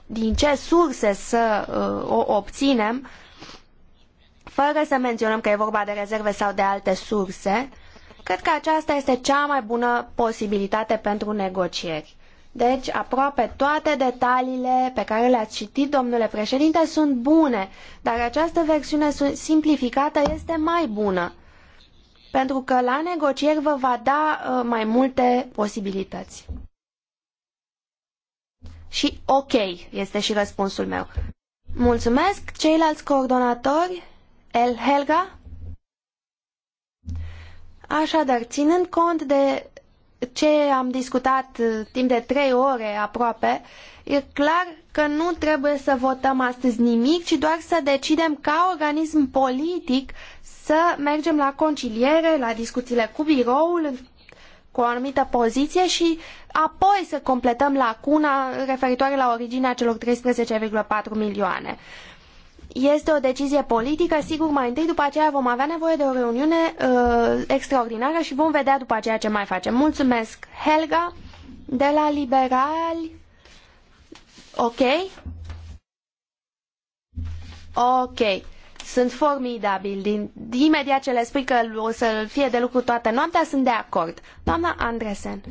din ce surse să uh, o obținem, fără să menționăm că e vorba de rezerve sau de alte surse, cred că aceasta este cea mai bună posibilitate pentru negocieri. Deci, aproape toate detaliile pe care le-ați citit, domnule președinte, sunt bune, dar această versiune simplificată este mai bună, pentru că la negocieri vă va da uh, mai multe posibilități și ok este și răspunsul meu. Mulțumesc. Ceilalți coordonatori? El Helga? Așadar, ținând cont de ce am discutat uh, timp de trei ore aproape, e clar că nu trebuie să votăm astăzi nimic, ci doar să decidem ca organism politic să mergem la conciliere, la discuțiile cu biroul, cu o anumită poziție și apoi să completăm lacuna referitoare la originea celor 13,4 milioane. Este o decizie politică, sigur, mai întâi după aceea vom avea nevoie de o reuniune uh, extraordinară și vom vedea după aceea ce mai facem. Mulțumesc, Helga, de la Liberali. Ok? Ok sunt formidabili. Din, imediat ce le spui că o să fie de lucru toată noaptea, sunt de acord. Doamna Andresen.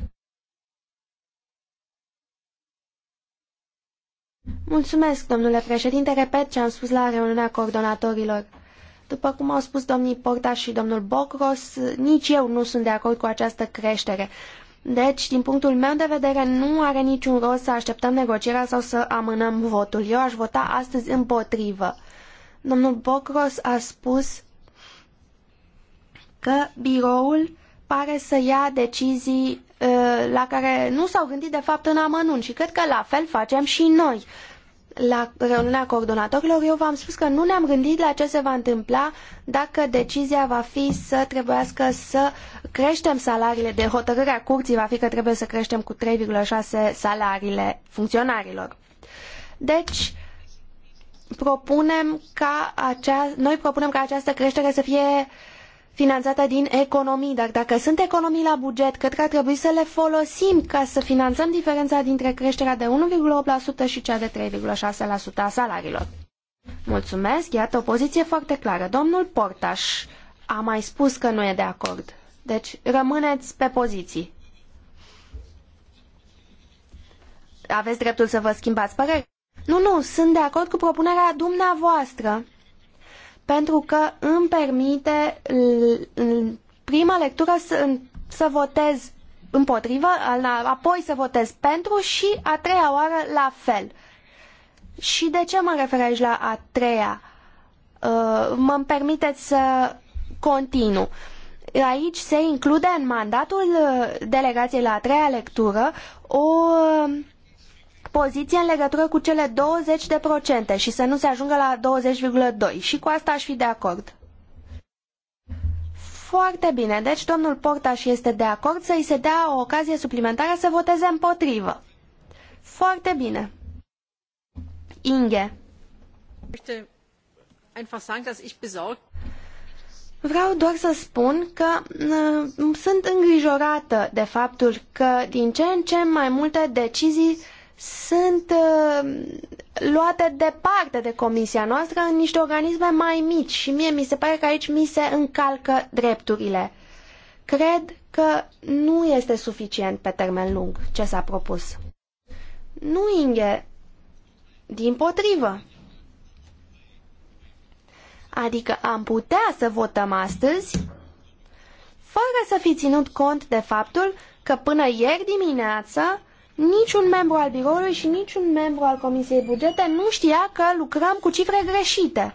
Mulțumesc, domnule președinte. Repet ce am spus la reuniunea coordonatorilor. După cum au spus domnii Porta și domnul Bocros, nici eu nu sunt de acord cu această creștere. Deci, din punctul meu de vedere, nu are niciun rost să așteptăm negocierea sau să amânăm votul. Eu aș vota astăzi împotrivă. Domnul Bocros a spus că biroul pare să ia decizii uh, la care nu s-au gândit de fapt în amănunt și cred că la fel facem și noi. La reuniunea coordonatorilor eu v-am spus că nu ne-am gândit la ce se va întâmpla dacă decizia va fi să trebuiască să creștem salariile de hotărârea curții va fi că trebuie să creștem cu 3,6 salariile funcționarilor. Deci, uh, propunem ca acea, noi propunem ca această creștere să fie finanțată din economii, dar dacă sunt economii la buget, cred că ar trebui să le folosim ca să finanțăm diferența dintre creșterea de 1,8% și cea de 3,6% a salariilor. Mulțumesc, iată o poziție foarte clară. Domnul Portaș a mai spus că nu e de acord. Deci rămâneți pe poziții. Aveți dreptul să vă schimbați păreri. Nu, nu, sunt de acord cu propunerea dumneavoastră, pentru că îmi permite în prima lectură să, să votez împotrivă, apoi să votez pentru și a treia oară la fel. Și de ce mă refer aici la a treia? Uh, mă permiteți să continu. Aici se include în mandatul uh, delegației la a treia lectură o poziție în legătură cu cele 20 de procente și să nu se ajungă la 20,2 și cu asta aș fi de acord. Foarte bine, deci domnul Portaș este de acord să-i se dea o ocazie suplimentară să voteze împotrivă. Foarte bine. Inge. Vreau doar să spun că uh, sunt îngrijorată de faptul că din ce în ce mai multe decizii sunt uh, luate departe de comisia noastră în niște organisme mai mici și mie mi se pare că aici mi se încalcă drepturile. Cred că nu este suficient pe termen lung ce s-a propus. Nu, Inge, din potrivă. Adică am putea să votăm astăzi fără să fi ținut cont de faptul că până ieri dimineață Niciun membru al biroului și niciun membru al Comisiei Bugete nu știa că lucrăm cu cifre greșite.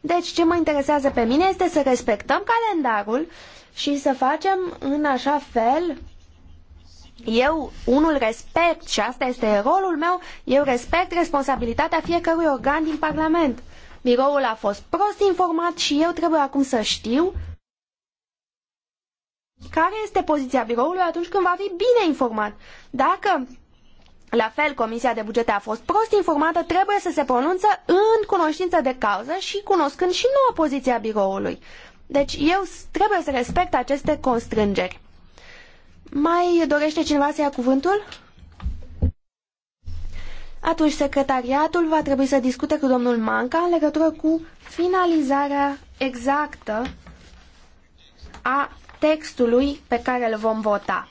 Deci ce mă interesează pe mine este să respectăm calendarul și să facem în așa fel eu unul respect, și asta este rolul meu, eu respect responsabilitatea fiecărui organ din Parlament. Biroul a fost prost informat și eu trebuie acum să știu care este poziția biroului atunci când va fi bine informat. Dacă la fel, Comisia de Bugete a fost prost informată, trebuie să se pronunță în cunoștință de cauză și cunoscând și noua poziția biroului. Deci eu trebuie să respect aceste constrângeri. Mai dorește cineva să ia cuvântul? Atunci secretariatul va trebui să discute cu domnul Manca în legătură cu finalizarea exactă a textului pe care îl vom vota.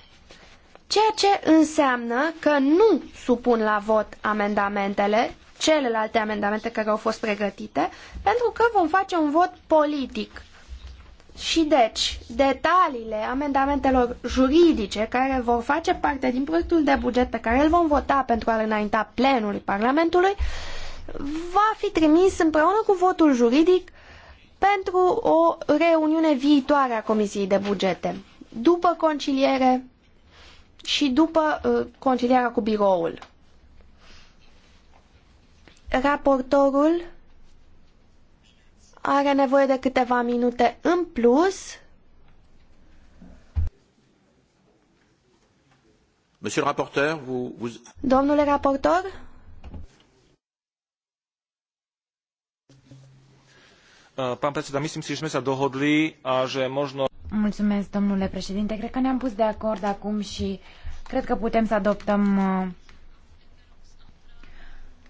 Ceea ce înseamnă că nu supun la vot amendamentele, celelalte amendamente care au fost pregătite, pentru că vom face un vot politic. Și deci, detaliile amendamentelor juridice care vor face parte din proiectul de buget pe care îl vom vota pentru a-l înainta plenului Parlamentului, va fi trimis împreună cu votul juridic pentru o reuniune viitoare a Comisiei de Bugete. După conciliere și după uh, concilierea cu biroul. Raportorul are nevoie de câteva minute în plus. Monsieur vous, vous... Domnule raportor, Eh, pán predseda, myslím si, že sme sa dohodli a že možno... Mulțumesc, domnule președinte. Cred că ne-am pus de acord acum și cred că putem să adoptăm uh,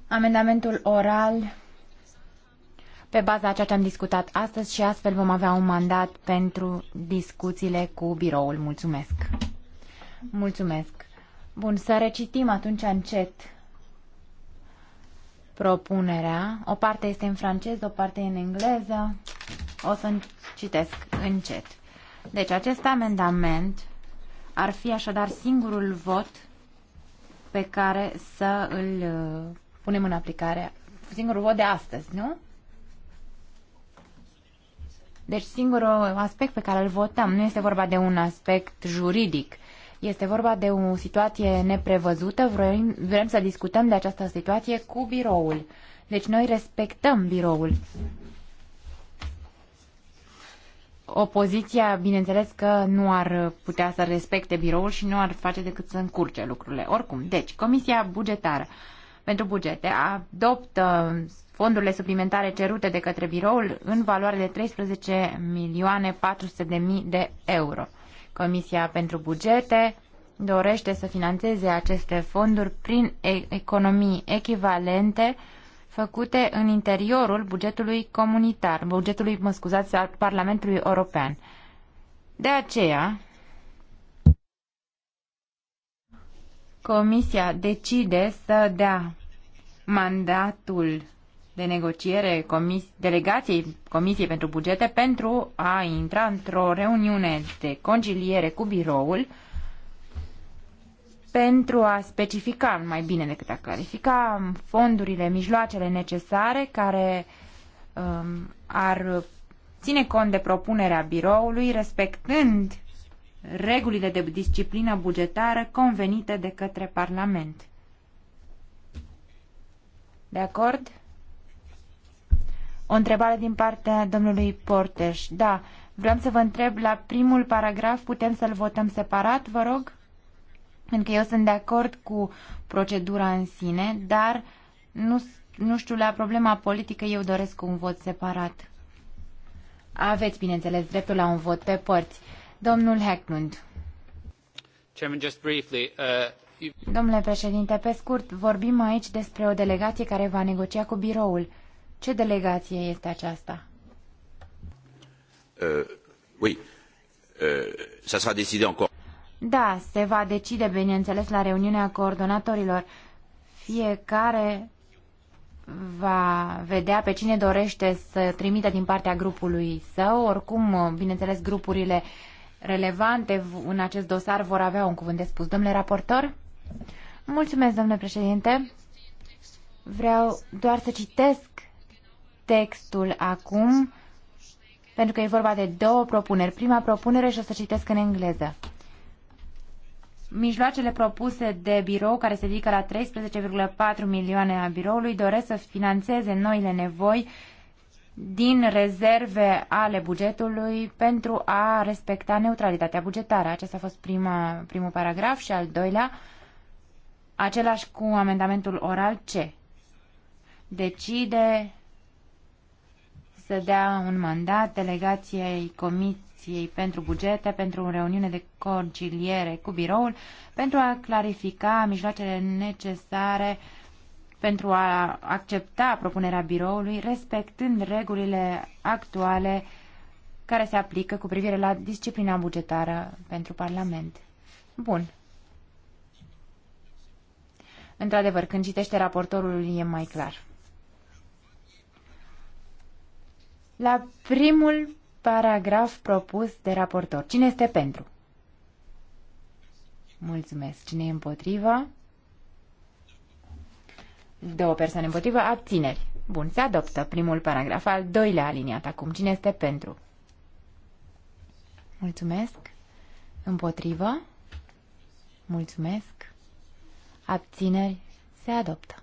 amendamentul oral pe baza a ceea ce am discutat astăzi și astfel vom avea un mandat pentru discuțiile cu biroul. Mulțumesc! Mulțumesc! Bun, să recitim atunci încet propunerea. O parte este în franceză, o parte în engleză. O să citesc încet. Deci acest amendament ar fi așadar singurul vot pe care să îl uh, punem în aplicare. Singurul vot de astăzi, nu? Deci singurul aspect pe care îl votăm nu este vorba de un aspect juridic, este vorba de o situație neprevăzută. Vrem, vrem să discutăm de această situație cu biroul. Deci noi respectăm biroul. Opoziția, bineînțeles că nu ar putea să respecte biroul și nu ar face decât să încurce lucrurile. Oricum, deci, Comisia Bugetară. Uh, pentru bugete adoptă uh, fondurile suplimentare cerute de către biroul în valoare de 13 milioane 400 de mii de euro. Comisia pentru bugete dorește să financeze aceste fonduri prin economii echivalente făcute în interiorul bugetului comunitar, bugetului, mă scuzați, al Parlamentului European. De aceea, Comisia decide să dea mandatul de negociere comis, delegației Comisiei pentru Bugete pentru a intra într-o reuniune de conciliere cu biroul pentru a specifica mai bine decât a clarifica fondurile, mijloacele necesare care um, ar ține cont de propunerea biroului, respectând regulile de disciplină bugetară convenite de către Parlament. De acord? O întrebare din partea domnului Porteș. Da, vreau să vă întreb, la primul paragraf putem să-l votăm separat, vă rog? Pentru că eu sunt de acord cu procedura în sine, dar nu, nu știu, la problema politică eu doresc un vot separat. Aveți, bineînțeles, dreptul la un vot pe părți. Domnul uh, Domnule președinte, pe scurt, vorbim aici despre o delegație care va negocia cu biroul. Ce delegație este aceasta? Uh, uh, da, se va decide, bineînțeles, la reuniunea coordonatorilor. Fiecare va vedea pe cine dorește să trimită din partea grupului său. Oricum, bineînțeles, grupurile uh, relevante în acest dosar vor avea un cuvânt de spus. Domnule raportor? Mulțumesc, domnule președinte. Vreau doar să citesc textul acum, pentru că e vorba de două propuneri. Prima propunere și o să citesc în engleză. Mijloacele propuse de birou, care se ridică la 13,4 milioane a biroului, doresc să financeze noile nevoi din rezerve ale bugetului pentru a respecta neutralitatea bugetară. Acesta a fost prima, primul paragraf și al doilea, același cu amendamentul oral C. Decide să dea un mandat delegației Comisiei pentru Bugete pentru o reuniune de conciliere cu biroul pentru a clarifica mijloacele necesare uh, pentru a accepta propunerea biroului, respectând regulile actuale care se aplică cu privire la disciplina bugetară pentru Parlament. Bun. Într-adevăr, când citește raportorul e mai clar. La primul paragraf propus de raportor. Cine este pentru? Mulțumesc. Cine e împotrivă? Două persoane împotrivă, abțineri. Bun, se adoptă primul paragraf, al doilea aliniat acum. Cine este pentru? Mulțumesc. Împotrivă? Mulțumesc. Abțineri? Se adoptă.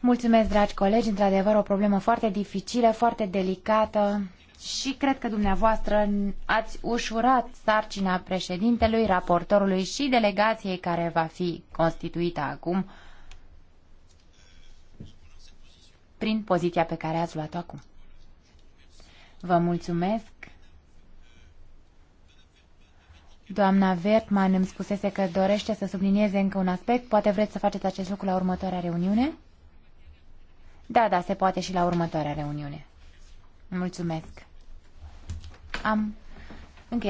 Mulțumesc, dragi colegi, într-adevăr o problemă foarte dificilă, foarte delicată și cred că dumneavoastră ați ușurat sarcina președintelui, raportorului și delegației care va fi constituită acum prin poziția pe care ați luat-o acum. Vă mulțumesc. Doamna Vertman îmi spusese că dorește să sublinieze încă un aspect. Poate vreți să faceți acest lucru la următoarea reuniune? Da, da, se poate și la următoarea reuniune. Mulțumesc. Am